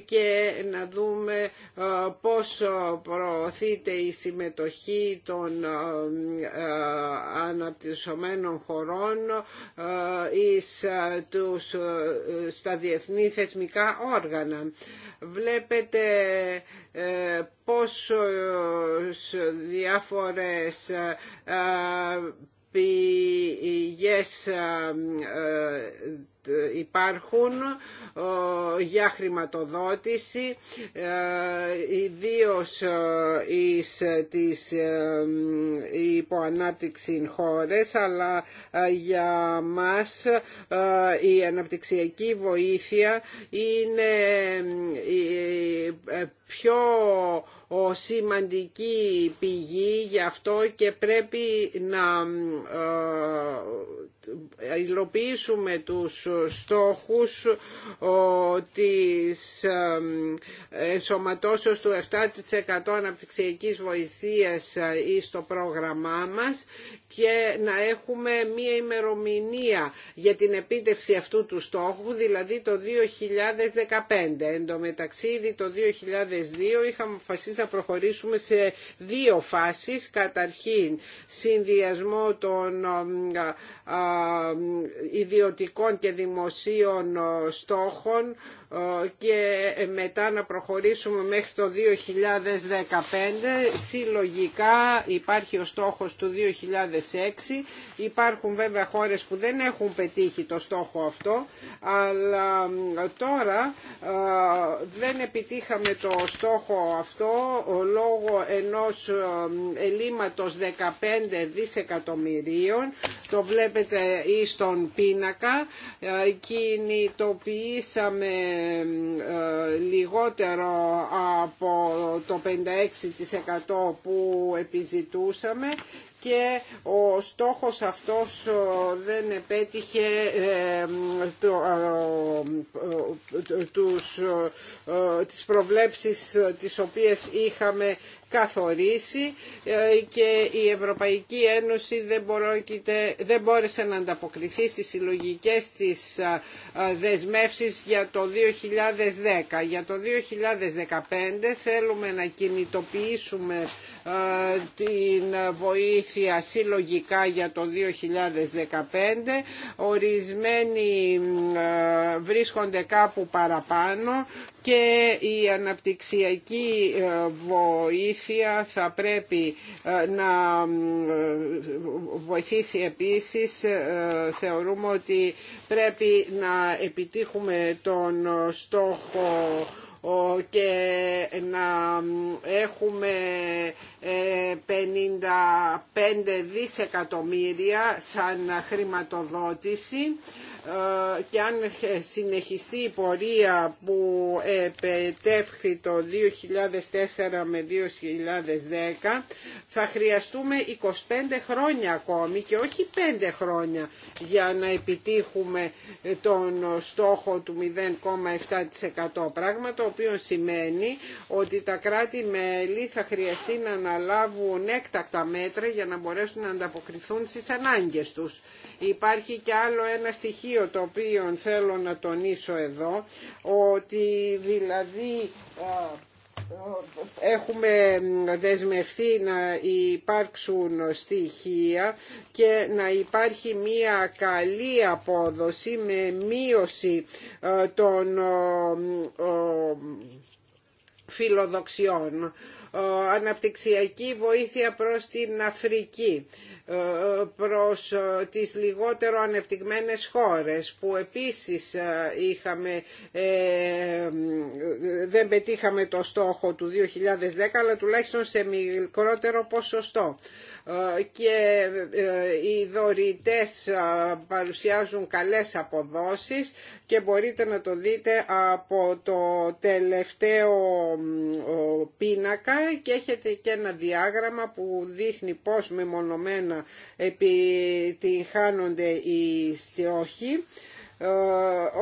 και να δούμε ε, πώς προωθείται η συμμετοχή των ε, ε, αναπτυσσομένων χωρών στα διεθνή θεσμικά όργανα. Βλέπετε πόσο διάφορες πηγές υπάρχουν για χρηματοδότηση ε, ιδίως ε, εις ε, τις υποανάπτυξη χώρες αλλά για μας η αναπτυξιακή βοήθεια είναι πιο ο σημαντική πηγή γι' αυτό και πρέπει να υλοποιήσουμε τους στόχους ε, της ε, ενσωματώσεως του 7% αναπτυξιακής βοηθείας ε, στο πρόγραμμά μας και να έχουμε μία ημερομηνία για την επίτευξη αυτού του στόχου, δηλαδή το 2015. Εν τω μεταξύ, ήδη το 2002 είχαμε αποφασίσει να προχωρήσουμε σε δύο φάσεις. Καταρχήν, συνδυασμό των ιδιωτικών και δημοσίων στόχων, ε, και μετά να προχωρήσουμε μέχρι το 2015. Συλλογικά υπάρχει ο στόχος του 2006. Υπάρχουν βέβαια χώρες που δεν έχουν πετύχει το στόχο αυτό, αλλά τώρα ε, δεν επιτύχαμε το στόχο αυτό λόγω ενός ε, ελλείμματος 15 δισεκατομμυρίων. Το βλέπετε ή στον πίνακα. Κινητοποιήσαμε λιγότερο από το 56% που επιζητούσαμε και ο στόχος αυτός ε, δεν επέτυχε ε, ε, τους, τις προβλέψεις τις οποίες είχαμε καθορίσει ε, και η Ευρωπαϊκή Ένωση δεν, δεν μπόρεσε να ανταποκριθεί στις συλλογικέ της ε, ε, δεσμεύσεις για το 2010. Για το 2015 θέλουμε να κινητοποιήσουμε την βοήθεια συλλογικά για το 2015. Ορισμένοι βρίσκονται κάπου παραπάνω και η αναπτυξιακή βοήθεια θα πρέπει ε, να ε, βοηθήσει επίσης. Ε, θεωρούμε ότι πρέπει να επιτύχουμε τον στόχο και να έχουμε 55 ε, δισεκατομμύρια σαν χρηματοδότηση ε, και αν συνεχιστεί η πορεία που επετεύχθη το 2004 με 2010 θα χρειαστούμε 25 χρόνια ακόμη και όχι 5 χρόνια για να επιτύχουμε τον στόχο του 0,7% πράγμα το οποίο σημαίνει ότι τα κράτη-μέλη θα χρειαστεί να λάβουν έκτακτα μέτρα για να μπορέσουν να ανταποκριθούν στις ανάγκες τους. Υπάρχει και άλλο ένα στοιχείο το οποίο θέλω να τονίσω εδώ, ότι δηλαδή ε, έχουμε δεσμευτεί να υπάρξουν στοιχεία και να υπάρχει μία καλή απόδοση με μείωση ε, των ε, φιλοδοξιών ε, αναπτυξιακή βοήθεια προς την Αφρική, ε, προς ε, τις λιγότερο ανεπτυγμένες χώρες που επίσης είχαμε, δεν πετύχαμε το στόχο του 2010 αλλά τουλάχιστον σε μικρότερο ποσοστό και ε, οι δωρητές παρουσιάζουν καλές αποδόσεις και μπορείτε να το δείτε από το τελευταίο πίνακα και έχετε και ένα διάγραμμα που δείχνει πώς μεμονωμένα επιτυγχάνονται οι στιόχοι. Ε,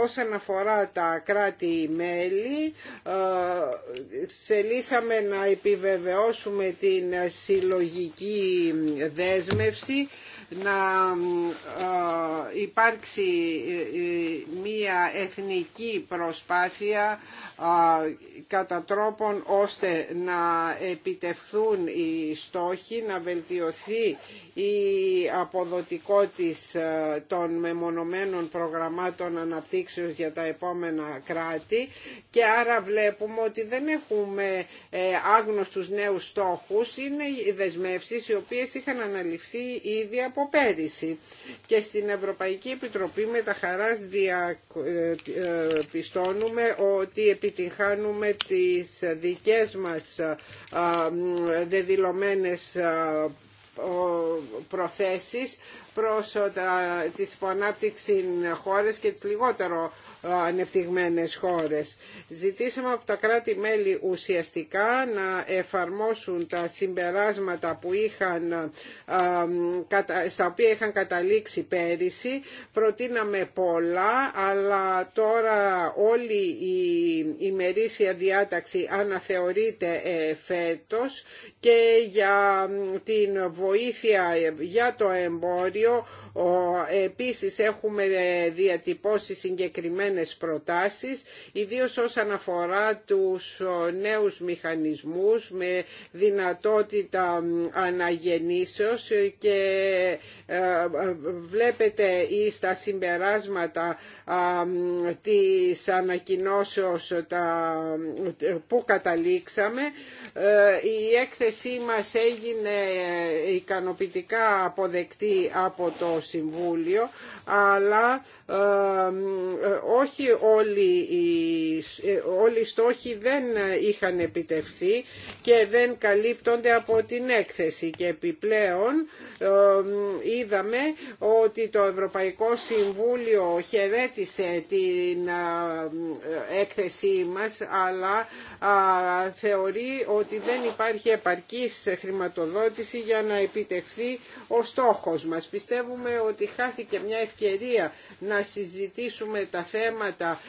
όσον αφορά τα κράτη-μέλη ε, θελήσαμε να επιβεβαιώσουμε την συλλογική δέσμευση να ε, υπάρξει μία εθνική προσπάθεια κατά τρόπον ώστε να επιτευχθούν οι στόχοι, να βελτιωθεί η αποδοτικότητα ε, των μεμονωμένων προγραμμάτων αναπτύξεως για τα επόμενα κράτη και άρα βλέπουμε ότι δεν έχουμε ε, άγνωστους νέους στόχους, είναι οι δεσμεύσεις οι οποίες είχαν αναλυφθεί ήδη από πέρυσι και στην Ευρωπαϊκή Επιτροπή με τα χαράς διαπιστώνουμε ε, ότι επιτυγχάνουμε τις δικές μας δεδηλωμένες προθέσεις προς τα, τις χώρες και τις λιγότερο ανεπτυγμένες χώρες. Ζητήσαμε από τα κράτη-μέλη ουσιαστικά να εφαρμόσουν τα συμπεράσματα που είχαν, στα οποία είχαν καταλήξει πέρυσι. Προτείναμε πολλά, αλλά τώρα όλη η ημερήσια διάταξη αναθεωρείται ε, φέτος και για την βοήθεια ε, για το εμπόριο επίσης έχουμε ε, διατυπώσει συγκεκριμένα συγκεκριμένες προτάσεις, ιδίως όσον αφορά τους ε, νέους μηχανισμούς με δυνατότητα αναγεννήσεως και ε, ε, βλέπετε ή στα συμπεράσματα της ανακοινώσεως που καταλήξαμε. Η έκθεσή μας έγινε ικανοποιητικά αποδεκτή από το Συμβούλιο, αλλά ε, όχι όλοι, ε, όλοι οι στόχοι δεν είχαν επιτευχθεί και δεν καλύπτονται από την έκθεση και επιπλέον ε, είδαμε ότι το Ευρωπαϊκό Συμβούλιο χαιρέτησε την ε, έκθεσή μας αλλά θεωρεί ότι δεν υπάρχει επαρκής χρηματοδότηση για να επιτευχθεί ο στόχος μας. Πιστεύουμε ότι χάθηκε μια ευκαιρία να συζητήσουμε τα θέματα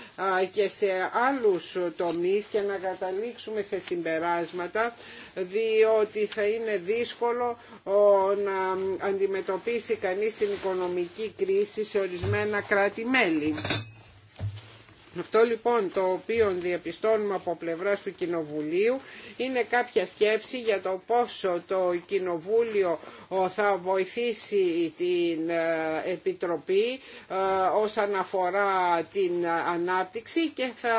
και σε άλλους τομείς και να καταλήξουμε σε συμπεράσματα διότι θα είναι δύσκολο να αντιμετωπίσει κανείς την οικονομική κρίση σε ορισμένα κράτη-μέλη. Αυτό λοιπόν το οποίο διαπιστώνουμε από πλευράς του Κοινοβουλίου είναι κάποια σκέψη για το πόσο το Κοινοβούλιο θα βοηθήσει την ε, Επιτροπή ε, όσον αφορά την ανάπτυξη και θα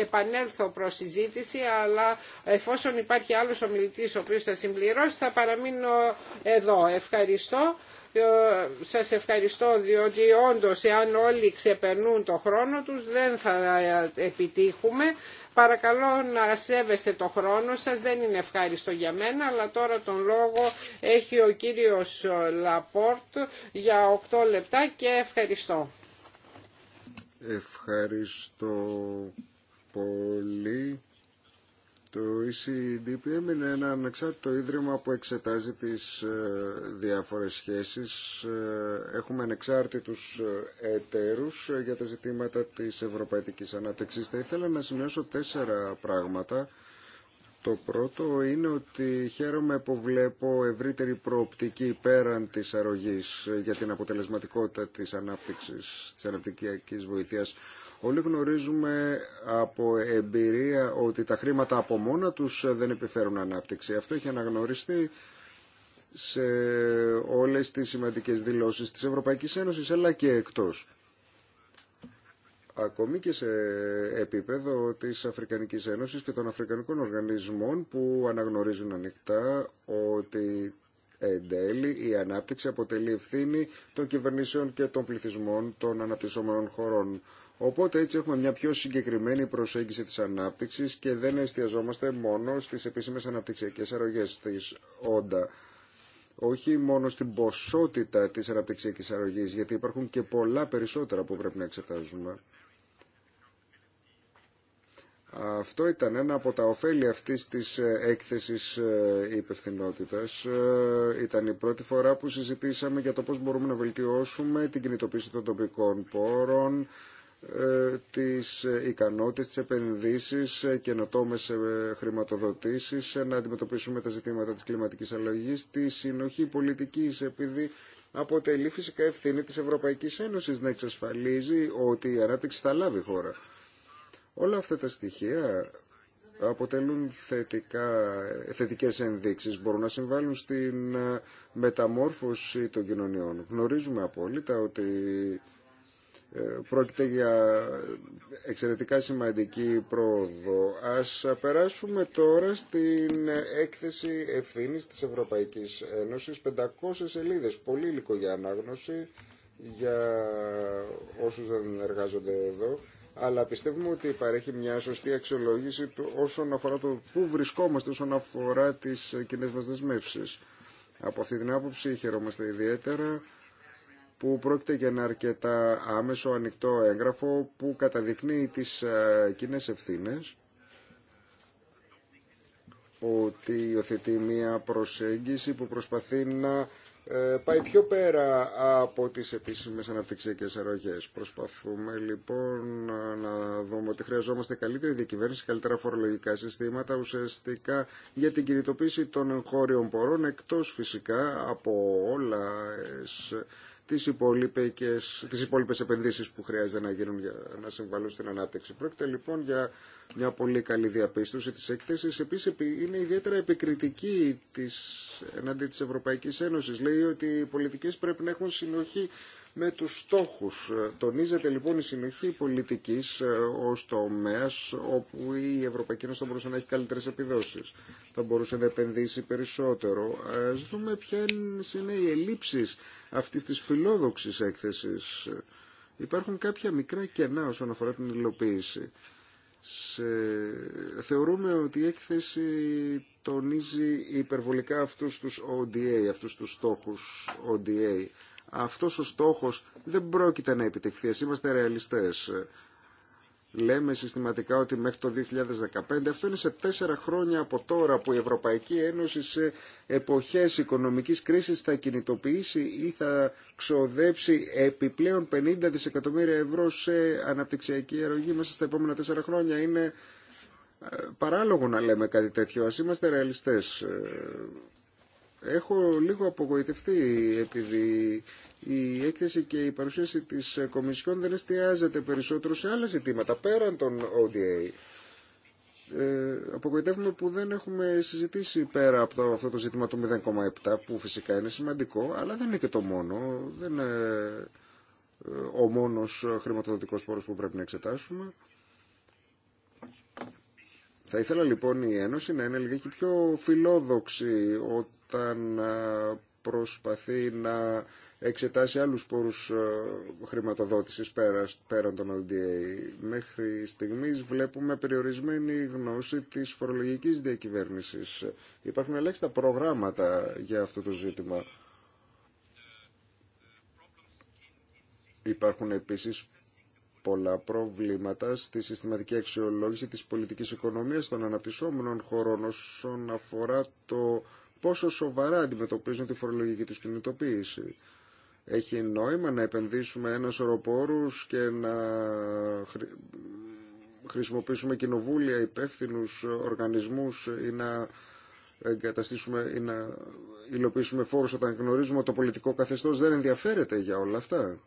επανέλθω προς συζήτηση αλλά εφόσον υπάρχει άλλος ομιλητής ο οποίος θα συμπληρώσει θα παραμείνω εδώ. Ευχαριστώ. Ε, σας ευχαριστώ διότι όντως εάν όλοι ξεπερνούν το χρόνο τους δεν θα ε, επιτύχουμε. Παρακαλώ να σέβεστε το χρόνο σας, δεν είναι ευχάριστο για μένα, αλλά τώρα τον λόγο έχει ο κύριος ε, Λαπόρτ για 8 λεπτά και ευχαριστώ.
Ευχαριστώ πολύ. Το ECDPM είναι ένα ανεξάρτητο ίδρυμα που εξετάζει τις ε, διάφορες σχέσεις. Ε, έχουμε ανεξάρτητους ε, εταίρους για τα ζητήματα της ευρωπαϊκής ανάπτυξης. Θα ήθελα να σημειώσω τέσσερα πράγματα. Το πρώτο είναι ότι χαίρομαι που βλέπω ευρύτερη προοπτική πέραν της αρρωγής για την αποτελεσματικότητα της ανάπτυξης, της αναπτυξιακής βοήθειας. Όλοι γνωρίζουμε από εμπειρία ότι τα χρήματα από μόνα τους ε, δεν επιφέρουν ανάπτυξη. Αυτό έχει αναγνωριστεί σε όλες τις σημαντικές δηλώσεις της Ευρωπαϊκής Ένωσης αλλά και εκτός. Ακόμη και σε επίπεδο της Αφρικανικής Ένωσης και των Αφρικανικών Οργανισμών που αναγνωρίζουν ανοιχτά ότι εν τέλει η ανάπτυξη αποτελεί ευθύνη των κυβερνήσεων και των πληθυσμών των αναπτυσσόμενων χωρών. Οπότε έτσι έχουμε μια πιο συγκεκριμένη προσέγγιση της ανάπτυξης και δεν εστιαζόμαστε μόνο στις επίσημες αναπτυξιακές αρρωγές της όντα. Όχι μόνο στην ποσότητα της αναπτυξιακής αρρωγής, γιατί υπάρχουν και πολλά περισσότερα που πρέπει να εξετάζουμε. Αυτό ήταν ένα από τα ωφέλη αυτής της ε, έκθεσης ε, υπευθυνότητα. Ε, ήταν η πρώτη φορά που συζητήσαμε για το πώς μπορούμε να βελτιώσουμε την κινητοποίηση των τοπικών πόρων, ε, τις ε, ικανότητες, τις επενδύσεις, ε, καινοτόμες χρηματοδοτήσεις, να αντιμετωπίσουμε τα ζητήματα της κλιματικής αλλαγής, τη συνοχή πολιτικής, επειδή αποτελεί φυσικά ευθύνη της Ευρωπαϊκής Ένωσης να εξασφαλίζει ότι η ανάπτυξη θα λάβει χώρα. Όλα αυτά τα στοιχεία αποτελούν θετικά, θετικές ενδείξεις, μπορούν να συμβάλλουν στην μεταμόρφωση των κοινωνιών. Γνωρίζουμε απόλυτα ότι ε, πρόκειται για εξαιρετικά σημαντική πρόοδο. Ας περάσουμε τώρα στην έκθεση ευθύνης της Ευρωπαϊκής Ένωσης. 500 σελίδες, πολύ υλικό για ανάγνωση για όσους δεν εργάζονται εδώ. Αλλά πιστεύουμε ότι παρέχει μια σωστή αξιολόγηση του όσον αφορά το πού βρισκόμαστε όσον αφορά τις κοινέ μας δεσμεύσεις. Από αυτή την άποψη χαιρόμαστε ιδιαίτερα που πρόκειται για ένα αρκετά άμεσο ανοιχτό έγγραφο που καταδεικνύει τις ε, κοινέ ευθύνε ότι υιοθετεί μια προσέγγιση που προσπαθεί να ε, πάει πιο πέρα από τις επίσημες αναπτυξιακές αρρωγές. Προσπαθούμε λοιπόν να δούμε ότι χρειαζόμαστε καλύτερη διακυβέρνηση, καλύτερα φορολογικά συστήματα ουσιαστικά για την κινητοποίηση των εγχώριων πορών εκτός φυσικά από όλα τις υπόλοιπες, τις υπόλοιπες επενδύσεις που χρειάζεται να γίνουν για να συμβαλούν στην ανάπτυξη. Πρόκειται λοιπόν για μια πολύ καλή διαπίστωση της εκθέσης. Επίσης είναι ιδιαίτερα επικριτική της, εναντί της Ευρωπαϊκής Ένωσης. Λέει ότι οι πολιτικές πρέπει να έχουν συνοχή με τους στόχους. Ε, τονίζεται λοιπόν η συνοχή πολιτικής ε, ως τομέας όπου η Ευρωπαϊκή Ένωση θα μπορούσε να έχει καλύτερες επιδόσεις. Θα μπορούσε να επενδύσει περισσότερο. Ε, ας δούμε ποια είναι οι ελλείψεις αυτής της φιλόδοξης έκθεσης. Υπάρχουν κάποια μικρά κενά όσον αφορά την υλοποίηση. Σε... Θεωρούμε ότι η έκθεση τονίζει υπερβολικά αυτούς τους ODA, αυτούς τους στόχους ODA αυτός ο στόχος δεν πρόκειται να επιτευχθεί. Ας είμαστε ρεαλιστές. Λέμε συστηματικά ότι μέχρι το 2015, αυτό είναι σε τέσσερα χρόνια από τώρα που η Ευρωπαϊκή Ένωση σε εποχές οικονομικής κρίσης θα κινητοποιήσει ή θα ξοδέψει επιπλέον 50 δισεκατομμύρια ευρώ σε αναπτυξιακή αερογή μέσα στα επόμενα τέσσερα χρόνια. Είναι ε, παράλογο να λέμε κάτι τέτοιο, ας είμαστε ρεαλιστές. Ε, Έχω λίγο απογοητευτεί επειδή η έκθεση και η παρουσίαση της Κομισιόν δεν εστιάζεται περισσότερο σε άλλα ζητήματα πέραν των ODA. Ε, απογοητεύουμε που δεν έχουμε συζητήσει πέρα από αυτό το ζήτημα του 0,7 που φυσικά είναι σημαντικό αλλά δεν είναι και το μόνο δεν είναι ε, ο μόνος χρηματοδοτικός πόρος που πρέπει να εξετάσουμε θα ήθελα λοιπόν η Ένωση να είναι και πιο φιλόδοξη όταν ε, προσπαθεί να εξετάσει άλλους πόρους ε, χρηματοδότησης πέρα, πέραν των LDA. Μέχρι στιγμής βλέπουμε περιορισμένη γνώση της φορολογικής διακυβέρνησης. Υπάρχουν τα προγράμματα για αυτό το ζήτημα. Υπάρχουν επίσης πολλά προβλήματα στη συστηματική αξιολόγηση της πολιτικής οικονομίας των αναπτυσσόμενων χωρών όσον αφορά το πόσο σοβαρά αντιμετωπίζουν τη φορολογική τους κινητοποίηση. Έχει νόημα να επενδύσουμε ένα σωρό και να χρησιμοποιήσουμε κοινοβούλια, υπεύθυνου οργανισμούς ή να εγκαταστήσουμε ή να υλοποιήσουμε φόρους όταν γνωρίζουμε ότι το πολιτικό καθεστώς δεν ενδιαφέρεται για όλα αυτά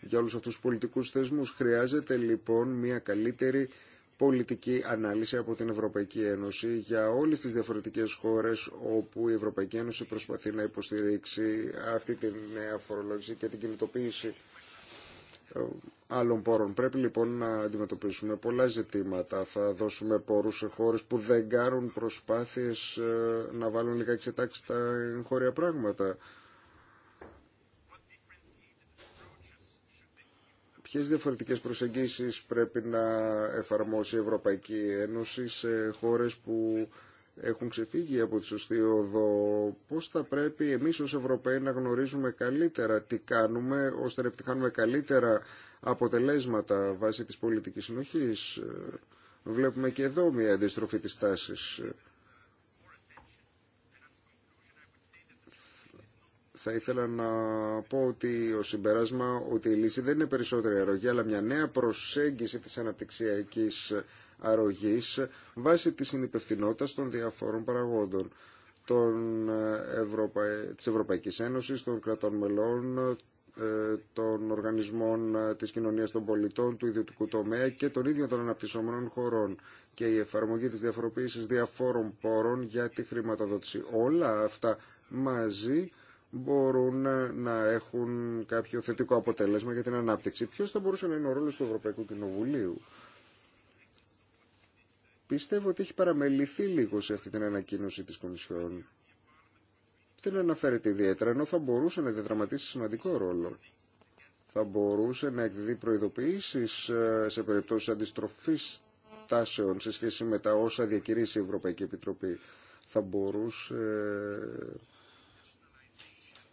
για όλους αυτούς τους πολιτικούς θεσμούς. Χρειάζεται λοιπόν μια καλύτερη πολιτική ανάλυση από την Ευρωπαϊκή Ένωση για όλες τις διαφορετικές χώρες όπου η Ευρωπαϊκή Ένωση προσπαθεί να υποστηρίξει αυτή τη νέα φορολόγηση και την κινητοποίηση ε, άλλων πόρων. Πρέπει λοιπόν να αντιμετωπίσουμε πολλά ζητήματα. Θα δώσουμε πόρους σε χώρες που δεν κάνουν προσπάθειες ε, να βάλουν λίγα εξετάξει τα χώρια πράγματα. ποιες διαφορετικές προσεγγίσεις πρέπει να εφαρμόσει η Ευρωπαϊκή Ένωση σε χώρες που έχουν ξεφύγει από τη σωστή οδό, πώς θα πρέπει εμείς ως Ευρωπαίοι να γνωρίζουμε καλύτερα τι κάνουμε, ώστε να επιτυχάνουμε καλύτερα αποτελέσματα βάσει της πολιτικής συνοχής. Βλέπουμε και εδώ μια αντιστροφή της τάσης. θα ήθελα να πω ότι ο συμπεράσμα ότι η λύση δεν είναι περισσότερη αρρωγή αλλά μια νέα προσέγγιση της αναπτυξιακής αρρωγής βάσει της συνυπευθυνότητας των διαφόρων παραγόντων των ε, Ευρωπα... της Ευρωπαϊκής Ένωσης, των κρατών μελών, ε, των οργανισμών ε, της κοινωνίας των πολιτών, του ιδιωτικού τομέα και των ίδιων των αναπτυσσόμενων χωρών και η εφαρμογή της διαφοροποίησης διαφόρων πόρων για τη χρηματοδότηση. Όλα αυτά μαζί μπορούν να έχουν κάποιο θετικό αποτέλεσμα για την ανάπτυξη. Ποιο θα μπορούσε να είναι ο ρόλο του Ευρωπαϊκού Κοινοβουλίου. Πιστεύω ότι έχει παραμεληθεί λίγο σε αυτή την ανακοίνωση της Κομισιόν. Δεν αναφέρεται ιδιαίτερα, ενώ θα μπορούσε να διαδραματίσει σημαντικό ρόλο. Θα μπορούσε να εκδίδει προειδοποιήσεις ε, σε περιπτώσει αντιστροφής τάσεων σε σχέση με τα όσα διακηρύσει η Ευρωπαϊκή Επιτροπή. Θα μπορούσε ε,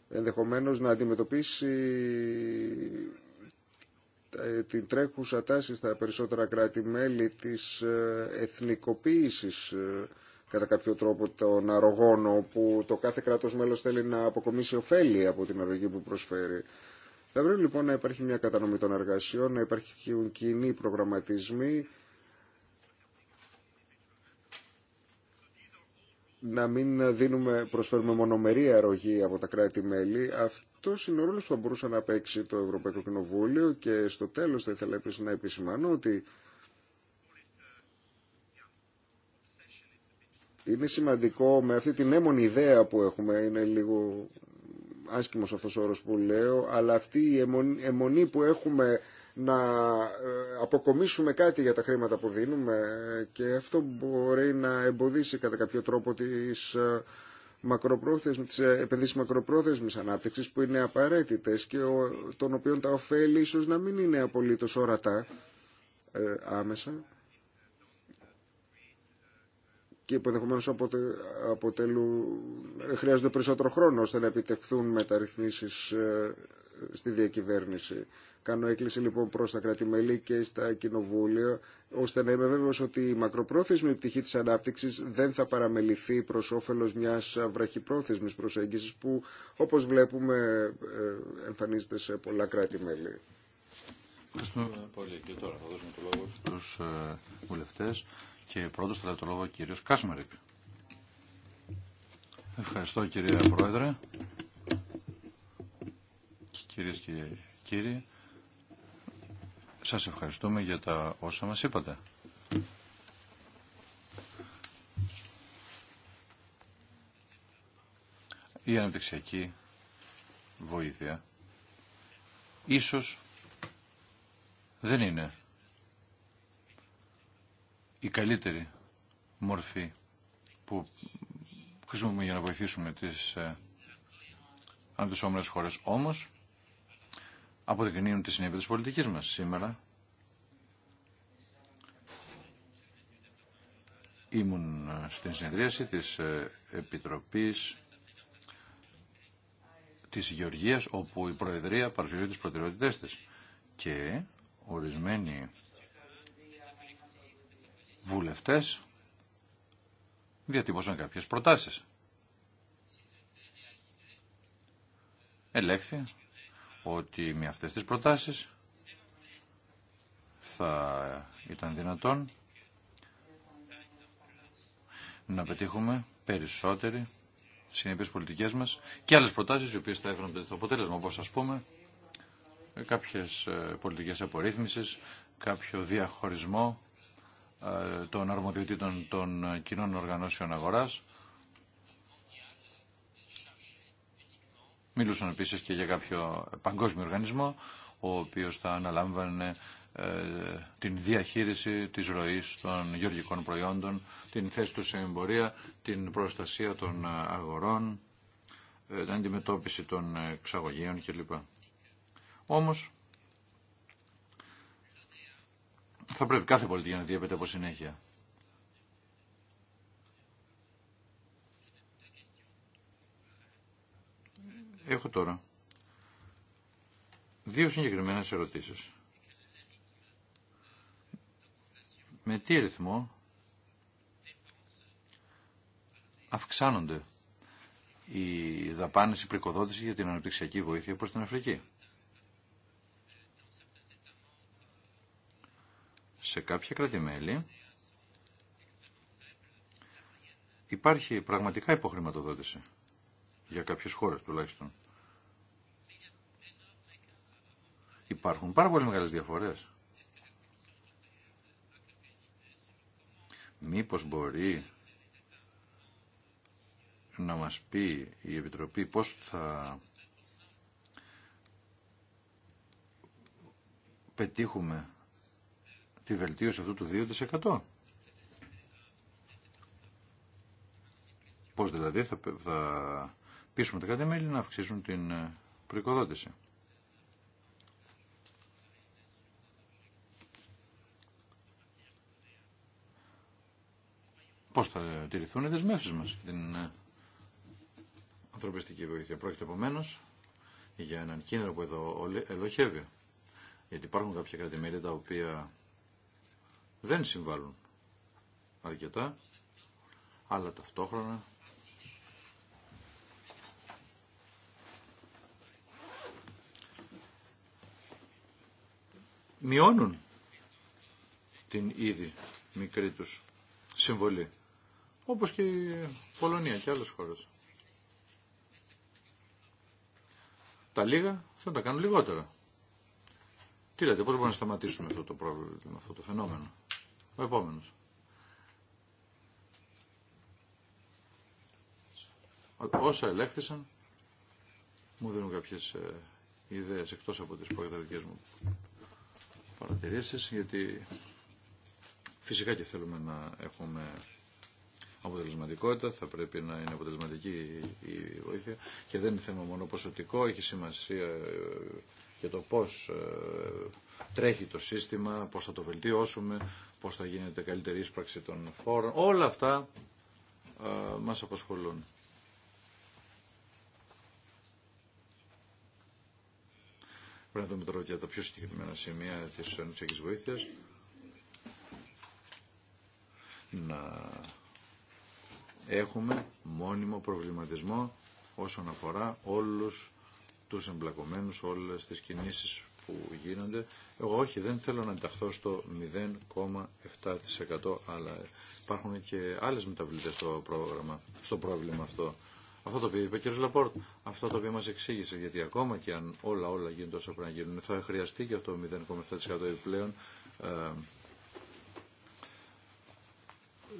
ενδεχομένως να αντιμετωπίσει ε, την τρέχουσα τάση στα περισσότερα κράτη-μέλη της ε, εθνικοποίησης ε, κατά κάποιο τρόπο των αρρωγών όπου το κάθε κράτος μέλος θέλει να αποκομίσει ωφέλη από την αρρωγή που προσφέρει. Θα πρέπει λοιπόν να υπάρχει μια κατανομή των εργασιών, να υπάρχουν κοινοί προγραμματισμοί να μην δίνουμε, προσφέρουμε μονομερή αρρωγή από τα κράτη-μέλη. Αυτό είναι ο ρόλο που θα μπορούσε να παίξει το Ευρωπαϊκό Κοινοβούλιο και στο τέλος θα ήθελα επίση να επισημάνω ότι είναι σημαντικό με αυτή την έμονη ιδέα που έχουμε, είναι λίγο άσκημος αυτός ο όρος που λέω, αλλά αυτή η αιμονή που έχουμε να ε, αποκομίσουμε κάτι για τα χρήματα που δίνουμε ε, και αυτό μπορεί να εμποδίσει κατά κάποιο τρόπο τις ε, τις επενδύσεις μακροπρόθεσμης ανάπτυξης που είναι απαραίτητες και των οποίων τα ωφέλη ίσως να μην είναι απολύτως ορατά άμεσα και που ενδεχομένω αποτε, αποτελούν, χρειάζονται περισσότερο χρόνο ώστε να επιτευχθούν μεταρρυθμίσεις στη διακυβέρνηση. Κάνω έκκληση λοιπόν προ τα κρατη και στα κοινοβούλια, ώστε να είμαι βέβαιο ότι η μακροπρόθεσμη πτυχή τη ανάπτυξη δεν θα παραμεληθεί προ όφελο μια βραχυπρόθεσμη προσέγγιση που, όπω βλέπουμε, ε, εμφανίζεται σε πολλά κράτη-μέλη. Ευχαριστούμε πολύ. Και τώρα θα δώσουμε το λόγο
στου ε, βουλευτέ και πρώτο θα το λόγο ο κύριο Κάσμερικ. Ευχαριστώ κύριε Πρόεδρε. κύριε και κύριοι, σας ευχαριστούμε για τα όσα μας είπατε. Η αναπτυξιακή βοήθεια ίσως δεν είναι η καλύτερη μορφή που χρησιμοποιούμε για να βοηθήσουμε τις ε, αντισόμενες χώρες. Όμως, αποδεικνύουν τη συνέπεια της πολιτικής μας σήμερα. Ήμουν ε, στην συνεδρίαση της ε, Επιτροπής της Γεωργίας, όπου η Προεδρία παρουσιάζει τις προτεραιότητές της. Και ορισμένοι βουλευτές διατύπωσαν κάποιες προτάσεις. Ελέγχθη ότι με αυτές τις προτάσεις θα ήταν δυνατόν να πετύχουμε περισσότεροι συνεπείς πολιτικές μας και άλλες προτάσεις οι οποίες θα έφεραν το αποτέλεσμα όπως ας πούμε κάποιες ε, πολιτικές απορρίθμισης, κάποιο διαχωρισμό ε, των αρμοδιοτήτων των ε, κοινών οργανώσεων αγοράς Μιλούσαν επίσης και για κάποιο παγκόσμιο οργανισμό, ο οποίος θα αναλάμβανε ε, την διαχείριση της ροής των γεωργικών προϊόντων, την θέση του σε εμπορία, την προστασία των αγορών, ε, την αντιμετώπιση των εξαγωγείων κλπ. Όμως, θα πρέπει κάθε πολιτική να διέπεται από συνέχεια. Έχω τώρα δύο συγκεκριμένες ερωτήσεις. Με τι ρυθμό αυξάνονται οι δαπάνες, οι για την αναπτυξιακή βοήθεια προς την Αφρική. Σε κάποια κρατημέλη υπάρχει πραγματικά υποχρηματοδότηση για κάποιες χώρες τουλάχιστον. Υπάρχουν πάρα πολύ μεγάλες διαφορές. Μήπως μπορεί να μας πει η Επιτροπή πώς θα πετύχουμε τη βελτίωση αυτού του 2%. Πώς δηλαδή θα, θα πείσουμε τα κρατη να αυξήσουν την ε, προοικοδότηση. Πώς θα τηρηθούν οι δεσμεύσεις μας για την ε, ανθρωπιστική βοήθεια. Πρόκειται επομένω για έναν κίνδυνο που εδώ ελοχεύει. Γιατί υπάρχουν κάποια κρατημέρια τα οποία δεν συμβάλλουν αρκετά, αλλά ταυτόχρονα μειώνουν την ήδη μικρή τους συμβολή. Όπως και η Πολωνία και άλλες χώρες. Τα λίγα θα τα κάνουν λιγότερα. Τι λέτε, πώς μπορούμε να σταματήσουμε αυτό το πρόβλημα, αυτό το φαινόμενο. Ο επόμενος. Όσα ελέγχθησαν μου δίνουν κάποιες ε, ιδέες εκτός από τις προκαταρκτικές μου παρατηρήσεις γιατί φυσικά και θέλουμε να έχουμε αποτελεσματικότητα, θα πρέπει να είναι αποτελεσματική η βοήθεια και δεν είναι θέμα μόνο ποσοτικό, έχει σημασία ε, για το πώς ε, τρέχει το σύστημα, πώς θα το βελτιώσουμε, πώς θα γίνεται καλύτερη ίσπραξη των φόρων. Όλα αυτά ε, μας απασχολούν. Πρέπει να δούμε τώρα για τα πιο συγκεκριμένα σημεία της βοήθειας. Να έχουμε μόνιμο προβληματισμό όσον αφορά όλους τους εμπλακωμένου, όλες τις κινήσεις που γίνονται. Εγώ όχι, δεν θέλω να ενταχθώ στο 0,7% αλλά υπάρχουν και άλλες μεταβλητές στο, πρόγραμμα, στο πρόβλημα αυτό. Αυτό το οποίο είπε ο κ. Λαπόρτ, αυτό το οποίο μα εξήγησε, γιατί ακόμα και αν όλα όλα γίνουν τόσο πρέπει να γίνουν, θα χρειαστεί και αυτό το 0,7% επιπλέον ε,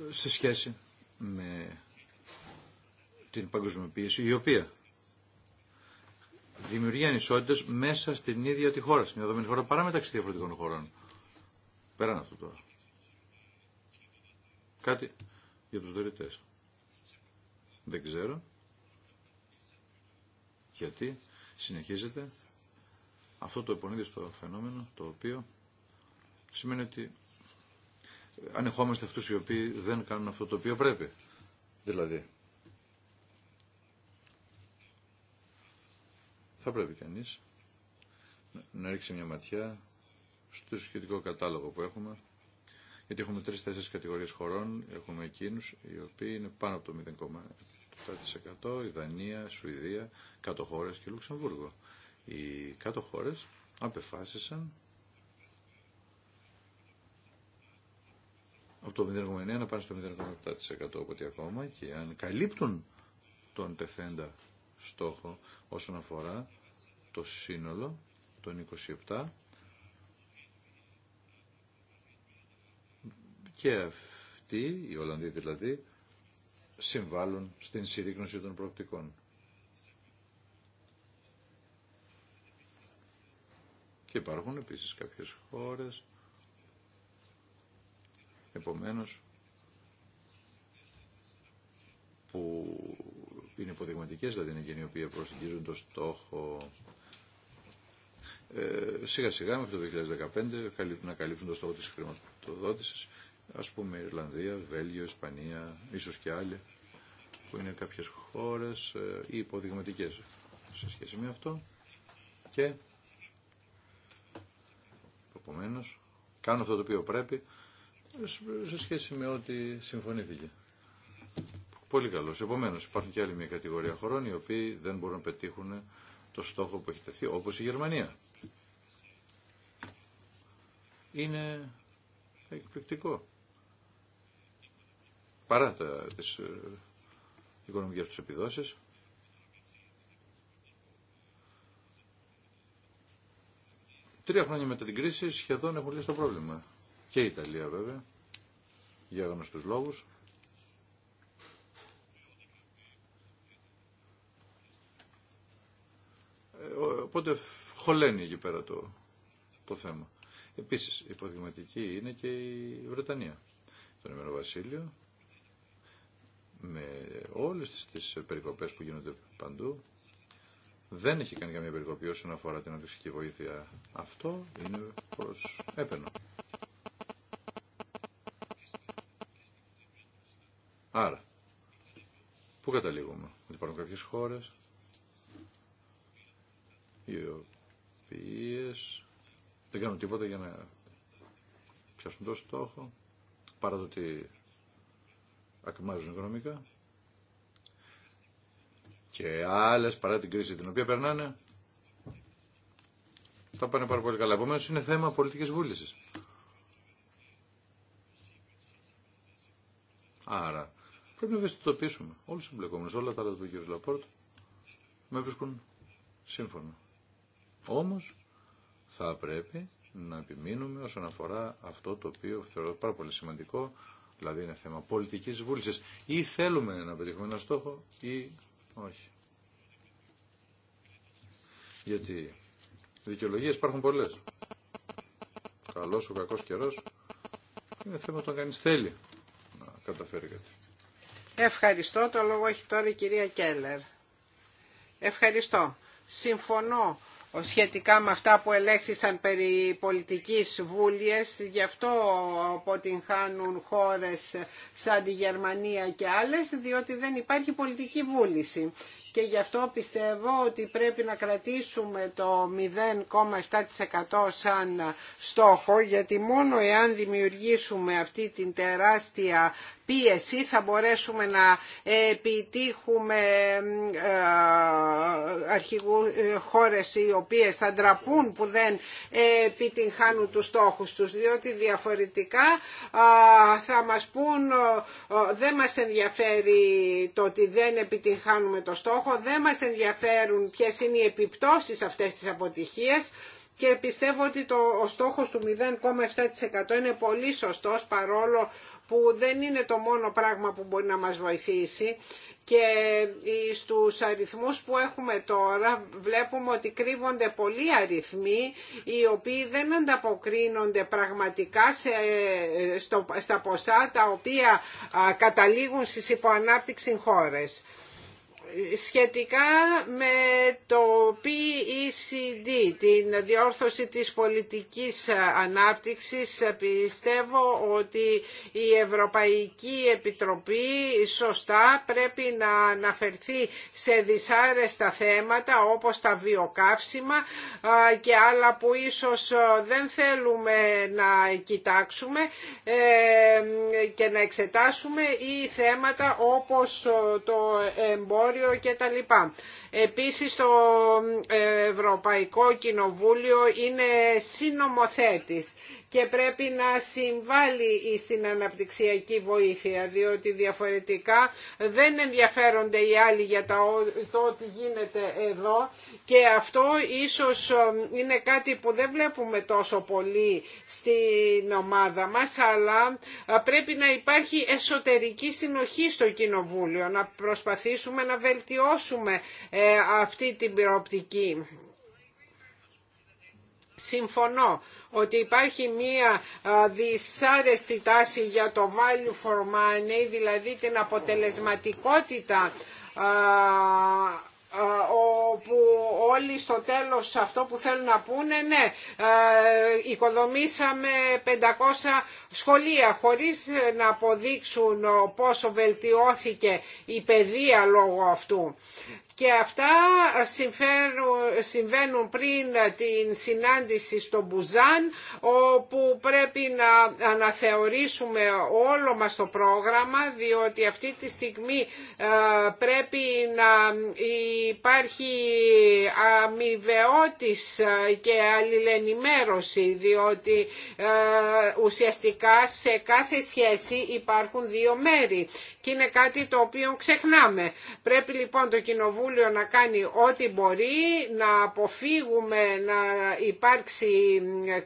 σε σχέση με την παγκοσμιοποίηση, η οποία δημιουργεί ανισότητε μέσα στην ίδια τη χώρα, στην δεδομένη χώρα, παρά μεταξύ διαφορετικών χωρών. Πέραν αυτό τώρα. Κάτι για τους δωρητές. Δεν ξέρω γιατί συνεχίζεται αυτό το επονίδιστο φαινόμενο το οποίο σημαίνει ότι ανεχόμαστε αυτούς οι οποίοι δεν κάνουν αυτό το οποίο πρέπει. Δηλαδή, θα πρέπει κανείς να ρίξει μια ματιά στο σχετικό κατάλογο που έχουμε γιατί έχουμε τρεις-τέσσερις κατηγορίες χωρών, έχουμε εκείνους οι οποίοι είναι πάνω από το 7%, η Δανία, Σουηδία, κάτω χώρε και Λουξεμβούργο. Οι κάτω χώρε απεφάσισαν από το 0,9 να πάνε στο 0,7% οπότε ακόμα και αν καλύπτουν τον τεθέντα στόχο όσον αφορά το σύνολο των 27 και αυτοί, οι Ολλανδοί δηλαδή, συμβάλλουν στην συρρήγνωση των προοπτικών. Και υπάρχουν επίσης κάποιες χώρες, επομένως, που είναι υποδειγματικές, δηλαδή είναι εκείνοι οι οποίοι προσεγγίζουν το στόχο ε, σιγά σιγά μέχρι το 2015 να καλύπτουν το στόχο της χρηματοδότησης Ας πούμε Ιρλανδία, Βέλγιο, Ισπανία, ίσως και άλλοι, που είναι κάποιες χώρες ε, ή υποδειγματικές σε σχέση με αυτό. Και, επομένω, κάνω αυτό το οποίο πρέπει σε σχέση με ό,τι συμφωνήθηκε. Πολύ καλό. Επομένω, υπάρχουν και άλλη μια κατηγορία χωρών οι οποίοι δεν μπορούν να πετύχουν το στόχο που έχει τεθεί, όπω η Γερμανία. Είναι εκπληκτικό παρά τα, τις ε, οικονομικές τους επιδόσεις. Τρία χρόνια μετά την κρίση σχεδόν έχουν λύσει το πρόβλημα. Και η Ιταλία βέβαια, για γνωστούς λόγους. Ε, οπότε χωλαίνει εκεί πέρα το, το θέμα. Επίσης, υποδειγματική είναι και η Βρετανία. Το νημερό Βασίλειο με όλες τις περικοπές που γίνονται παντού δεν έχει κάνει καμία περικοπή όσον αφορά την αντιστοιχική βοήθεια. Αυτό είναι προς έπαινο. Άρα, πού καταλήγουμε. Ότι υπάρχουν κάποιες χώρες οι οποίε δεν κάνουν τίποτα για να πιάσουν το στόχο παρά το ότι ακμάζουν οικονομικά και άλλες παρά την κρίση την οποία περνάνε τα πάνε πάρα πολύ καλά. Επομένως, είναι θέμα πολιτικής βούλησης. Άρα πρέπει να ευαισθητοποιήσουμε όλους τους εμπλεκόμενους, όλα τα άλλα του κ. Λαπόρτ με βρίσκουν σύμφωνα. Όμως θα πρέπει να επιμείνουμε όσον αφορά αυτό το οποίο θεωρώ πάρα πολύ σημαντικό Δηλαδή είναι θέμα πολιτικής καταφέρει κάτι. Ευχαριστώ το λόγο όχι τώρα Ή θέλουμε να πετύχουμε ένα στόχο ή όχι. Γιατί δικαιολογιε υπάρχουν πολλές. καλο ο κακο καιρός είναι θέμα το κανει θέλει να καταφέρει κάτι.
Ευχαριστώ. Το λόγο έχει τώρα η κυρία Κέλλερ. Ευχαριστώ. Συμφωνώ σχετικά με αυτά που ελέγχθησαν περί πολιτικής βούλιες, γι' αυτό αποτυγχάνουν χώρες σαν τη Γερμανία και άλλες, διότι δεν υπάρχει πολιτική βούληση και γι' αυτό πιστεύω ότι πρέπει να κρατήσουμε το 0,7% σαν στόχο γιατί μόνο εάν δημιουργήσουμε αυτή την τεράστια πίεση θα μπορέσουμε να επιτύχουμε ε, αρχηγού, ε, χώρες οι οποίες θα ντραπούν που δεν επιτυγχάνουν τους στόχους τους διότι διαφορετικά θα μας πούν ε, δεν μας ενδιαφέρει το ότι δεν επιτυγχάνουμε το στόχο στόχο, δεν μας ενδιαφέρουν ποιες είναι οι επιπτώσεις αυτές της αποτυχίας και πιστεύω ότι το, ο στόχος του 0,7% είναι πολύ σωστός παρόλο που δεν είναι το μόνο πράγμα που μπορεί να μας βοηθήσει και ε, στους αριθμούς που έχουμε τώρα βλέπουμε ότι κρύβονται πολλοί αριθμοί οι οποίοι δεν ανταποκρίνονται πραγματικά ε, στο, στα ποσά τα οποία καταλήγουν στις υποανάπτυξη χώρες σχετικά με το PECD, την διόρθωση της πολιτικής ανάπτυξης, πιστεύω ότι η Ευρωπαϊκή Επιτροπή σωστά πρέπει να αναφερθεί σε δυσάρεστα θέματα όπως τα βιοκαύσιμα και άλλα που ίσως δεν θέλουμε να κοιτάξουμε ε, και να εξετάσουμε ή θέματα όπως το εμπόριο και τα λοιπά. Επίσης το ε, Ευρωπαϊκό Κοινοβούλιο είναι συνομοθέτης και πρέπει να συμβάλλει στην αναπτυξιακή βοήθεια διότι διαφορετικά δεν ενδιαφέρονται οι άλλοι για το ότι γίνεται εδώ και αυτό ίσως ε, είναι κάτι που δεν βλέπουμε τόσο πολύ στην ομάδα μας αλλά ε, πρέπει να υπάρχει εσωτερική συνοχή στο Κοινοβούλιο να προσπαθήσουμε να βελτιώσουμε αυτή την προοπτική. Συμφωνώ ότι υπάρχει μία δυσάρεστη τάση για το value for money, δηλαδή την αποτελεσματικότητα όπου όλοι στο τέλος αυτό που θέλουν να πούνε ναι, οικοδομήσαμε 500 σχολεία χωρίς να αποδείξουν πόσο βελτιώθηκε η παιδεία λόγω αυτού και αυτά συμβαίνουν πριν την συνάντηση στο Μπουζάν όπου πρέπει να αναθεωρήσουμε όλο μας το πρόγραμμα διότι αυτή τη στιγμή ε, πρέπει να υπάρχει αμοιβαιότης ε, και αλληλενημέρωση διότι ε, ουσιαστικά σε κάθε σχέση υπάρχουν δύο μέρη είναι κάτι το οποίο ξεχνάμε. Πρέπει λοιπόν το Κοινοβούλιο να κάνει ό,τι μπορεί, να αποφύγουμε να υπάρξει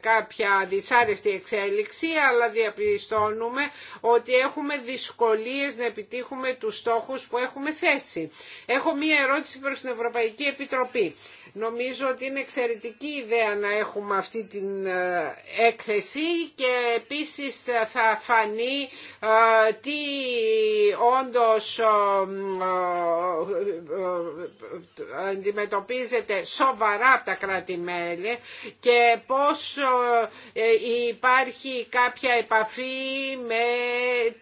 κάποια δυσάρεστη εξέλιξη, αλλά διαπιστώνουμε ότι έχουμε δυσκολίες να επιτύχουμε τους στόχους που έχουμε θέσει. Έχω μία ερώτηση προς την Ευρωπαϊκή Επιτροπή. Νομίζω ότι είναι εξαιρετική ιδέα να έχουμε αυτή την ε, έκθεση και επίσης θα φανεί ε, τι όντως ε, αντιμετωπίζεται σοβαρά από τα κράτη-μέλη και πώς υπάρχει κάποια επαφή με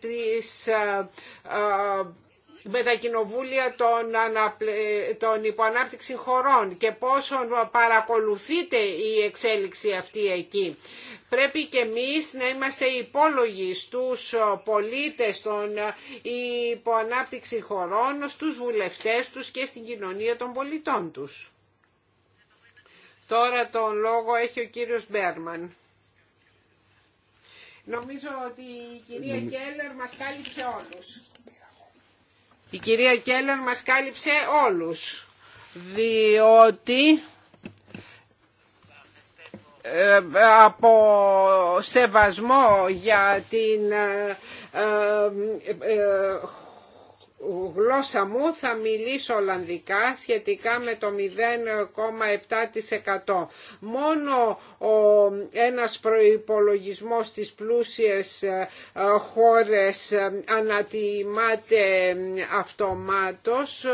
τις με τα κοινοβούλια των, αναπλε... υποανάπτυξη χωρών και πόσο παρακολουθείται η εξέλιξη αυτή εκεί. Πρέπει και εμείς να είμαστε υπόλογοι στους πολίτες των υποανάπτυξη χωρών, στους βουλευτές τους και στην κοινωνία των πολιτών τους. Τώρα τον λόγο έχει ο κύριος Μπέρμαν. Νομίζω ότι η κυρία Κέλλερ μας κάλυψε όλους. Η κυρία Κέλλερ μας κάλυψε όλους, διότι ε, από σεβασμό για την ε, ε, γλώσσα μου θα μιλήσω Ολλανδικά σχετικά με το 0,7%. Μόνο ο, ένας προϋπολογισμός στις πλούσιες ε, χώρες ε, ανατιμάται ε, αυτομάτως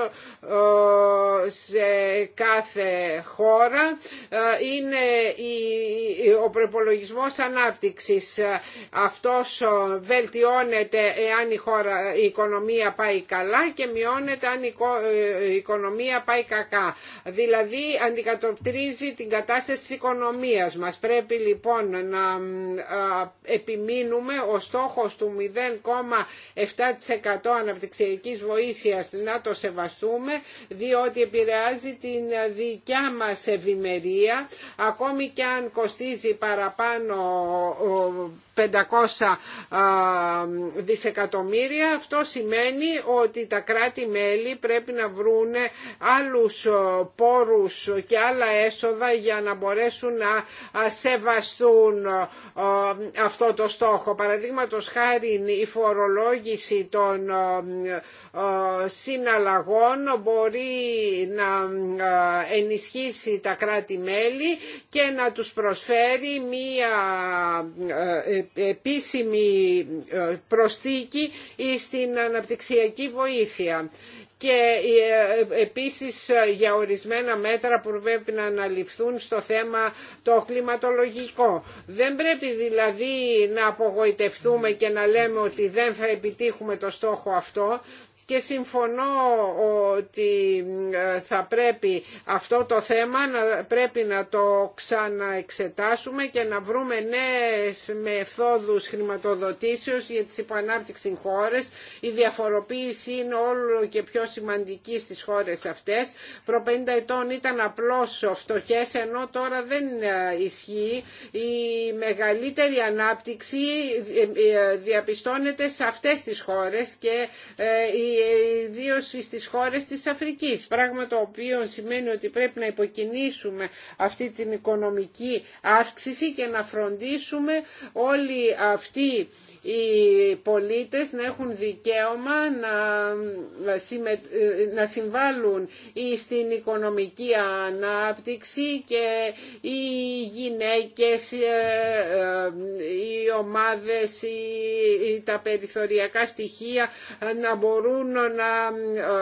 σε κάθε χώρα. Είναι ο προϋπολογισμός ανάπτυξης. Αυτός βελτιώνεται εάν η, χώρα, η οικονομία πάει καλά καλά και μειώνεται αν ε, η οικονομία πάει κακά. Δηλαδή αντικατοπτρίζει την κατάσταση της οικονομίας μας. Πρέπει λοιπόν να επιμείνουμε ο στόχος του 0,7% αναπτυξιακής βοήθειας να το σεβαστούμε διότι επηρεάζει την δικιά μας ευημερία ακόμη και αν κοστίζει παραπάνω 500 ε, δισεκατομμύρια. Αυτό σημαίνει ότι τα κράτη-μέλη πρέπει να βρουν άλλους ε, πόρους και άλλα έσοδα για να μπορέσουν να ε, σεβαστούν αυτό το στόχο. Παραδείγματο χάρη η φορολόγηση των συναλλαγών μπορεί να ενισχύσει τα κράτη-μέλη και να τους προσφέρει μία επίσημη ε, προσθήκη στην αναπτυξιακή βοήθεια και ε, ε, επίσης για ορισμένα μέτρα που πρέπει να αναλυφθούν στο θέμα το κλιματολογικό. Δεν πρέπει δηλαδή να απογοητευτούμε και να λέμε ότι δεν θα επιτύχουμε το στόχο αυτό και συμφωνώ ότι ε, θα πρέπει αυτό το θέμα να, πρέπει να το ξαναεξετάσουμε και να βρούμε νέες μεθόδους χρηματοδοτήσεως για τις υποανάπτυξη χώρες. Η διαφοροποίηση είναι όλο και πιο σημαντική στις χώρες αυτές. Προ 50 ετών ήταν απλώς φτωχέ, ενώ τώρα δεν ε, ισχύει. Η μεγαλύτερη ανάπτυξη ε, διαπιστώνεται σε αυτές τις χώρες και η ιδίω στις χώρες της Αφρικής. Πράγμα το οποίο σημαίνει ότι πρέπει να υποκινήσουμε αυτή την οικονομική αύξηση και να φροντίσουμε όλοι αυτοί οι πολίτες να έχουν δικαίωμα να συμβάλλουν στην οικονομική ανάπτυξη και οι γυναίκες, ε, ε, οι ομάδες, τα περιθωριακά στοιχεία να μπορούν μπορούν να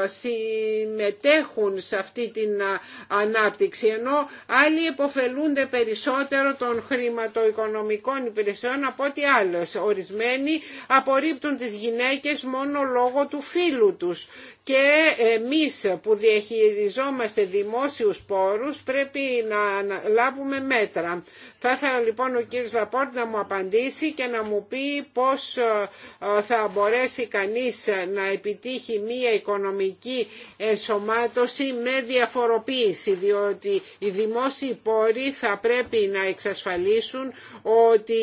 ε, συμμετέχουν σε αυτή την ε, ανάπτυξη ενώ άλλοι εποφελούνται περισσότερο των χρηματοοικονομικών υπηρεσιών από ό,τι άλλος. Ορισμένοι απορρίπτουν τις γυναίκες μόνο λόγω του φίλου τους και εμείς που διαχειριζόμαστε δημόσιους πόρους πρέπει να λάβουμε μέτρα. Θα ήθελα λοιπόν ο κύριος Λαπόρτ να μου απαντήσει και να μου πει πώς ε, ε, θα μπορέσει κανείς να επιτύχει μία οικονομική ενσωμάτωση με διαφοροποίηση διότι οι δημόσιοι πόροι θα πρέπει να εξασφαλίσουν ότι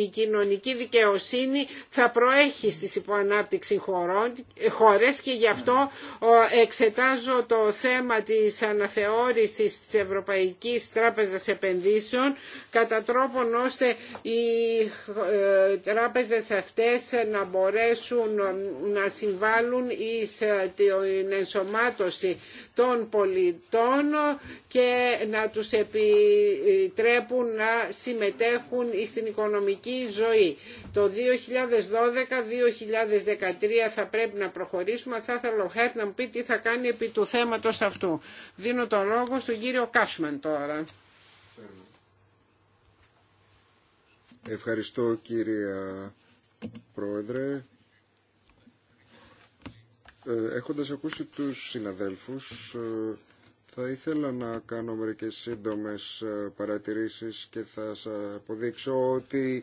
η κοινωνική δικαιοσύνη θα προέχει στις υποανάπτυξη χωρών, χώρες και γι' αυτό ε, εξετάζω το θέμα της αναθεώρησης της Ευρωπαϊκής Τράπεζας Επενδύσεων κατά τρόπον ώστε οι ε, τράπεζες αυτές να μπορέσουν ε, να συμβάλλουν εις την ενσωμάτωση των πολιτών και να τους επιτρέπουν να συμμετέχουν στην οικονομική ζωή. Το 2012-2013 θα πρέπει να προχωρήσουμε. Θα ήθελα Χάιτ να μου πει τι θα κάνει επί του θέματος αυτού. Δίνω τον λόγο στον κύριο Κάσμαν τώρα.
Ευχαριστώ κύριε Πρόεδρε. Ε, έχοντας ακούσει τους συναδέλφους, ε, θα ήθελα να κάνω μερικές σύντομες ε, παρατηρήσεις και θα σας αποδείξω ότι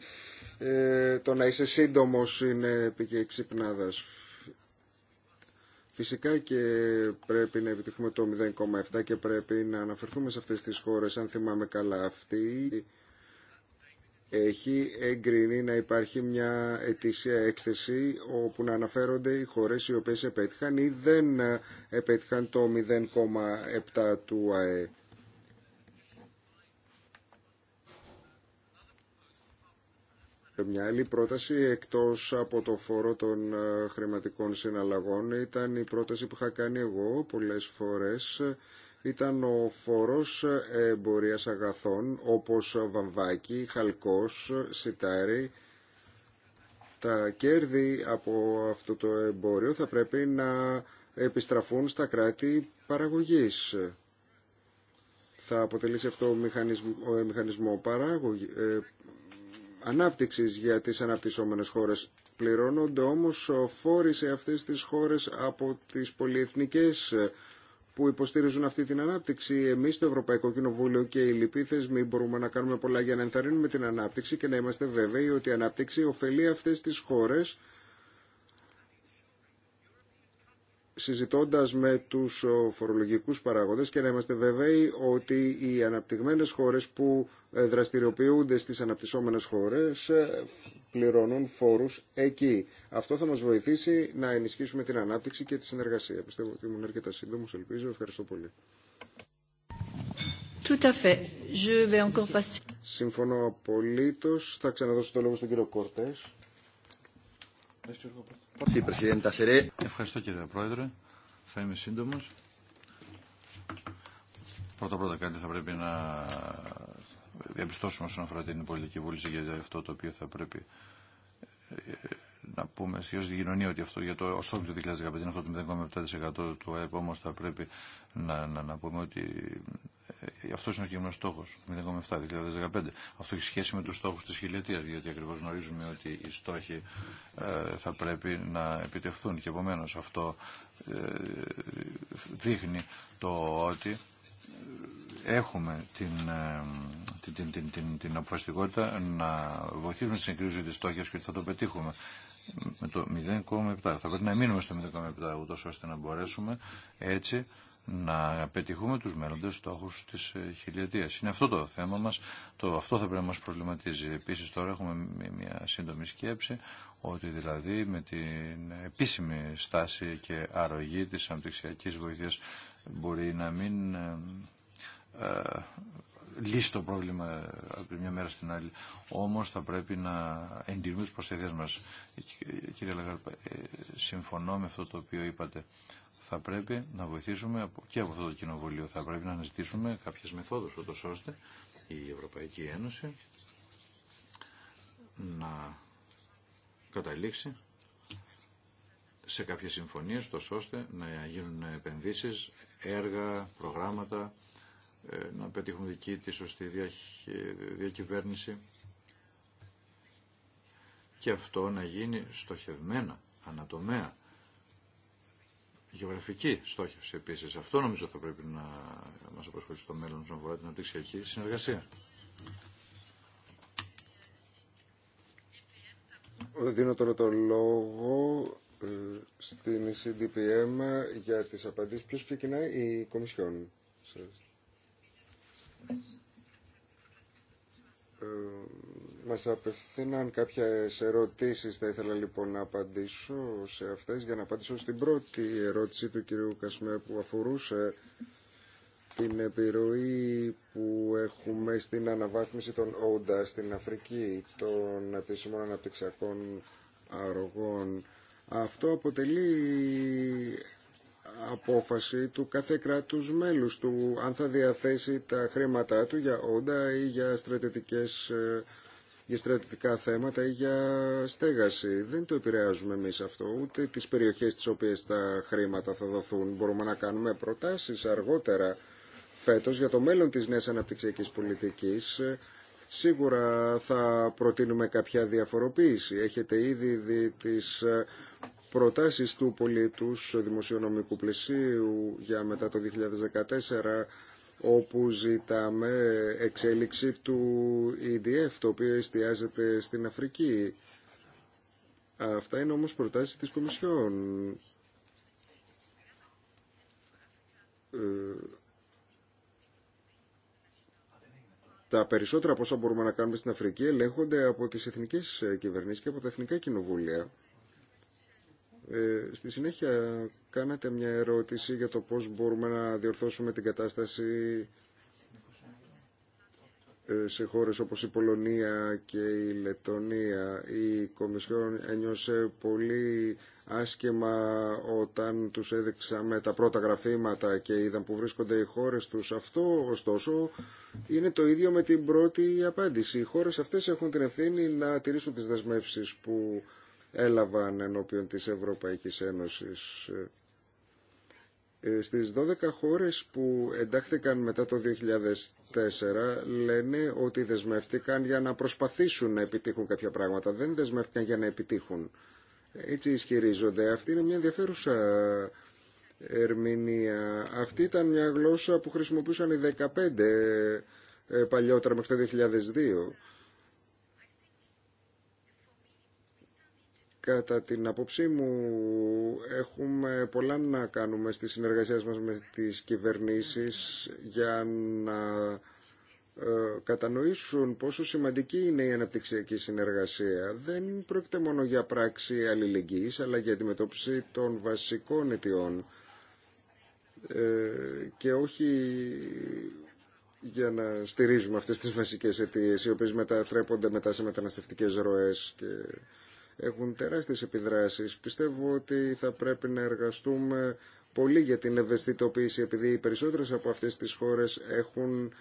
το να είσαι σύντομος είναι επί και Φυσικά και πρέπει να επιτυχούμε το 0,7 και πρέπει να αναφερθούμε σε αυτές τις χώρες. Αν θυμάμαι καλά αυτή, έχει εγκρίνει να υπάρχει μια ετήσια έκθεση όπου να αναφέρονται οι χώρες οι οποίες επέτυχαν ή δεν επέτυχαν το 0,7 του ΑΕ. Μια άλλη πρόταση εκτός από το φόρο των ε, χρηματικών συναλλαγών ήταν η πρόταση που είχα κάνει εγώ πολλές φορές ήταν ο φόρος ε, εμπορίας αγαθών όπως βαμβάκι, χαλκός, σιτάρι. Τα κέρδη από αυτό το εμπόριο θα πρέπει να επιστραφούν στα κράτη παραγωγής. Θα αποτελεί αυτό μηχανισμό, μηχανισμό παραγωγή, ε, ανάπτυξης για τις αναπτυσσόμενες χώρες. Πληρώνονται όμως φόροι σε αυτές τις χώρες από τις πολυεθνικές που υποστήριζουν αυτή την ανάπτυξη. Εμεί το Ευρωπαϊκό Κοινοβούλιο και οι λοιποί θεσμοί μπορούμε να κάνουμε πολλά για να ενθαρρύνουμε την ανάπτυξη και να είμαστε βέβαιοι ότι η ανάπτυξη ωφελεί αυτέ τι χώρε συζητώντας με τους φορολογικούς παράγοντες και να είμαστε βέβαιοι ότι οι αναπτυγμένες χώρες που ε, δραστηριοποιούνται στις αναπτυσσόμενες χώρες ε, πληρώνουν φόρους εκεί. Αυτό θα μας βοηθήσει να ενισχύσουμε την ανάπτυξη και τη συνεργασία. Πιστεύω ότι ήμουν αρκετά σύντομος, ελπίζω. Ευχαριστώ πολύ.
Tout à fait. Je vais
encore passer. Συμφωνώ απολύτως. Θα ξαναδώσω το λόγο στον κύριο Κορτές. Ευχαριστώ
κύριε Πρόεδρε. Θα είμαι σύντομος. Πρώτα-πρώτα κάτι θα πρέπει να διαπιστώσουμε όσον αφορά την πολιτική βούληση για αυτό το οποίο θα πρέπει ε, να πούμε σχεδόν στην κοινωνία ότι αυτό για το στόχο του 2015 είναι αυτό το 0,7% του ΑΕΠ, όμως θα πρέπει να, να, να πούμε ότι ε, αυτό είναι ο κοινό στόχο, 0,7-2015. Αυτό έχει σχέση με του στόχου τη χιλιετία, γιατί ακριβώ γνωρίζουμε ότι οι στόχοι ε, θα πρέπει να επιτευχθούν. Και επομένω αυτό ε, δείχνει το ότι ε, έχουμε ε, την, την, την, την, την, αποφασιστικότητα να βοηθήσουμε τι συγκρίσει τη στόχης και ότι θα το πετύχουμε με το 0,7. Θα πρέπει να μείνουμε στο 0,7 ούτως ώστε να μπορέσουμε έτσι να πετυχούμε τους μέλλοντες στόχους της ε, χιλιετίας. Είναι αυτό το θέμα μας, το, αυτό θα πρέπει να μας προβληματίζει. Επίσης τώρα έχουμε μια σύντομη σκέψη ότι δηλαδή με την επίσημη στάση και αρρωγή της αμπτυξιακής βοήθειας μπορεί να μην ε, ε, λύσει το πρόβλημα από τη μια μέρα στην άλλη. Όμως θα πρέπει να εντηρούμε τι προσθέσεις μα, Κύριε Λαγκάρπα, ε, συμφωνώ με αυτό το οποίο είπατε. Θα πρέπει να βοηθήσουμε και από αυτό το κοινοβουλίο. Θα πρέπει να αναζητήσουμε κάποιες μεθόδους, ούτω ώστε η Ευρωπαϊκή Ένωση να καταλήξει σε κάποιες συμφωνίες, τόσο ώστε να γίνουν επενδύσεις, έργα, προγράμματα ε, να πετύχουν δική τη σωστή διακυβέρνηση και αυτό να γίνει στοχευμένα, ανατομέα. Γεωγραφική στόχευση επίσης. Αυτό νομίζω θα πρέπει να μας απασχολεί στο μέλλον όσον αφορά την αντιξιακή συνεργασία.
Δίνω τώρα το λόγο ε, στην CDPM για τις απαντήσεις. Ποιος ξεκινάει η Κομισιόν. Σας. Ε, μας απευθύναν κάποιες ερωτήσεις. Θα ήθελα λοιπόν να απαντήσω σε αυτές για να απαντήσω στην πρώτη ερώτηση του κυρίου Κασμέ που αφορούσε την επιρροή που έχουμε στην αναβάθμιση των όντα στην Αφρική των επίσημων αναπτυξιακών αρρωγών. Αυτό αποτελεί απόφαση του κάθε κράτους μέλους του αν θα διαθέσει τα χρήματά του για όντα ή για, στρατιωτικές, ε, για θέματα ή για στέγαση. Δεν το επηρεάζουμε εμείς αυτό, ούτε τις περιοχές τις οποίες τα χρήματα θα δοθούν. Μπορούμε να κάνουμε προτάσεις αργότερα φέτος για το μέλλον της νέας αναπτυξιακής πολιτικής. Σίγουρα θα προτείνουμε κάποια διαφοροποίηση. Έχετε ήδη δει τις ε, προτάσεις του στο δημοσιονομικού πλαισίου για μετά το 2014 όπου ζητάμε εξέλιξη του EDF, το οποίο εστιάζεται στην Αφρική. Αυτά είναι όμως προτάσεις της Κομισιόν. Ε, τα περισσότερα πόσα μπορούμε να κάνουμε στην Αφρική ελέγχονται από τις εθνικές κυβερνήσεις και από τα εθνικά κοινοβούλια. Ε, στη συνέχεια κάνατε μια ερώτηση για το πώς μπορούμε να διορθώσουμε την κατάσταση ε, σε χώρες όπως η Πολωνία και η Λετωνία. Η Κομισιόν ένιωσε πολύ άσχημα όταν τους έδειξαμε τα πρώτα γραφήματα και είδαν που βρίσκονται οι χώρες τους. Αυτό, ωστόσο, είναι το ίδιο με την πρώτη απάντηση. Οι χώρες αυτές έχουν την ευθύνη να τηρήσουν τις δεσμεύσεις που έλαβαν ενώπιον της Ευρωπαϊκής Ένωσης. Ε, στις 12 χώρες που εντάχθηκαν μετά το 2004 λένε ότι δεσμεύτηκαν για να προσπαθήσουν να επιτύχουν κάποια πράγματα. Δεν δεσμεύτηκαν για να επιτύχουν. Έτσι ισχυρίζονται. Αυτή είναι μια ενδιαφέρουσα ερμηνεία. Αυτή ήταν μια γλώσσα που χρησιμοποιούσαν οι 15 ε, παλιότερα μέχρι το 2002 Κατά την απόψή μου έχουμε πολλά να κάνουμε στη συνεργασία μας με τις κυβερνήσεις για να ε, κατανοήσουν πόσο σημαντική είναι η αναπτυξιακή συνεργασία. Δεν πρόκειται μόνο για πράξη αλληλεγγύης, αλλά για αντιμετώπιση των βασικών αιτιών ε, και όχι για να στηρίζουμε αυτές τις βασικές αιτίες, οι οποίες μετατρέπονται μετά σε μεταναστευτικές ροές και έχουν τεράστιες επιδράσεις. Πιστεύω ότι θα πρέπει να εργαστούμε πολύ για την ευαισθητοποίηση επειδή οι περισσότερες από αυτές τις χώρες έχουν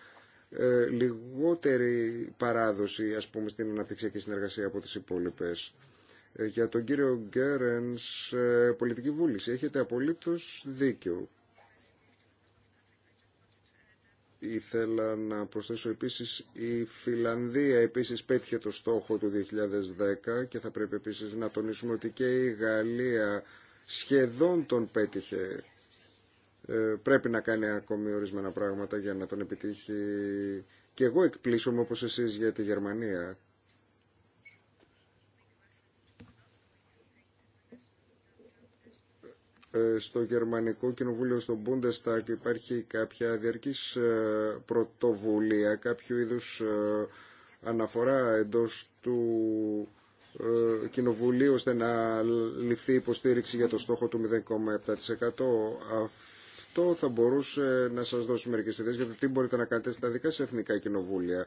ε, λιγότερη παράδοση ας πούμε στην αναπτυξιακή συνεργασία από τις υπόλοιπες. Ε, για τον κύριο Γκέρενς, ε, πολιτική βούληση. Έχετε απολύτως δίκιο. Ήθελα να προσθέσω επίσης η Φιλανδία επίσης πέτυχε το στόχο του 2010 και θα πρέπει επίσης να τονίσουμε ότι και η Γαλλία σχεδόν τον πέτυχε. Ε, πρέπει να κάνει ακόμη ορισμένα πράγματα για να τον επιτύχει. Και εγώ εκπλήσωμαι όπως εσείς για τη Γερμανία. Ε, στο Γερμανικό Κοινοβούλιο, στον Bundestag, υπάρχει κάποια διαρκής ε, πρωτοβουλία, κάποιο είδους ε, αναφορά εντός του Κοινοβουλίου, ώστε να ληφθεί υποστήριξη για το στόχο του 0,7%. Αυτό θα μπορούσε να σας δώσει μερικές ιδέες για το τι μπορείτε να κάνετε στα δικά σας εθνικά κοινοβούλια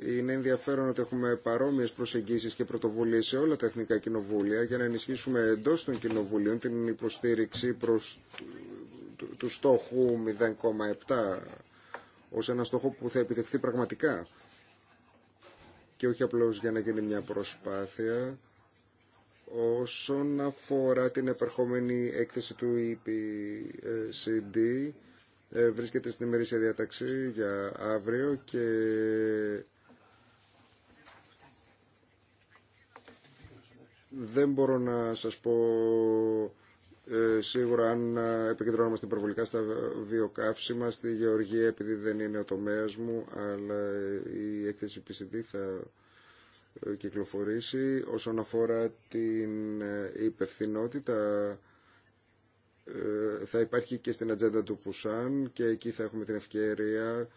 είναι ενδιαφέρον ότι έχουμε παρόμοιε προσεγγίσεις και πρωτοβουλίε σε όλα τα εθνικά κοινοβούλια για να ενισχύσουμε εντό των κοινοβουλίων την υποστήριξη προ του στόχου 0,7 ως ένα στόχο που θα επιτευχθεί πραγματικά και όχι απλώς για να γίνει μια προσπάθεια όσον αφορά την επερχόμενη έκθεση του EPCD ε, βρίσκεται στην ημερήσια διάταξη για αύριο και δεν μπορώ να σας πω ε, σίγουρα αν ε, επικεντρώνομαστε προβολικά, στα βιοκαύσιμα στη γεωργία επειδή δεν είναι ο τομέας μου αλλά η έκθεση PCD θα ε, κυκλοφορήσει όσον αφορά την υπευθυνότητα θα υπάρχει και στην ατζέντα του Πουσάν και εκεί θα έχουμε την ευκαιρία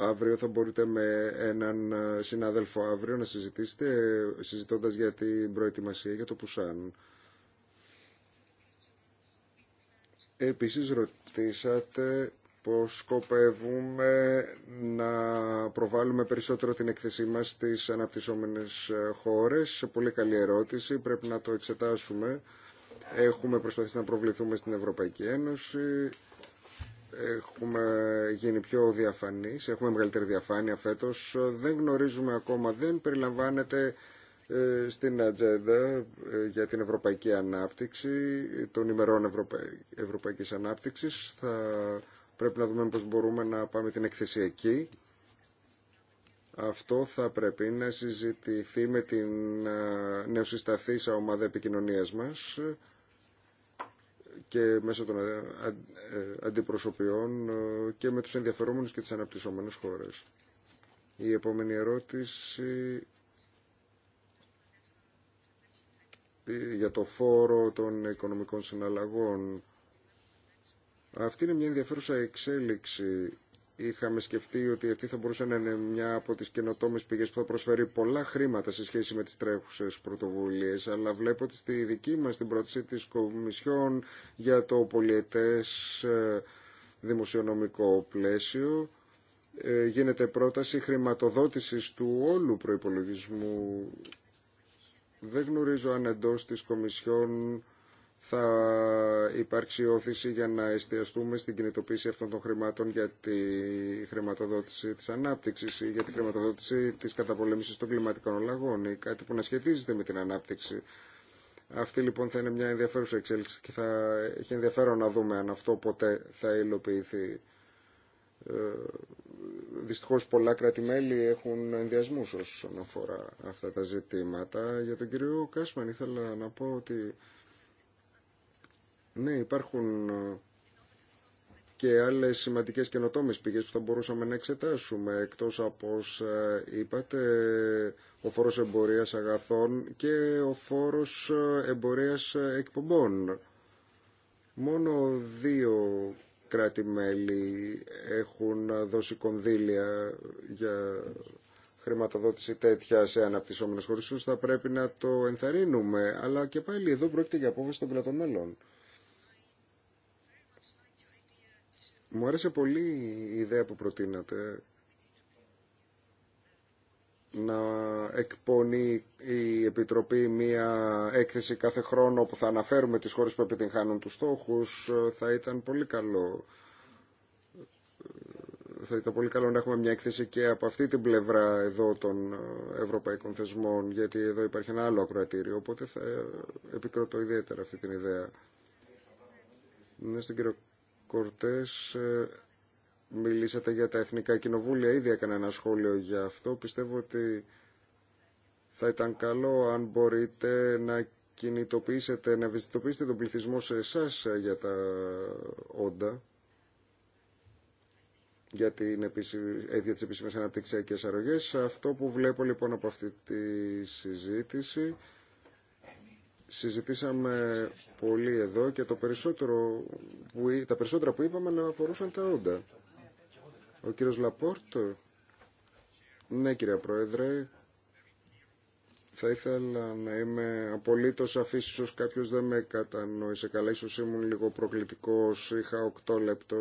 Αύριο θα μπορείτε με έναν ε, συνάδελφο αύριο να συζητήσετε, ε, συζητώντας για την προετοιμασία για το Πουσάν. Επίσης ρωτήσατε πως σκοπεύουμε να προβάλλουμε περισσότερο την εκθεσή μας στις αναπτυσσόμενες ε, χώρες. Πολύ καλή ερώτηση, πρέπει να το εξετάσουμε. Έχουμε προσπαθήσει να προβληθούμε στην Ευρωπαϊκή Ένωση έχουμε γίνει πιο διαφανείς, έχουμε μεγαλύτερη διαφάνεια φέτος. Δεν γνωρίζουμε ακόμα, δεν περιλαμβάνεται ε, στην ατζέντα ε, για την ευρωπαϊκή ανάπτυξη, των ημερών Ευρωπαϊ... ευρωπαϊκής ανάπτυξης. Θα πρέπει να δούμε πώς μπορούμε να πάμε την εκθέση εκεί. Αυτό θα πρέπει να συζητηθεί με την ε, νεοσυσταθήσα ομάδα επικοινωνίας μας και μέσω των ε, ε, αντιπροσωπιών ε, και με τους ενδιαφερόμενους και τις αναπτυσσόμενες χώρες. Η επόμενη ερώτηση για το φόρο των οικονομικών συναλλαγών. Αυτή είναι μια ενδιαφέρουσα εξέλιξη είχαμε σκεφτεί ότι αυτή θα μπορούσε να είναι μια από τις καινοτόμες πηγές που θα προσφέρει πολλά χρήματα σε σχέση με τις τρέχουσες πρωτοβουλίες, αλλά βλέπω ότι στη δική μας την πρόταση της Κομισιόν για το πολιετές ε, δημοσιονομικό πλαίσιο ε, γίνεται πρόταση χρηματοδότησης του όλου προϋπολογισμού. Δεν γνωρίζω αν εντός της Κομισιόν θα υπάρξει όθηση για να εστιαστούμε στην κινητοποίηση αυτών των χρημάτων για τη χρηματοδότηση της ανάπτυξης ή για τη χρηματοδότηση της καταπολέμησης των κλιματικών λαγών ή κάτι που να σχετίζεται με την ανάπτυξη. Αυτή λοιπόν θα είναι μια ενδιαφέρουσα εξέλιξη και θα έχει ενδιαφέρον να δούμε αν αυτό ποτέ θα υλοποιηθεί. Ε, δυστυχώς πολλά κράτη-μέλη έχουν ενδιασμούς όσον αφορά αυτά τα ζητήματα. Για τον κύριο Κάσμαν ήθελα να πω ότι ναι, υπάρχουν ε, και άλλες σημαντικές καινοτόμες πηγές που θα μπορούσαμε να εξετάσουμε εκτός από όσα είπατε ο φόρος εμπορίας αγαθών και ο φόρος ε, εμπορίας ε, εκπομπών. Μόνο δύο κράτη-μέλη έχουν δώσει κονδύλια για χρηματοδότηση τέτοια σε αναπτυσσόμενες χώρες. Θα πρέπει να το ενθαρρύνουμε, αλλά και πάλι εδώ πρόκειται για απόφαση των κρατών μέλων. Μου άρεσε πολύ η ιδέα που προτείνατε να εκπονεί η Επιτροπή μία έκθεση κάθε χρόνο που θα αναφέρουμε τις χώρες που επιτυγχάνουν τους στόχους. Θα ήταν πολύ καλό θα ήταν πολύ καλό να έχουμε μια έκθεση και από αυτή την πλευρά εδώ των ευρωπαϊκών θεσμών, γιατί εδώ υπάρχει ένα άλλο ακροατήριο, οπότε θα επικροτώ ιδιαίτερα αυτή την ιδέα. Ναι, στον Κορτές, ε, μιλήσατε για τα Εθνικά Κοινοβούλια, ήδη έκανα ένα σχόλιο για αυτό. Πιστεύω ότι θα ήταν καλό αν μπορείτε να κινητοποιήσετε, να ευαισθητοποιήσετε τον πληθυσμό σε εσά ε, για τα όντα, για, την αίτια ε, για τις επίσημες αναπτυξιακές Αυτό που βλέπω λοιπόν από αυτή τη συζήτηση συζητήσαμε πολύ εδώ και το περισσότερο τα περισσότερα που είπαμε να αφορούσαν τα όντα. Ο κύριος Λαπόρτ. Ναι κύριε Πρόεδρε. Θα ήθελα να είμαι απολύτως σαφής. ίσως κάποιος δεν με κατανόησε καλά, ίσως ήμουν λίγο προκλητικός, είχα 8 λεπτό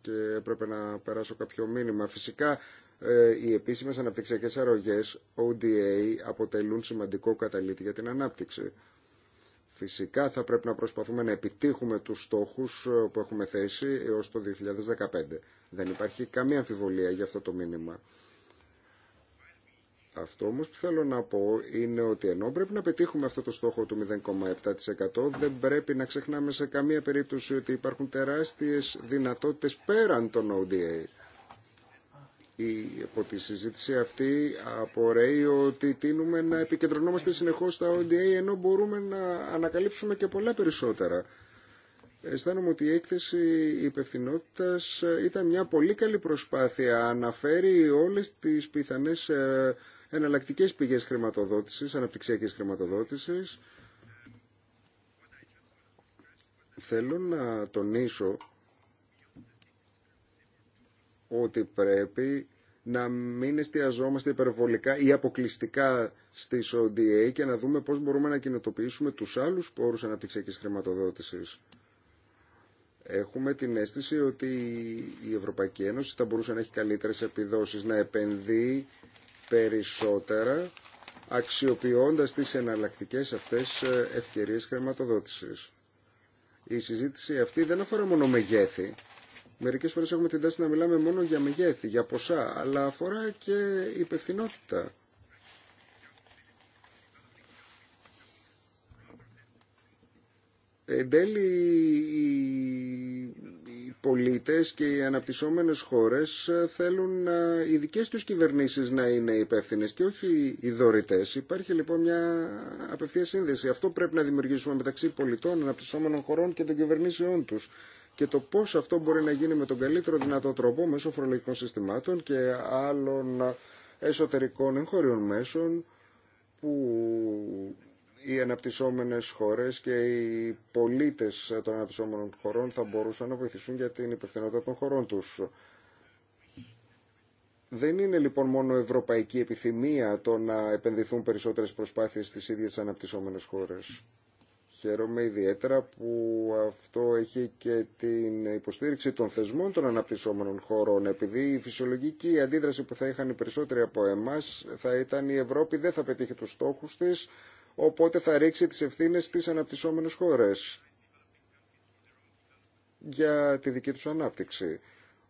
και έπρεπε να περάσω κάποιο μήνυμα. Φυσικά ε, οι επίσημες αναπτυξιακές αρρωγές, ODA, αποτελούν σημαντικό καταλήτη για την ανάπτυξη. Φυσικά θα πρέπει να προσπαθούμε να επιτύχουμε τους στόχους ε, που έχουμε θέσει έως το 2015. Δεν υπάρχει καμία αμφιβολία για αυτό το μήνυμα. Αυτό όμως που θέλω να πω είναι ότι ενώ πρέπει να πετύχουμε αυτό το στόχο του 0,7% δεν πρέπει να ξεχνάμε σε καμία περίπτωση ότι υπάρχουν τεράστιες δυνατότητες πέραν των ODA η, από τη συζήτηση αυτή απορρέει ότι τίνουμε να επικεντρωνόμαστε συνεχώς στα ODA ενώ μπορούμε να ανακαλύψουμε και πολλά περισσότερα. Αισθάνομαι ότι η έκθεση υπευθυνότητα ήταν μια πολύ καλή προσπάθεια. Αναφέρει όλες τις πιθανές ε, εναλλακτικές πηγές χρηματοδότησης, αναπτυξιακής χρηματοδότησης. Θέλω να τονίσω ότι πρέπει να μην εστιαζόμαστε υπερβολικά ή αποκλειστικά στη ODA και να δούμε πώς μπορούμε να κοινοτοποιήσουμε τους άλλους πόρους αναπτυξιακής χρηματοδότησης. Έχουμε την αίσθηση ότι η Ευρωπαϊκή Ένωση θα μπορούσε να έχει καλύτερες επιδόσεις, να επενδύει περισσότερα αξιοποιώντας τις εναλλακτικές αυτές ε, ευκαιρίες χρηματοδότησης. Η συζήτηση αυτή δεν αφορά μόνο μεγέθη, Μερικέ φορέ έχουμε την τάση να μιλάμε μόνο για μεγέθη, για ποσά, αλλά αφορά και υπευθυνότητα. Εν τέλει, οι πολίτες και οι αναπτυσσόμενες χώρες θέλουν ε, οι δικές τους κυβερνήσεις να είναι υπεύθυνε και όχι οι δωρητές. Υπάρχει λοιπόν μια απευθεία σύνδεση. Αυτό πρέπει να δημιουργήσουμε μεταξύ πολιτών, αναπτυσσόμενων χωρών και των κυβερνήσεών τους και το πώς αυτό μπορεί να γίνει με τον καλύτερο δυνατό τρόπο μέσω φορολογικών συστημάτων και άλλων εσωτερικών εγχωρίων μέσων που οι αναπτυσσόμενες χώρες και οι πολίτες των αναπτυσσόμενων χωρών θα μπορούσαν να βοηθήσουν για την υπευθυνότητα των χωρών τους. Δεν είναι λοιπόν μόνο ευρωπαϊκή επιθυμία το να επενδυθούν περισσότερες προσπάθειες στις ίδιες αναπτυσσόμενες χώρες. Χαίρομαι ιδιαίτερα που αυτό έχει και την υποστήριξη των θεσμών των αναπτυσσόμενων χωρών, επειδή η φυσιολογική αντίδραση που θα είχαν οι περισσότεροι από εμάς θα ήταν η Ευρώπη δεν θα πετύχει τους στόχους της, οπότε θα ρίξει τις ευθύνες στις αναπτυσσόμενες χώρες για τη δική τους ανάπτυξη.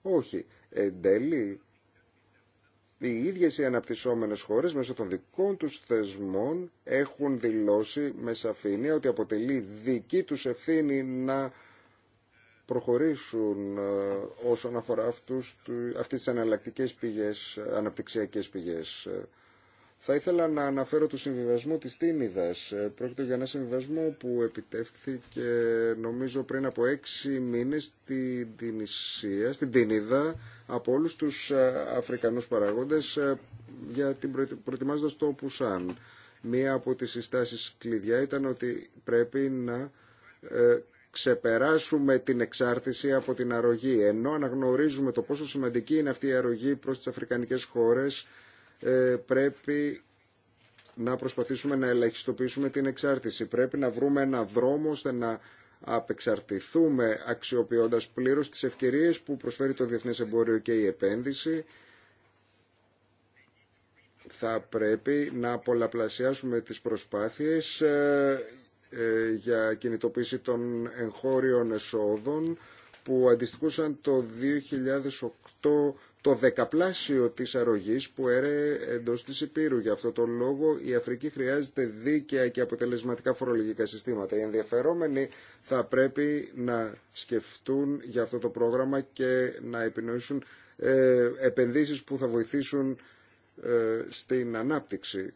Όχι, εν τέλει οι ίδιες οι αναπτυσσόμενες χώρες μέσω των δικών τους θεσμών έχουν δηλώσει με σαφήνεια ότι αποτελεί δική τους ευθύνη να προχωρήσουν ε, όσον αφορά αυτούς, αυτές τις πηγέ, πηγές, αναπτυξιακές πηγές ε, θα ήθελα να αναφέρω το συμβιβασμό της Τίνιδας. Ε, πρόκειται για ένα συμβιβασμό που επιτεύχθηκε νομίζω πριν από έξι μήνες στην Τινησία, στην Τίνιδα, από όλους τους ε, Αφρικανούς παραγόντες ε, για την προετοιμάζοντας το Πουσάν. Μία από τις συστάσεις κλειδιά ήταν ότι πρέπει να ξεπεράσουμε την εξάρτηση από την αρρωγή. Ενώ αναγνωρίζουμε το πόσο σημαντική είναι αυτή η αρρωγή προς τις αφρικανικές χώρες, ε, πρέπει να προσπαθήσουμε να ελαχιστοποιήσουμε την εξάρτηση. Πρέπει να βρούμε ένα δρόμο ώστε να απεξαρτηθούμε αξιοποιώντας πλήρως τις ευκαιρίες που προσφέρει το διεθνές εμπόριο και η επένδυση. Θα πρέπει να πολλαπλασιάσουμε τις προσπάθειες ε, ε, για κινητοποίηση των εγχώριων εσόδων που αντιστοιχούσαν το 2008 το δεκαπλάσιο της αρρωγής που έρε εντός της Επίρου. Για αυτό τον λόγο η Αφρική χρειάζεται δίκαια και αποτελεσματικά φορολογικά συστήματα. Οι ενδιαφερόμενοι θα πρέπει να σκεφτούν για αυτό το πρόγραμμα και να επινοήσουν ε, επενδύσεις που θα βοηθήσουν ε, στην ανάπτυξη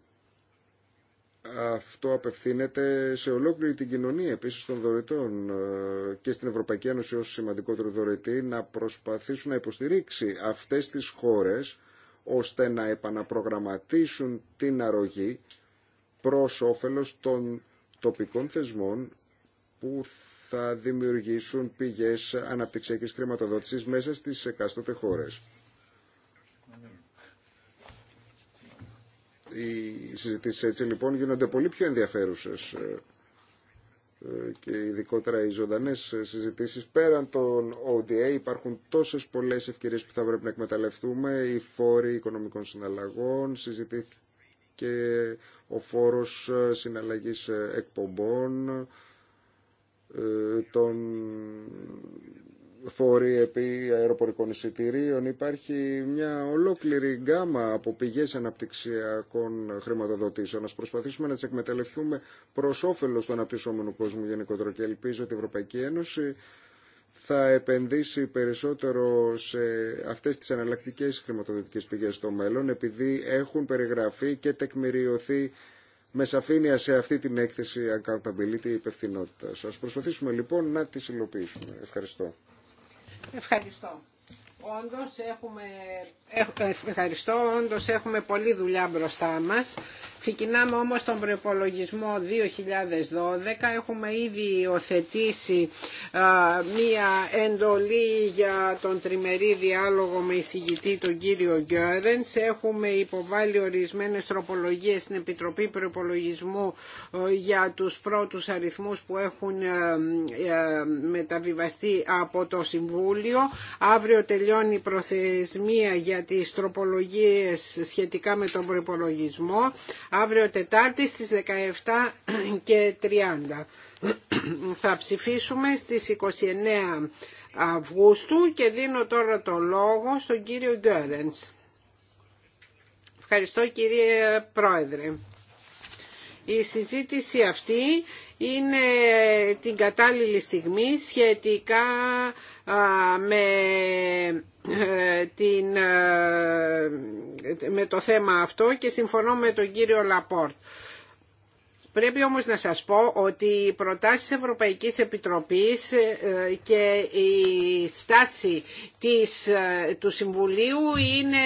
αυτό απευθύνεται σε ολόκληρη την κοινωνία επίσης των δωρετών ε, και στην Ευρωπαϊκή Ένωση ως σημαντικότερο δωρετή να προσπαθήσουν να υποστηρίξει αυτές τις χώρες ώστε να επαναπρογραμματίσουν την αρρωγή προς όφελος των τοπικών θεσμών που θα δημιουργήσουν πηγές αναπτυξιακής χρηματοδότησης μέσα στις εκάστοτε χώρες. Οι συζητήσει έτσι λοιπόν γίνονται πολύ πιο ενδιαφέρουσε ε, ε, και ειδικότερα οι ζωντανέ συζητήσει. Πέραν των ODA υπάρχουν τόσε πολλέ ευκαιρίε που θα πρέπει να εκμεταλλευτούμε. Οι φόροι οικονομικών συναλλαγών, συζητήθηκε ο φόρο ε, συναλλαγή εκπομπών, των φορεί επί αεροπορικών εισιτηρίων. Υπάρχει μια ολόκληρη γκάμα από πηγές αναπτυξιακών χρηματοδοτήσεων. Α προσπαθήσουμε να τις εκμεταλλευτούμε προς όφελος του αναπτυσσόμενου κόσμου γενικότερα και ελπίζω ότι η Ευρωπαϊκή Ένωση θα επενδύσει περισσότερο σε αυτές τις εναλλακτικέ χρηματοδοτικές πηγές στο μέλλον επειδή έχουν περιγραφεί και τεκμηριωθεί με σαφήνεια σε αυτή την έκθεση accountability υπευθυνότητα. Α προσπαθήσουμε λοιπόν να τις υλοποιήσουμε. Ευχαριστώ.
Ευχαριστώ. Όντως έχουμε, ε, ευχαριστώ, όντως έχουμε πολλή δουλειά μπροστά μας Ξεκινάμε όμως τον προπολογισμό 2012. Έχουμε ήδη υιοθετήσει μία εντολή για τον τριμερή διάλογο με εισηγητή τον κύριο Γκέρενς. Έχουμε υποβάλει ορισμένες τροπολογίες στην Επιτροπή Προπολογισμού για τους πρώτους αριθμούς που έχουν μεταβιβαστεί από το Συμβούλιο. Αύριο τελειώνει η προθεσμία για τις τροπολογίες σχετικά με τον προπολογισμό αύριο Τετάρτη στις 17 και 30. Θα ψηφίσουμε στις 29 Αυγούστου και δίνω τώρα το λόγο στον κύριο Γκέρενς. Ευχαριστώ κύριε Πρόεδρε. Η συζήτηση αυτή είναι την κατάλληλη στιγμή σχετικά με ε, την, ε, το θέμα αυτό και συμφωνώ με τον κύριο Λαπόρτ. Πρέπει όμως να σας πω ότι οι προτάσεις Ευρωπαϊκής Επιτροπής ε, και η στάση της, του Συμβουλίου είναι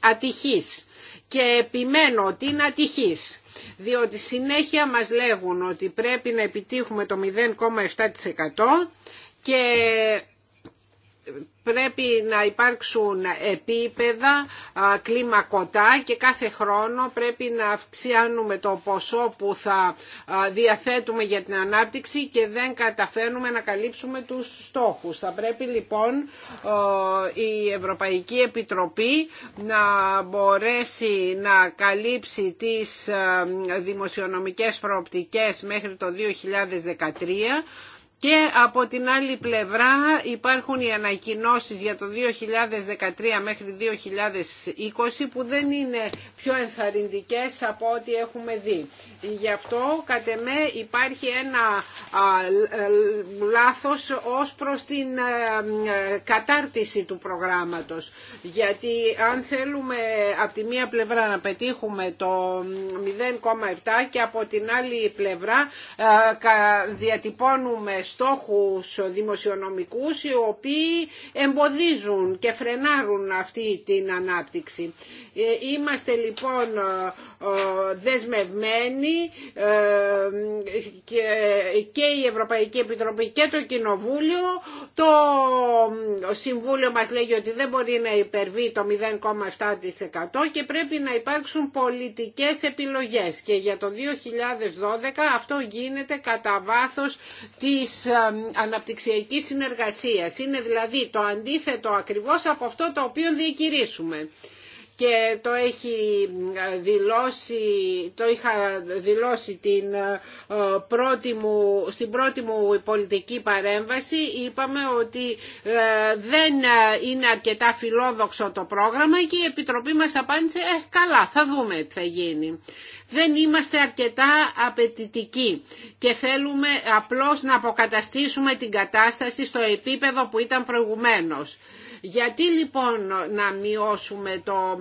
ατυχής και επιμένω ότι είναι ατυχής διότι συνέχεια μας λέγουν ότι πρέπει να επιτύχουμε το 0,7% και πρέπει να υπάρξουν επίπεδα κλιμακοτά... και κάθε χρόνο πρέπει να αυξάνουμε το ποσό που θα διαθέτουμε για την ανάπτυξη και δεν καταφέρνουμε να καλύψουμε τους στόχους. Θα πρέπει λοιπόν η Ευρωπαϊκή Επιτροπή να μπορέσει να καλύψει τις δημοσιονομικές προοπτικές μέχρι το 2013 και από την άλλη πλευρά υπάρχουν οι ανακοινώσεις για το 2013 μέχρι 2020 που δεν είναι πιο ενθαρρυντικές από ό,τι έχουμε δει. Γι' αυτό κατ' εμέ υπάρχει ένα λάθος ως προς την ε, κατάρτιση του προγράμματος. Γιατί αν θέλουμε από τη μία πλευρά να πετύχουμε το 0,7 και από την άλλη πλευρά ε, διατυπώνουμε στόχους δημοσιονομικούς οι οποίοι εμποδίζουν και φρενάρουν αυτή την ανάπτυξη. Ε, είμαστε λοιπόν ε, ε, δεσμευμένοι και η Ευρωπαϊκή Επιτροπή και το Κοινοβούλιο. Το Συμβούλιο μας λέγει ότι δεν μπορεί να υπερβεί το 0,7% και πρέπει να υπάρξουν πολιτικές επιλογές και για το 2012 αυτό γίνεται κατά βάθος της αναπτυξιακή συνεργασία, συνεργασίας. Είναι δηλαδή το αντίθετο ακριβώς από αυτό το οποίο διακηρύσουμε και το έχει ε, δηλώσει, το είχα δηλώσει την ε, ε, πρώτη μου, στην πρώτη μου πολιτική παρέμβαση είπαμε ότι δεν είναι αρκετά φιλόδοξο το πρόγραμμα και η Επιτροπή μας απάντησε ε, καλά θα δούμε τι θα γίνει. Δεν είμαστε αρκετά απαιτητικοί και θέλουμε απλώς να αποκαταστήσουμε την κατάσταση στο επίπεδο που ήταν προηγουμένως. Γιατί λοιπόν να μειώσουμε το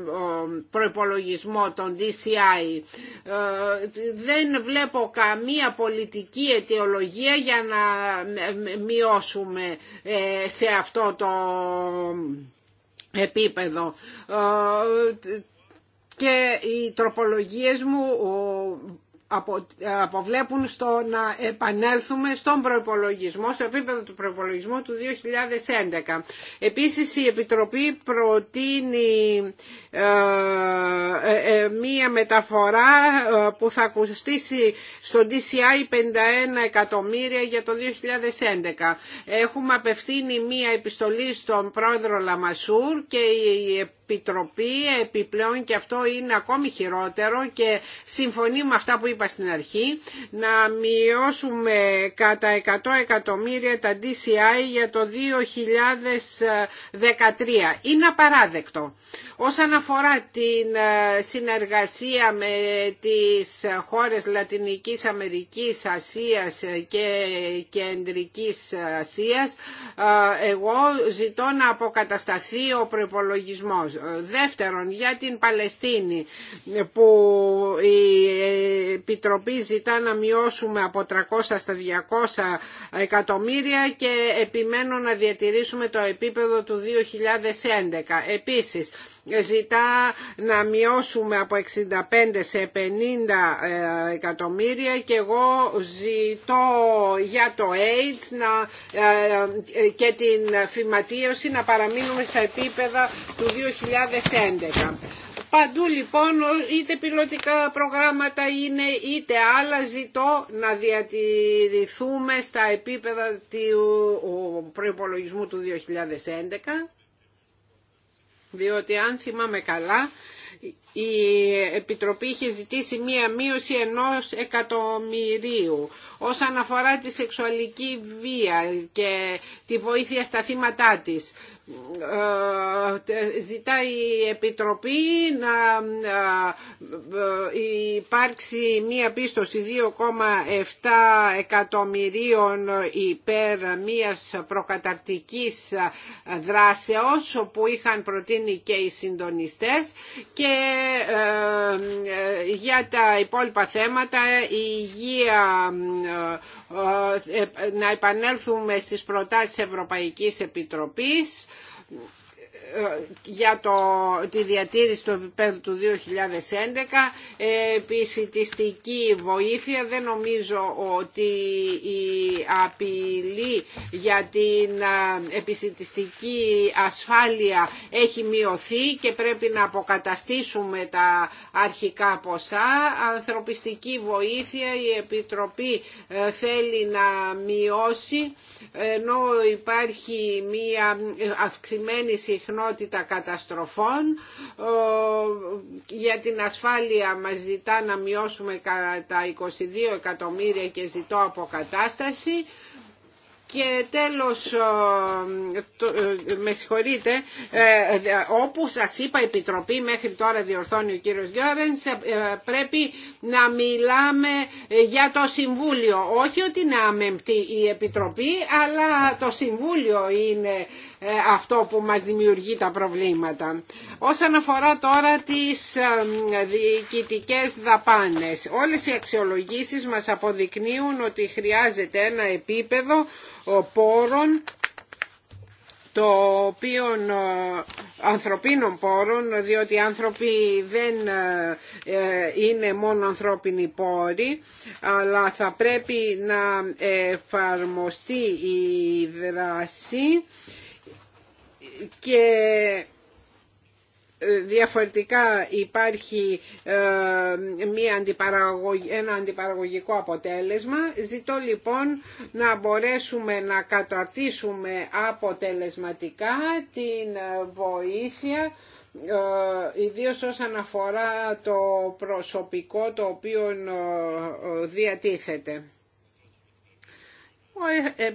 προϋπολογισμό των DCI. Ε, δεν βλέπω καμία πολιτική αιτιολογία για να μειώσουμε ε, σε αυτό το επίπεδο ε, και οι τροπολογίες μου αποβλέπουν στο να επανέλθουμε στον προϋπολογισμό, στο επίπεδο του προϋπολογισμού του 2011. Επίσης η Επιτροπή προτείνει ε, ε, ε, μία μεταφορά που θα ακουστήσει στο DCI 51 εκατομμύρια για το 2011. Έχουμε απευθύνει μία επιστολή στον πρόεδρο Λαμασούρ και η Επιτροπή επιπλέον και αυτό είναι ακόμη χειρότερο και συμφωνεί με αυτά που είπα στην αρχή να μειώσουμε κατά 100 εκατομμύρια τα DCI για το 2013. Είναι απαράδεκτο. Όσον αφορά την ε, συνεργασία με τις χώρες Λατινικής Αμερικής, Ασίας και Κεντρικής Ασίας, ε, εγώ ζητώ να αποκατασταθεί ο προπολογισμό. Δεύτερον, για την Παλαιστίνη που η Επιτροπή ζητά να μειώσουμε από 300 στα 200 εκατομμύρια και επιμένω να διατηρήσουμε το επίπεδο του 2011. Επίσης, ζητά να μειώσουμε από 65 σε 50 ε, εκατομμύρια και εγώ ζητώ για το AIDS να, ε, ε, και την φυματίωση να παραμείνουμε στα επίπεδα του 2011. Παντού λοιπόν είτε πιλωτικά προγράμματα είναι είτε άλλα ζητώ να διατηρηθούμε στα επίπεδα του προϋπολογισμού του 2011. Διότι αν θυμάμαι καλά η Επιτροπή είχε ζητήσει μία μείωση ενός εκατομμυρίου όσον αφορά τη σεξουαλική βία και τη βοήθεια στα θύματά της. Ε, ζητάει η Επιτροπή να ε, υπάρξει μία πίστοση 2,7 εκατομμυρίων υπέρ μίας προκαταρτικής δράσεως που είχαν προτείνει και οι συντονιστές και ε, ε, για τα υπόλοιπα θέματα η υγεία ε, να επανέλθουμε στις προτάσεις Ευρωπαϊκής Επιτροπής για το, τη διατήρηση του επίπεδου του 2011, ε, επισητιστική βοήθεια. Δεν νομίζω ότι η απειλή για την ε, επισητιστική ασφάλεια έχει μειωθεί και πρέπει να αποκαταστήσουμε τα αρχικά ποσά. Ανθρωπιστική βοήθεια, η Επιτροπή ε, θέλει να μειώσει, ενώ υπάρχει μία αυξημένη συχνότητα πιθανότητα καταστροφών. Ε, για την ασφάλεια μας ζητά να μειώσουμε τα 22 εκατομμύρια και ζητώ αποκατάσταση. Και τέλος, ε, ε, με συγχωρείτε, όπου σας είπα η Επιτροπή μέχρι τώρα διορθώνει ο κύριος Γιώρενς, πρέπει να μιλάμε για το Συμβούλιο. Όχι ότι είναι αμεμπτή η Επιτροπή, αλλά το Συμβούλιο είναι ε, αυτό που μας δημιουργεί τα προβλήματα. Όσον αφορά τώρα τις ε, διοικητικές δαπάνες, όλες οι αξιολογήσεις μας αποδεικνύουν ότι χρειάζεται ένα επίπεδο πόρων το οποίο ε, ανθρωπίνων πόρων, διότι οι άνθρωποι δεν είναι μόνο ανθρώπινοι πόροι, αλλά θα πρέπει να εφαρμοστεί η δράση και ε, διαφορετικά υπάρχει ε, μια ένα αντιπαραγωγικό αποτέλεσμα. Ζητώ λοιπόν να μπορέσουμε να καταρτήσουμε αποτελεσματικά την ε, βοήθεια ιδίως όσον αφορά το προσωπικό το οποίο διατίθεται. Ε, ε,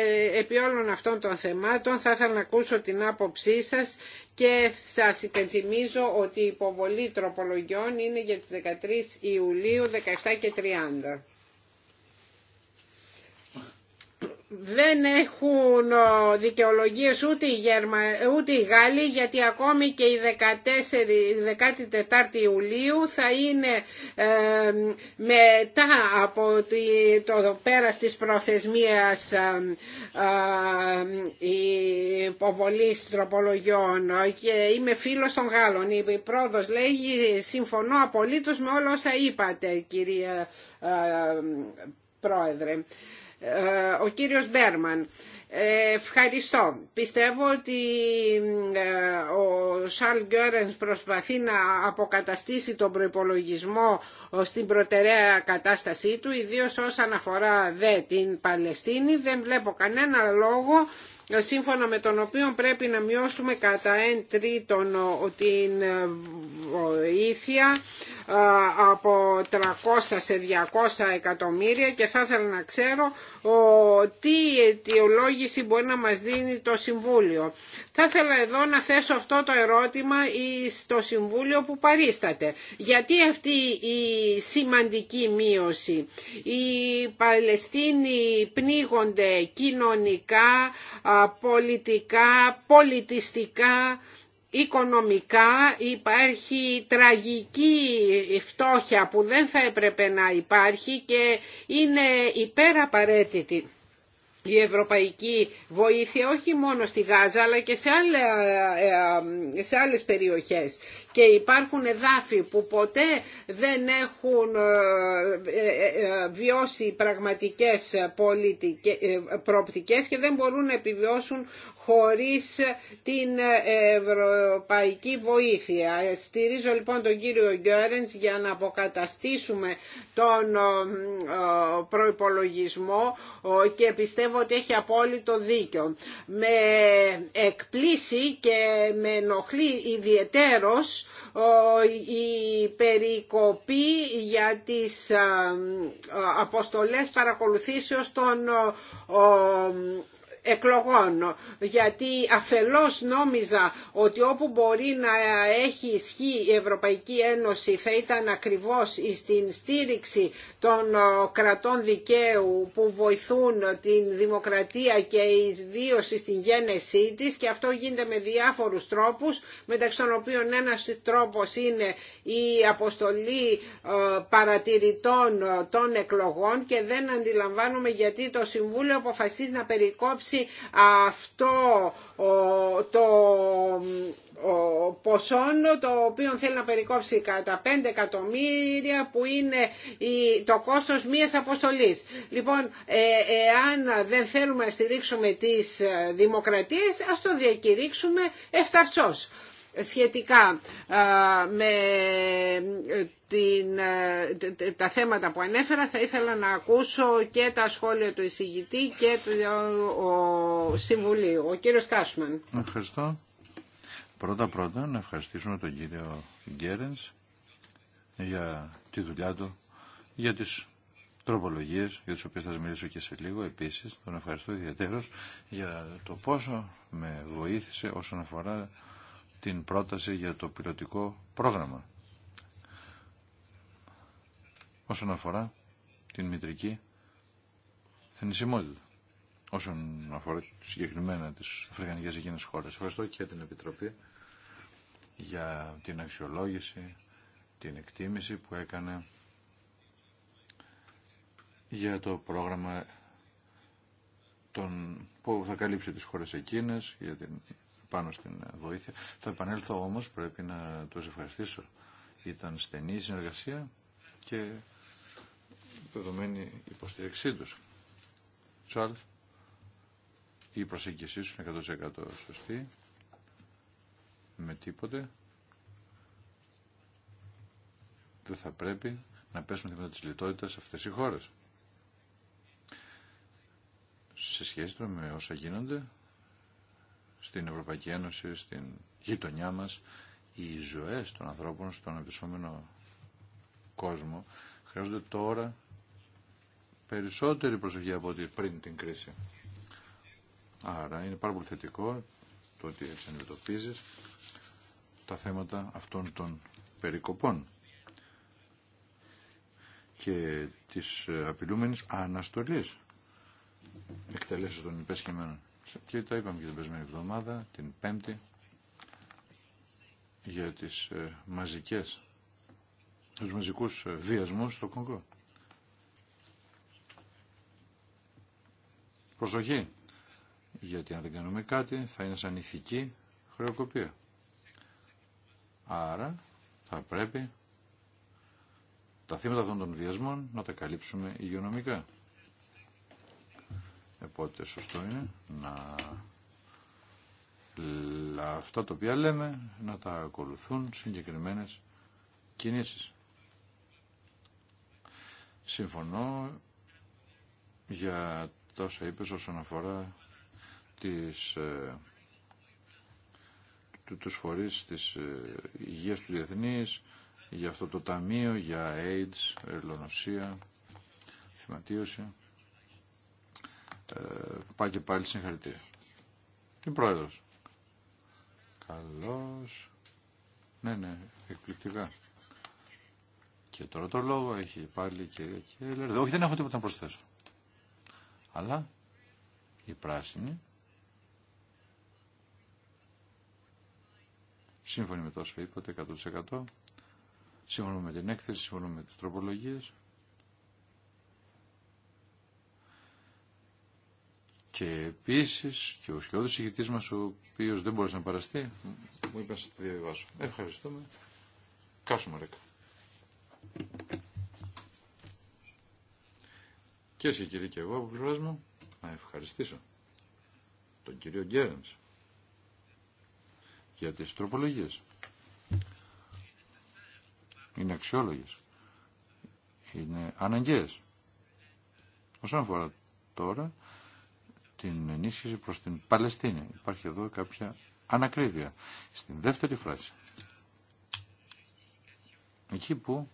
ε, επί όλων αυτών των θεμάτων θα ήθελα να ακούσω την άποψή σας και σας υπενθυμίζω ότι η υποβολή τροπολογιών είναι για τις 13 Ιουλίου 17 και 30. δεν έχουν ε, δικαιολογίες ούτε οι, Γερμα... ούτε οι Γάλλοι γιατί ακόμη και η 14... 14η Ιουλίου θα είναι ε, μετά από το πέρας της προθεσμίας ε, ε, υποβολής τροπολογιών και είμαι φίλος των Γάλλων. Η πρόοδος λέγει συμφωνώ απολύτως με όλα όσα είπατε κυρία ε, Πρόεδρε. Ε, ο κύριος Μπέρμαν. Ε, ευχαριστώ. Πιστεύω ότι ε, ο Σαλ Γκέρενς προσπαθεί να αποκαταστήσει τον προϋπολογισμό στην προτεραία κατάστασή του, ιδίως όσον αφορά δε την Παλαιστίνη. Δεν βλέπω κανένα λόγο σύμφωνα με τον οποίο πρέπει να μειώσουμε κατά 1 τρίτον την βοήθεια ε, ε, από 300 σε 200 εκατομμύρια και θα ήθελα να ξέρω τι αιτιολόγηση μπορεί να μας δίνει το Συμβούλιο. Θα ήθελα εδώ να θέσω αυτό το ερώτημα στο Συμβούλιο που παρίσταται. Γιατί αυτή η σημαντική μείωση. Οι Παλαιστίνοι πνίγονται κοινωνικά, πολιτικά, πολιτιστικά, οικονομικά υπάρχει τραγική φτώχεια που δεν θα έπρεπε να υπάρχει και είναι υπεραπαραίτητη η ευρωπαϊκή βοήθεια όχι μόνο στη Γάζα αλλά και σε, άλλα, ε, ε, σε άλλες περιοχές και υπάρχουν εδάφη που ποτέ δεν έχουν ε, βιώσει πραγματικές πολιτικές, προοπτικές και δεν μπορούν να επιβιώσουν χωρίς την ευρωπαϊκή βοήθεια. Στηρίζω λοιπόν τον κύριο Γκέρενς για να αποκαταστήσουμε τον προϋπολογισμό και πιστεύω ότι έχει απόλυτο δίκιο. Με εκπλήσει και με ενοχλεί ιδιαιτέρως η περικοπή για τις ε, ε, αποστολές παρακολουθήσεως των εκλογών γιατί αφελώς νόμιζα ότι όπου μπορεί να έχει ισχύ η Ευρωπαϊκή Ένωση θα ήταν ακριβώς στην στήριξη των ε, κρατών δικαίου που βοηθούν την δημοκρατία και ιδίω στην γένεσή της και αυτό γίνεται με διάφορους τρόπους μεταξύ των οποίων ένας τρόπος είναι η αποστολή ε, παρατηρητών ε, των εκλογών και δεν αντιλαμβάνουμε γιατί το Συμβούλιο αποφασίζει να περικόψει αυτό το ποσόν το οποίο θέλει να περικόψει κατά 5 εκατομμύρια που είναι το κόστος μίας αποστολής. Λοιπόν, ε, εάν δεν θέλουμε να στηρίξουμε τις ε, δημοκρατίες, ας το διακηρύξουμε εφταρσώς σχετικά με ε, την, ε, τα θέματα που ανέφερα θα ήθελα να ακούσω και τα σχόλια του εισηγητή και του Συμβουλίου. Ο κύριος Κάσμαν.
Ευχαριστώ. Πρώτα πρώτα να ευχαριστήσουμε τον κύριο Γκέρενς για τη δουλειά του, για τις τροπολογίες για τις οποίες θα μιλήσω και σε λίγο επίσης. Τον ευχαριστώ ιδιαίτερος για το πόσο με βοήθησε όσον αφορά την πρόταση για το πιλωτικό πρόγραμμα όσον αφορά την μητρική θνησιμότητα όσον αφορά συγκεκριμένα τις αφρικανικές εκείνες χώρες. Ευχαριστώ και την Επιτροπή για την αξιολόγηση, την εκτίμηση που έκανε για το πρόγραμμα των, που θα καλύψει τις χώρες εκείνες, για την πάνω στην βοήθεια. Θα επανέλθω όμως, πρέπει να του ευχαριστήσω. Ήταν στενή η συνεργασία και δεδομένη υποστήριξή του. Τσάλς, η προσέγγιση σου είναι 100% σωστή, με τίποτε. Δεν θα πρέπει να πέσουν θύματα της σε αυτέ οι χώρε. Σε σχέση με όσα γίνονται στην Ευρωπαϊκή Ένωση, στην γειτονιά μας, οι ζωές των ανθρώπων στον επισόμενο κόσμο χρειάζονται τώρα περισσότερη προσοχή από ό,τι πριν την κρίση. Άρα είναι πάρα πολύ θετικό το ότι έτσι τα θέματα αυτών των περικοπών και της απειλούμενης αναστολής εκτελέσεις των υπεσχεμένων και τα είπαμε και την περσμένη εβδομάδα, την Πέμπτη, για τις ε, μαζικές, τους μαζικούς ε, βιασμούς στο Κονγκό. Προσοχή, γιατί αν δεν κάνουμε κάτι θα είναι σαν ηθική χρεοκοπία. Άρα θα πρέπει τα θύματα αυτών των βιασμών να τα καλύψουμε υγειονομικά. Οπότε σωστό είναι να αυτά τα οποία λέμε να τα ακολουθούν συγκεκριμένες κινήσεις. Συμφωνώ για τόσα είπες όσον αφορά τις, ε, τους φορείς της ε, υγείας του διεθνής, για αυτό το ταμείο, για AIDS, ελονοσία, θυματίωση. Ε, πάει και πάλι συγχαρητήρια. Η πρόεδρος.
Καλώς.
Ναι, ναι, εκπληκτικά. Και τώρα το λόγο έχει πάλι και, και Όχι, δεν έχω τίποτα να προσθέσω. Αλλά η πράσινη σύμφωνη με το όσο είπατε 100% σύμφωνα με την έκθεση, συμφωνούμε με τις τροπολογίες Και επίση και ο σκιώδη ηγητή μα ο οποίο δεν μπορούσε να παραστεί, μου είπε να σας διαβάσω. Ευχαριστούμε. Κάσουμε ρέκα. Και εσύ και εγώ από πλευρά μου να ευχαριστήσω τον κύριο Γκέρεν για τις τροπολογίε. Είναι αξιόλογε. Είναι αναγκαίε. Όσον αφορά τώρα την ενίσχυση προς την Παλαιστίνη. Υπάρχει εδώ κάποια ανακρίβεια. Στην δεύτερη φράση. Εκεί που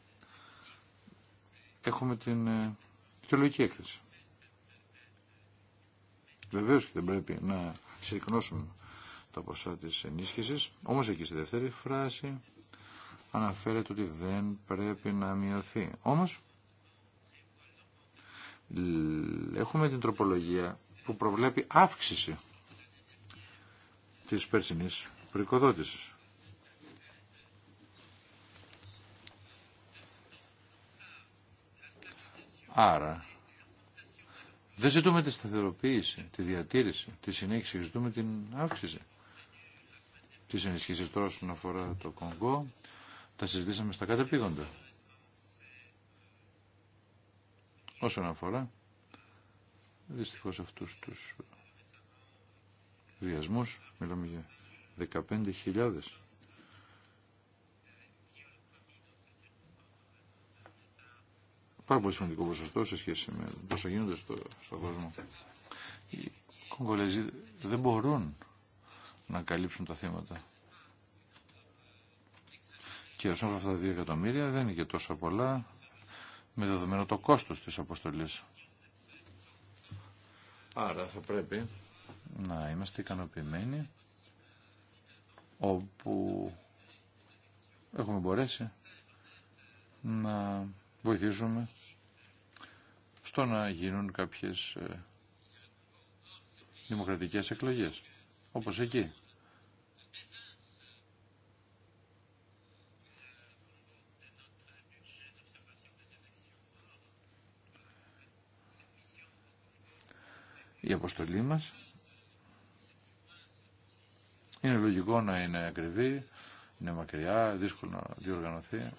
έχουμε την θεολογική έκθεση. Βεβαίως και δεν πρέπει να συρρυκνώσουμε τα ποσά της ενίσχυσης, όμως εκεί στη δεύτερη φράση αναφέρεται ότι δεν πρέπει να μειωθεί. Όμως, έχουμε την τροπολογία που προβλέπει αύξηση της περσινής προοικοδότησης. Άρα, δεν ζητούμε τη σταθεροποίηση, τη διατήρηση, τη συνέχιση, ζητούμε την αύξηση της ενισχύσης τώρα όσον αφορά το Κονγκό. Τα συζητήσαμε στα κατεπήγοντα. Όσον αφορά δυστυχώς αυτούς τους βιασμούς, μιλάμε για 15.000 Πάρα πολύ σημαντικό ποσοστό σε σχέση με πόσο γίνονται στο, στον κόσμο. Οι Κογκολέζοι δεν μπορούν να καλύψουν τα θύματα. Και όσον αυτά τα 2 εκατομμύρια δεν είναι και τόσο πολλά με δεδομένο το κόστος της αποστολής. Άρα θα πρέπει να είμαστε ικανοποιημένοι όπου έχουμε μπορέσει να βοηθήσουμε στο να γίνουν κάποιες ε, δημοκρατικές εκλογές, όπως εκεί. η αποστολή μας. Είναι λογικό να είναι ακριβή, είναι μακριά, δύσκολο να διοργανωθεί.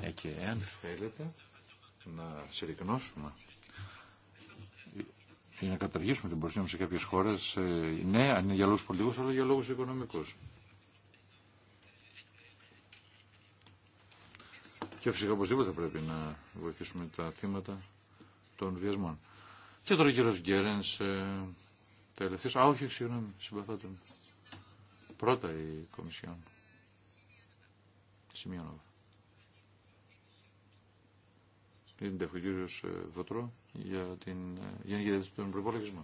Ε, και εάν θέλετε να συρρυκνώσουμε ή να καταργήσουμε την προσοχή σε κάποιες χώρες, ε, ναι, αν είναι για λόγους πολιτικούς, αλλά για λόγους οικονομικούς. Και φυσικά οπωσδήποτε πρέπει να βοηθήσουμε τα θύματα των βιασμών. Και τώρα ο κύριο Γκέρεν, ε, τελευταίος. Α, όχι, συγγνώμη, συμπαθώ Πρώτα η Κομισιόν. Σημειώνω. Είναι ο κύριος ε, Βοτρό για την ε, Γενική Διευθύνση των Προπολογισμών.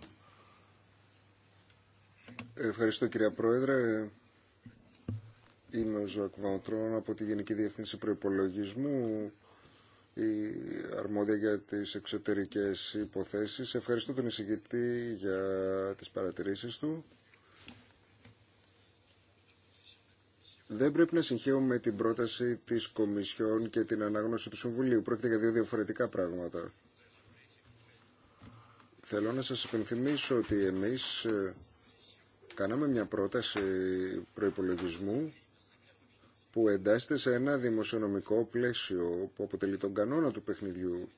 Ευχαριστώ κυρία Πρόεδρε. Είμαι ο Ζωακ Βαντρών από τη Γενική Διευθύνση Προπολογισμού η αρμόδια για τις εξωτερικές υποθέσεις. Ευχαριστώ τον εισηγητή για τις παρατηρήσεις του. Δεν πρέπει να με την πρόταση της Κομισιόν και την ανάγνωση του Συμβουλίου. Πρόκειται για δύο διαφορετικά πράγματα. Θέλω να σας υπενθυμίσω ότι εμείς ε, κάναμε μια πρόταση προϋπολογισμού που εντάσσεται σε ένα δημοσιονομικό πλαίσιο που αποτελεί τον κανόνα του παιχνιδιού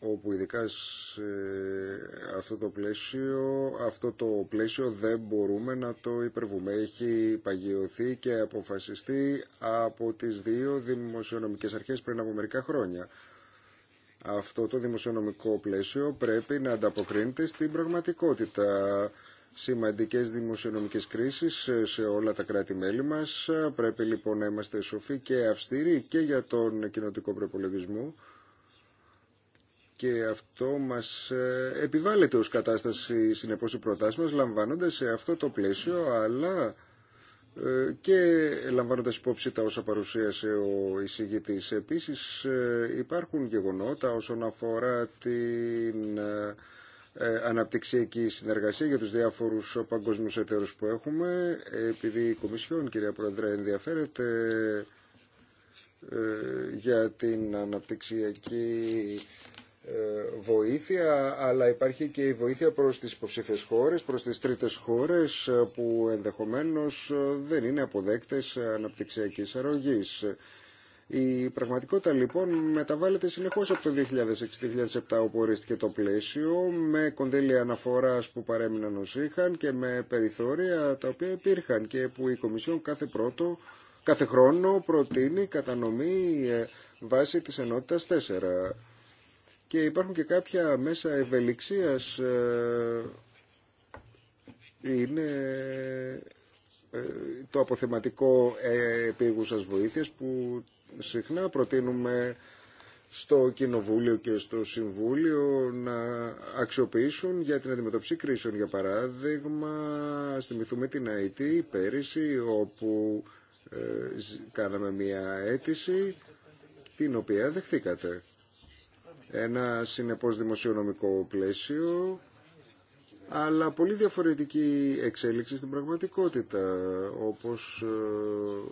όπου ειδικά αυτό το πλαίσιο, αυτό το πλαίσιο δεν μπορούμε να το υπερβούμε. Έχει παγιωθεί και αποφασιστεί από τις δύο δημοσιονομικές αρχές πριν από μερικά χρόνια. Αυτό το δημοσιονομικό πλαίσιο πρέπει να ανταποκρίνεται στην πραγματικότητα σημαντικές δημοσιονομικές κρίσεις ε, σε όλα τα κράτη-μέλη μας. Πρέπει λοιπόν να είμαστε σοφοί και αυστηροί και για τον κοινοτικό προπολογισμό και αυτό μας ε, επιβάλλεται ως κατάσταση συνεπώς οι προτάσεις μας λαμβάνοντας σε αυτό το πλαίσιο αλλά ε, και λαμβάνοντας υπόψη τα όσα παρουσίασε ο εισηγητής. Επίσης υπάρχουν γεγονότα όσον αφορά την ε, αναπτυξιακή συνεργασία για τους διάφορους παγκόσμιους εταίρους που έχουμε. Επειδή η Κομισιόν, κυρία Πρόεδρε, ενδιαφέρεται ε, για την αναπτυξιακή ε, βοήθεια, αλλά υπάρχει και η βοήθεια προς τις υποψήφιες χώρες, προς τις τρίτες χώρες που ενδεχομένως δεν είναι αποδέκτες αναπτυξιακής αρρωγής. Η πραγματικότητα λοιπόν μεταβάλλεται συνεχώς από το 2006-2007 όπου ορίστηκε το πλαίσιο με κονδύλια αναφοράς που παρέμειναν ως είχαν και με περιθώρια τα οποία υπήρχαν και που η Κομισιόν κάθε, πρώτο, κάθε χρόνο προτείνει κατανομή ε, βάσει της ενότητας 4. Και υπάρχουν και κάποια μέσα ευελιξίας ε, είναι ε, το αποθεματικό επίγουσας βοήθειας που συχνά προτείνουμε στο Κοινοβούλιο και στο Συμβούλιο να αξιοποιήσουν για την αντιμετώπιση κρίσεων. Για παράδειγμα, θυμηθούμε την ΑΕΤ πέρυσι, όπου ε, κάναμε μια αίτηση την οποία δεχθήκατε. Ένα συνεπώς δημοσιονομικό πλαίσιο, αλλά πολύ διαφορετική εξέλιξη στην πραγματικότητα, όπως ε,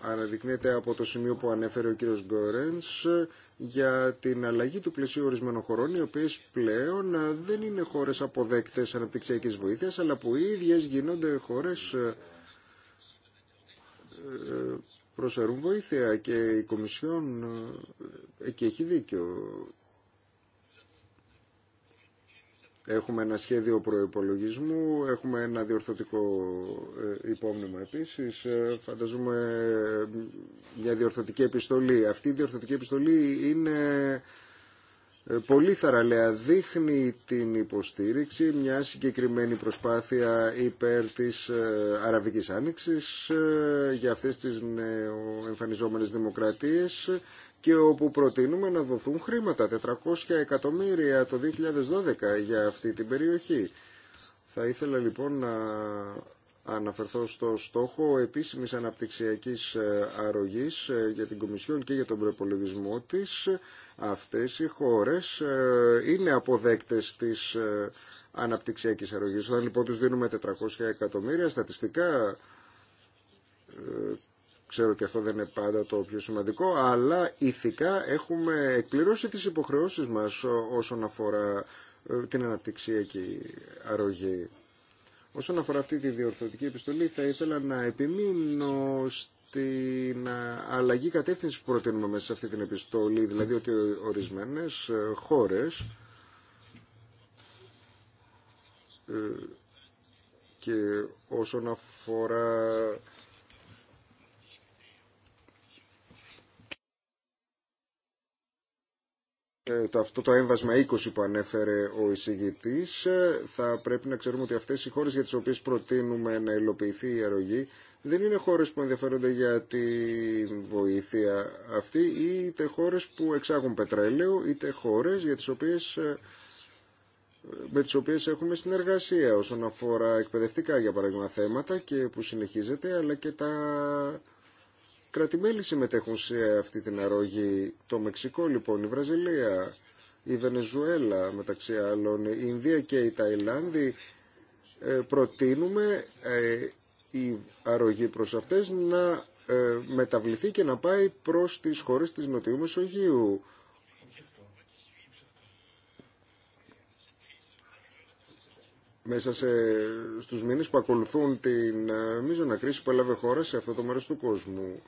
αναδεικνύεται από το σημείο που ανέφερε ο κύριος Γκόρενς ε, για την αλλαγή του πλαισίου ορισμένων χωρών, οι οποίες πλέον ε, δεν είναι χώρες αποδέκτες αναπτυξιακής βοήθειας, αλλά που οι ίδιες γίνονται χώρες ε, προσφέρουν βοήθεια και η Κομισιόν εκεί έχει δίκιο. Έχουμε ένα σχέδιο προϋπολογισμού, έχουμε ένα διορθωτικό ε, υπόμνημα επίσης, ε, φανταζούμε ε, μια διορθωτική επιστολή. Αυτή η διορθωτική επιστολή είναι πολύ θαραλέα, δείχνει την υποστήριξη, μια συγκεκριμένη προσπάθεια υπέρ της Αραβικής Άνοιξης για αυτές τις νεοεμφανιζόμενες δημοκρατίες και όπου προτείνουμε να δοθούν χρήματα, 400 εκατομμύρια το 2012 για αυτή την περιοχή. Θα ήθελα λοιπόν να αναφερθώ στο στόχο επίσημης αναπτυξιακής ε, αρρωγής ε, για την Κομισιόν και για τον προπολογισμό της. Αυτές οι χώρες ε, είναι αποδέκτες της αναπτυξιακής αρρωγής. Όταν λοιπόν τους δίνουμε 400 εκατομμύρια, στατιστικά Ξέρω ότι αυτό δεν είναι πάντα το πιο σημαντικό, αλλά ηθικά έχουμε εκπληρώσει τις υποχρεώσεις μας όσον αφορά ε, την αναπτυξιακή αρρωγή. Όσον αφορά αυτή τη διορθωτική επιστολή, θα ήθελα να επιμείνω στην ε, αλλαγή κατεύθυνση που προτείνουμε μέσα σε αυτή την επιστολή, δηλαδή ότι ορισμένες ε, χώρες και όσον αφορά Ε, το, αυτό το έμβασμα 20 που ανέφερε ο εισηγητής ε, θα πρέπει να ξέρουμε ότι αυτές οι χώρες για τις οποίες προτείνουμε να υλοποιηθεί η αρρωγή δεν είναι χώρες που ενδιαφέρονται για τη βοήθεια αυτή είτε χώρες που εξάγουν πετρέλαιο είτε χώρες για τις οποίες, ε, με τις οποίες έχουμε συνεργασία όσον αφορά εκπαιδευτικά για παράδειγμα θέματα και που συνεχίζεται αλλά και τα κρατημέλη συμμετέχουν σε αυτή την αρρώγη. Το Μεξικό λοιπόν, η Βραζιλία, η Βενεζουέλα μεταξύ άλλων, η Ινδία και η Ταϊλάνδη ε, προτείνουμε ε, η αρρωγή προς αυτές να ε, μεταβληθεί και να πάει προς τις χώρες της Νοτιού Μεσογείου μέσα σε, στους μήνες που ακολουθούν την ε, μείζωνα κρίση που έλαβε χώρα σε αυτό το μέρος του κόσμου.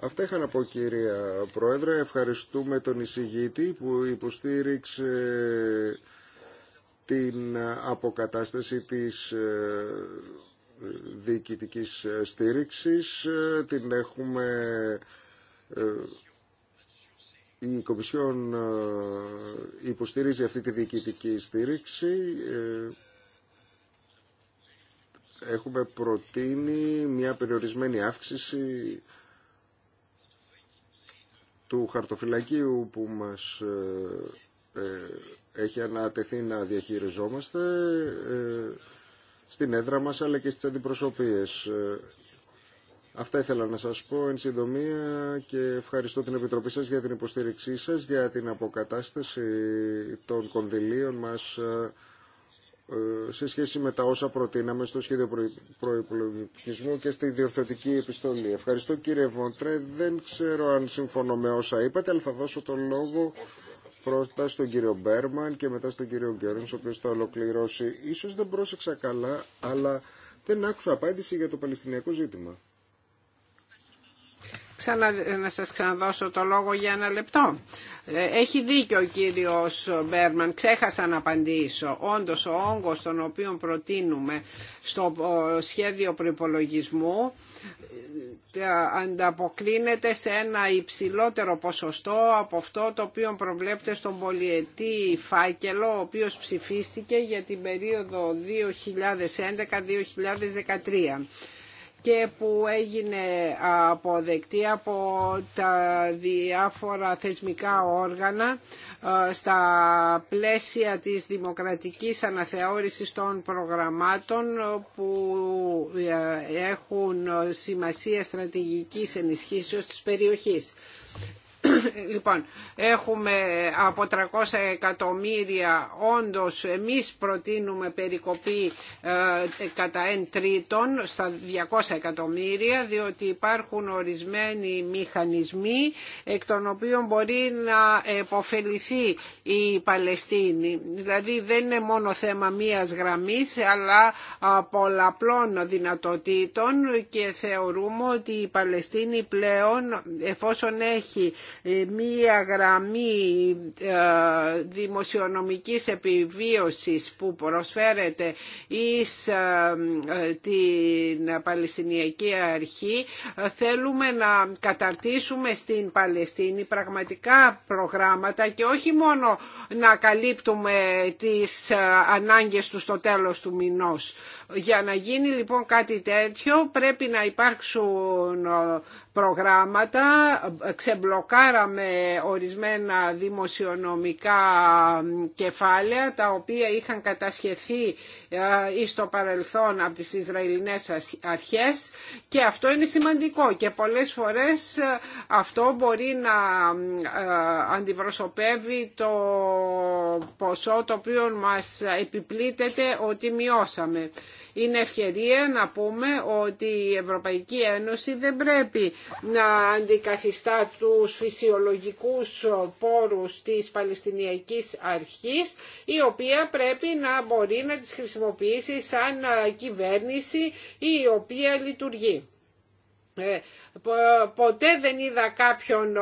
Αυτά είχα να πω κυρία Πρόεδρε. Ευχαριστούμε τον εισηγήτη που υποστήριξε την αποκατάσταση της ε, διοικητική στήριξης. Την έχουμε... Ε, η Κομισιόν υποστηρίζει αυτή τη διοικητική στήριξη έχουμε προτείνει μια περιορισμένη αύξηση του χαρτοφυλακίου που μας ε, ε, έχει ανατεθεί να διαχειριζόμαστε ε, στην έδρα μας αλλά και στις αντιπροσωπείες. Αυτά ήθελα να σας πω εν συντομία και ευχαριστώ την Επιτροπή σας για την υποστήριξή σας, για την αποκατάσταση των κονδυλίων μας ε, σε σχέση με τα όσα προτείναμε στο σχέδιο προϋπολογισμού και στη διορθωτική επιστολή. Ευχαριστώ κύριε Βόντρε. Δεν ξέρω αν συμφωνώ με όσα είπατε, αλλά θα δώσω τον λόγο πρώτα στον κύριο Μπέρμαν και μετά στον κύριο Γκέρνς, ο οποίος θα ολοκληρώσει. Ίσως δεν πρόσεξα καλά, αλλά δεν άκουσα απάντηση για το Παλαιστινιακό ζήτημα
ξανα, ε, να σας ξαναδώσω το λόγο για ένα λεπτό. Ε, έχει δίκιο ο κύριος Μπέρμαν, ξέχασα να απαντήσω. Όντως ο όγκος τον οποίο προτείνουμε στο σχέδιο προπολογισμού ε, ανταποκρίνεται σε ένα υψηλότερο ποσοστό από αυτό το οποίο προβλέπεται στον πολιετή φάκελο ο οποίος ψηφίστηκε για την περίοδο 2011-2013 και που έγινε αποδεκτή από τα διάφορα θεσμικά όργανα ε, στα πλαίσια της δημοκρατικής αναθεώρησης των προγραμμάτων που ε, έχουν σημασία στρατηγικής ενισχύσεως της περιοχής λοιπόν, έχουμε από 300 εκατομμύρια όντως εμείς προτείνουμε περικοπή ε, κατά 1 τρίτον στα 200 εκατομμύρια διότι υπάρχουν ορισμένοι μηχανισμοί εκ των οποίων μπορεί να επωφεληθεί η Παλαιστίνη. Δηλαδή δεν είναι μόνο θέμα μίας γραμμής αλλά πολλαπλών δυνατοτήτων και θεωρούμε ότι η Παλαιστίνη πλέον εφόσον έχει ε, μία γραμμή ε, δημοσιονομικής επιβίωσης που προσφέρεται εις ε, την Παλαιστινιακή Αρχή θέλουμε να καταρτήσουμε στην Παλαιστίνη πραγματικά προγράμματα και όχι μόνο να καλύπτουμε τις ανάγκες του στο τέλος του μηνός. Για να γίνει λοιπόν κάτι τέτοιο πρέπει να υπάρξουν προγράμματα, ξεμπλοκάραμε ορισμένα δημοσιονομικά κεφάλαια τα οποία είχαν κατασχεθεί η ε, στο παρελθόν από τις Ισραηλινές αρχές και αυτό είναι σημαντικό και πολλές φορές ε, αυτό μπορεί να ε, αντιπροσωπεύει το ποσό το οποίο μας επιπλήτεται ότι μειώσαμε. Είναι ευκαιρία να πούμε ότι η Ευρωπαϊκή Ένωση δεν πρέπει να αντικαθιστά τους φυσιολογικούς πόρους της Παλαιστινιακής Αρχής η οποία πρέπει να μπορεί να τις χρησιμοποιήσει σαν κυβέρνηση η οποία λειτουργεί. Ε, ποτέ δεν είδα κάποιον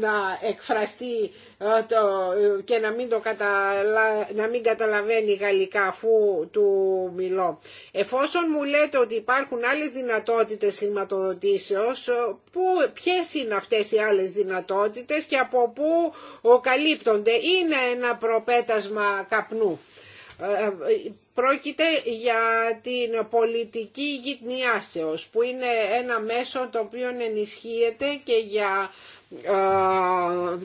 να εκφραστεί και να μην, το να μην καταλαβαίνει γαλλικά αφού του μιλώ. Εφόσον μου λέτε ότι υπάρχουν άλλες δυνατότητες χρηματοδοτήσεως, που... ποιες είναι αυτές οι άλλες δυνατότητες και από πού καλύπτονται. Είναι ένα προπέτασμα καπνού. Ε, ε, πρόκειται για την πολιτική γυτνιάσεως που είναι ένα μέσο το οποίο ενισχύεται και για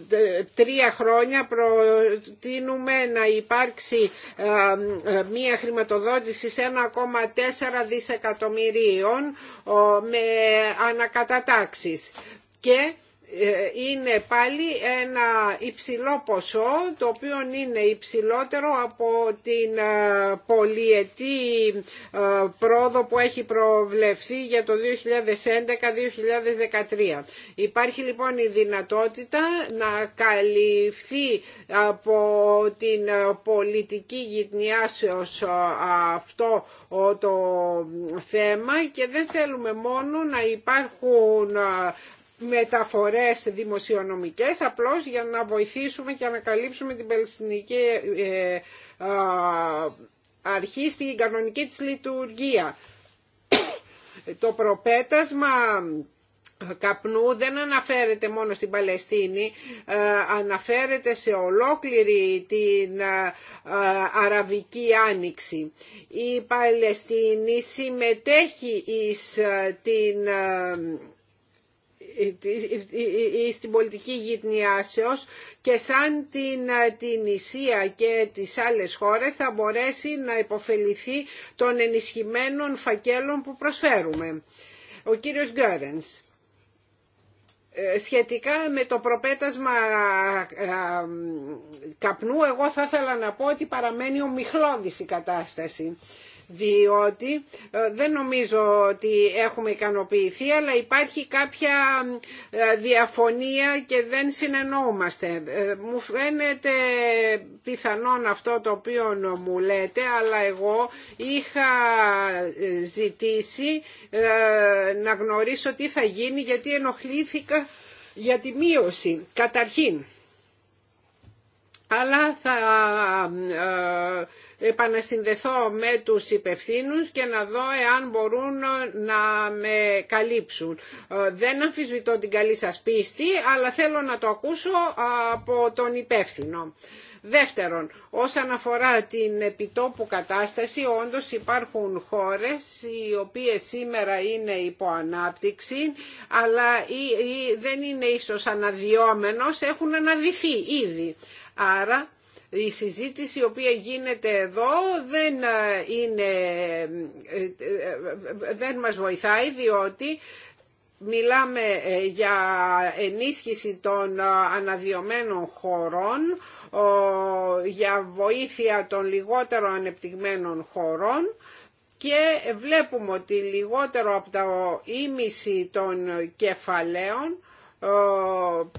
ε, τρία χρόνια προτείνουμε να υπάρξει μία χρηματοδότηση σε 1,4 δισεκατομμυρίων με ανακατατάξεις και ε, είναι πάλι ένα υψηλό ποσό το οποίο είναι υψηλότερο από την ε, πολιετή ε, πρόοδο που έχει προβλεφθεί για το 2011-2013. Υπάρχει λοιπόν η δυνατότητα να καλυφθεί από την πολιτική γυτνιάσεως αυτό το θέμα και δεν θέλουμε μόνο να υπάρχουν μεταφορές δημοσιονομικές απλώς για να βοηθήσουμε και να καλύψουμε την Παλαιστινική ε, ε, αρχή στην κανονική της λειτουργία. Το προπέτασμα καπνού δεν αναφέρεται μόνο στην Παλαιστίνη, ε, αναφέρεται σε ολόκληρη την Αραβική Άνοιξη. Η Παλαιστίνη συμμετέχει εις την στην πολιτική γυτνιάσεως και σαν την, την Ισία και τις άλλες χώρες θα μπορέσει να υποφεληθεί των ενισχυμένων φακέλων που προσφέρουμε. Ο κύριος Γκέρενς σχετικά με το προπέτασμα καπνού, εγώ θα ήθελα να πω ότι παραμένει ομιχλώδης η κατάσταση διότι ε, δεν νομίζω ότι έχουμε ικανοποιηθεί αλλά υπάρχει κάποια ε, διαφωνία και δεν συνεννοούμαστε. Ε, μου φαίνεται πιθανόν αυτό το οποίο μου λέτε αλλά εγώ είχα ζητήσει να γνωρίσω τι θα γίνει γιατί ενοχλήθηκα για τη μείωση καταρχήν. Αλλά θα επανασυνδεθώ με τους υπευθύνους και να δω εάν μπορούν να με καλύψουν. Ε, δεν αμφισβητώ την καλή σας πίστη, αλλά θέλω να το ακούσω από τον υπεύθυνο. Δεύτερον, όσον αφορά την επιτόπου κατάσταση, όντως υπάρχουν χώρες οι οποίες σήμερα είναι υπό ανάπτυξη, αλλά δεν είναι ίσως αναδυόμενος, έχουν αναδυθεί ήδη. Άρα η συζήτηση η οποία γίνεται εδώ δεν, ε, είναι, ε, ε, δεν μας βοηθάει διότι μιλάμε για ενίσχυση των αναδειωμένων χωρών, για βοήθεια των λιγότερο ανεπτυγμένων χωρών και βλέπουμε ότι λιγότερο από τα ίμιση των κεφαλαίων ε,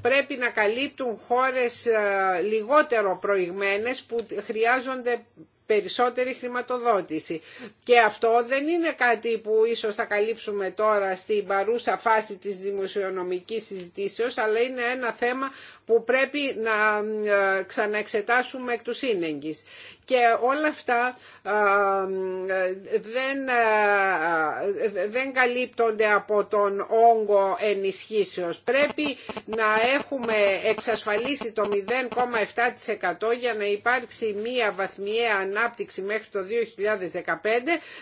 πρέπει να καλύπτουν χώρες ε, λιγότερο προηγμένες που χρειάζονται περισσότερη χρηματοδότηση. Και αυτό δεν είναι κάτι που ίσως θα καλύψουμε τώρα στην παρούσα φάση της δημοσιονομικής συζητήσεως, αλλά είναι ένα θέμα που πρέπει να ε, ξαναεξετάσουμε εκ του σύνεγγυς. Και όλα αυτά ε, δεν, ε, δεν καλύπτονται από τον όγκο ενισχύσεως. Πρέπει να έχουμε εξασφαλίσει το 0,7% για να υπάρξει μία βαθμιαία ανάπτυξη μέχρι το 2015,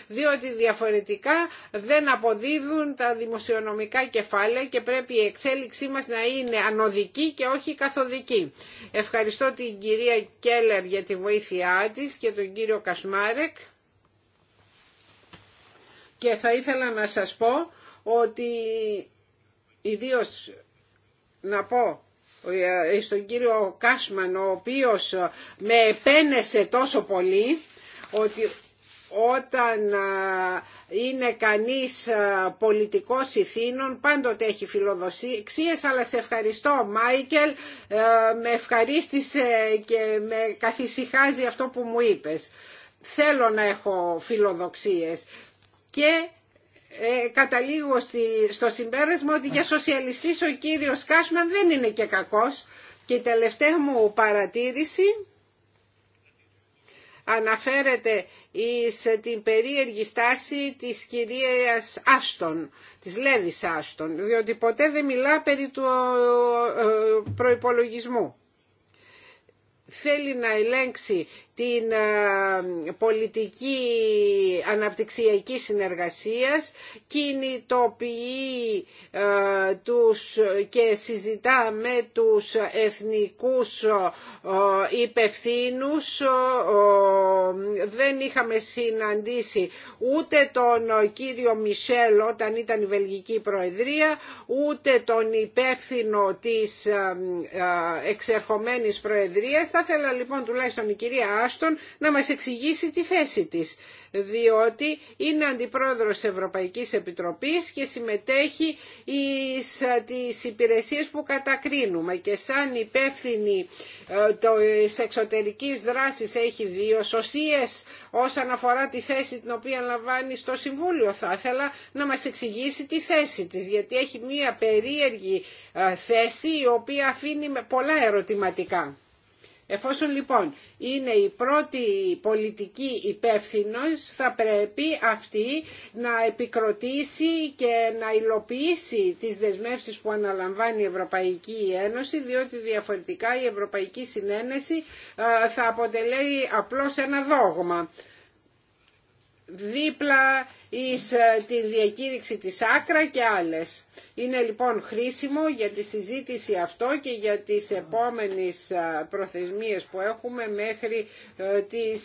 διότι διαφορετικά δεν αποδίδουν τα δημοσιονομικά κεφάλαια και πρέπει η εξέλιξή μας να είναι ανωδική και όχι καθοδική. Ευχαριστώ την κυρία Κέλλερ για τη βοήθειά της και τον κύριο Κασμάρεκ και θα ήθελα να σας πω ότι ιδίως να πω ε, στον κύριο Κάσμαν ο οποίος με επένεσε τόσο πολύ ότι όταν είναι κανείς πολιτικός ηθήνων πάντοτε έχει φιλοδοξίες αλλά σε ευχαριστώ Μάικελ με ευχαρίστησε και με καθησυχάζει αυτό που μου είπες θέλω να έχω φιλοδοξίες και ε, καταλήγω στο συμπέρασμα ότι για σοσιαλιστής ο κύριος Κάσμαν δεν είναι και κακός και η τελευταία μου παρατήρηση αναφέρεται εις ε, την περίεργη στάση της κυρίας Άστον, της Λέδης Άστον, διότι ποτέ δεν μιλά περί του ε, ε, προϋπολογισμού θέλει να ελέγξει την ε, πολιτική αναπτυξιακή συνεργασίας, κινητοποιεί ε, τους και συζητά με τους εθνικούς ε, υπευθύνους. Δεν είχαμε συναντήσει ούτε τον κύριο Μισελ όταν ήταν η Βελγική Προεδρία, ούτε τον υπεύθυνο της εξερχομένης Προεδρίας. Θα ήθελα λοιπόν τουλάχιστον η κυρία να μας εξηγήσει τη θέση της, διότι είναι αντιπρόεδρος Ευρωπαϊκής Επιτροπής και συμμετέχει στις υπηρεσίες που κατακρίνουμε και σαν υπεύθυνη ε, της εξωτερικής δράσης έχει δύο σωσίες όσον αφορά τη θέση την οποία λαμβάνει στο Συμβούλιο. Θα ήθελα να μας εξηγήσει τη θέση της, γιατί έχει μία περίεργη ε, θέση η οποία αφήνει πολλά ερωτηματικά. Εφόσον λοιπόν είναι η πρώτη πολιτική υπεύθυνο, θα πρέπει αυτή να επικροτήσει και να υλοποιήσει τις δεσμεύσεις που αναλαμβάνει η Ευρωπαϊκή Ένωση, διότι διαφορετικά η Ευρωπαϊκή Συνένεση θα αποτελεί απλώς ένα δόγμα δίπλα εις ε, τη διακήρυξη της Άκρα και άλλες. Είναι λοιπόν χρήσιμο για τη συζήτηση αυτό και για τις επόμενες ε, προθεσμίες που έχουμε μέχρι ε, τις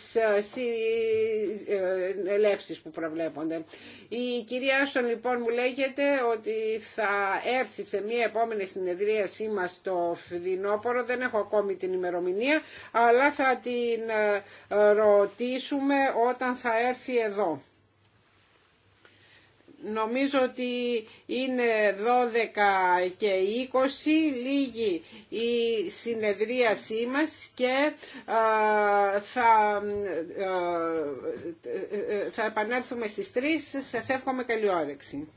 ελεύσεις που προβλέπονται. Η κυρία Άστον λοιπόν μου λέγεται ότι θα έρθει σε μία επόμενη συνεδρίασή μας στο Φιδινόπορο. δεν έχω ακόμη την ημερομηνία, αλλά θα την ρωτήσουμε όταν θα έρθει εδώ. Νομίζω ότι είναι 12 και 20, λίγη η συνεδρίασή μας και θα, θα επανέλθουμε στις 3. Σας εύχομαι καλή όρεξη.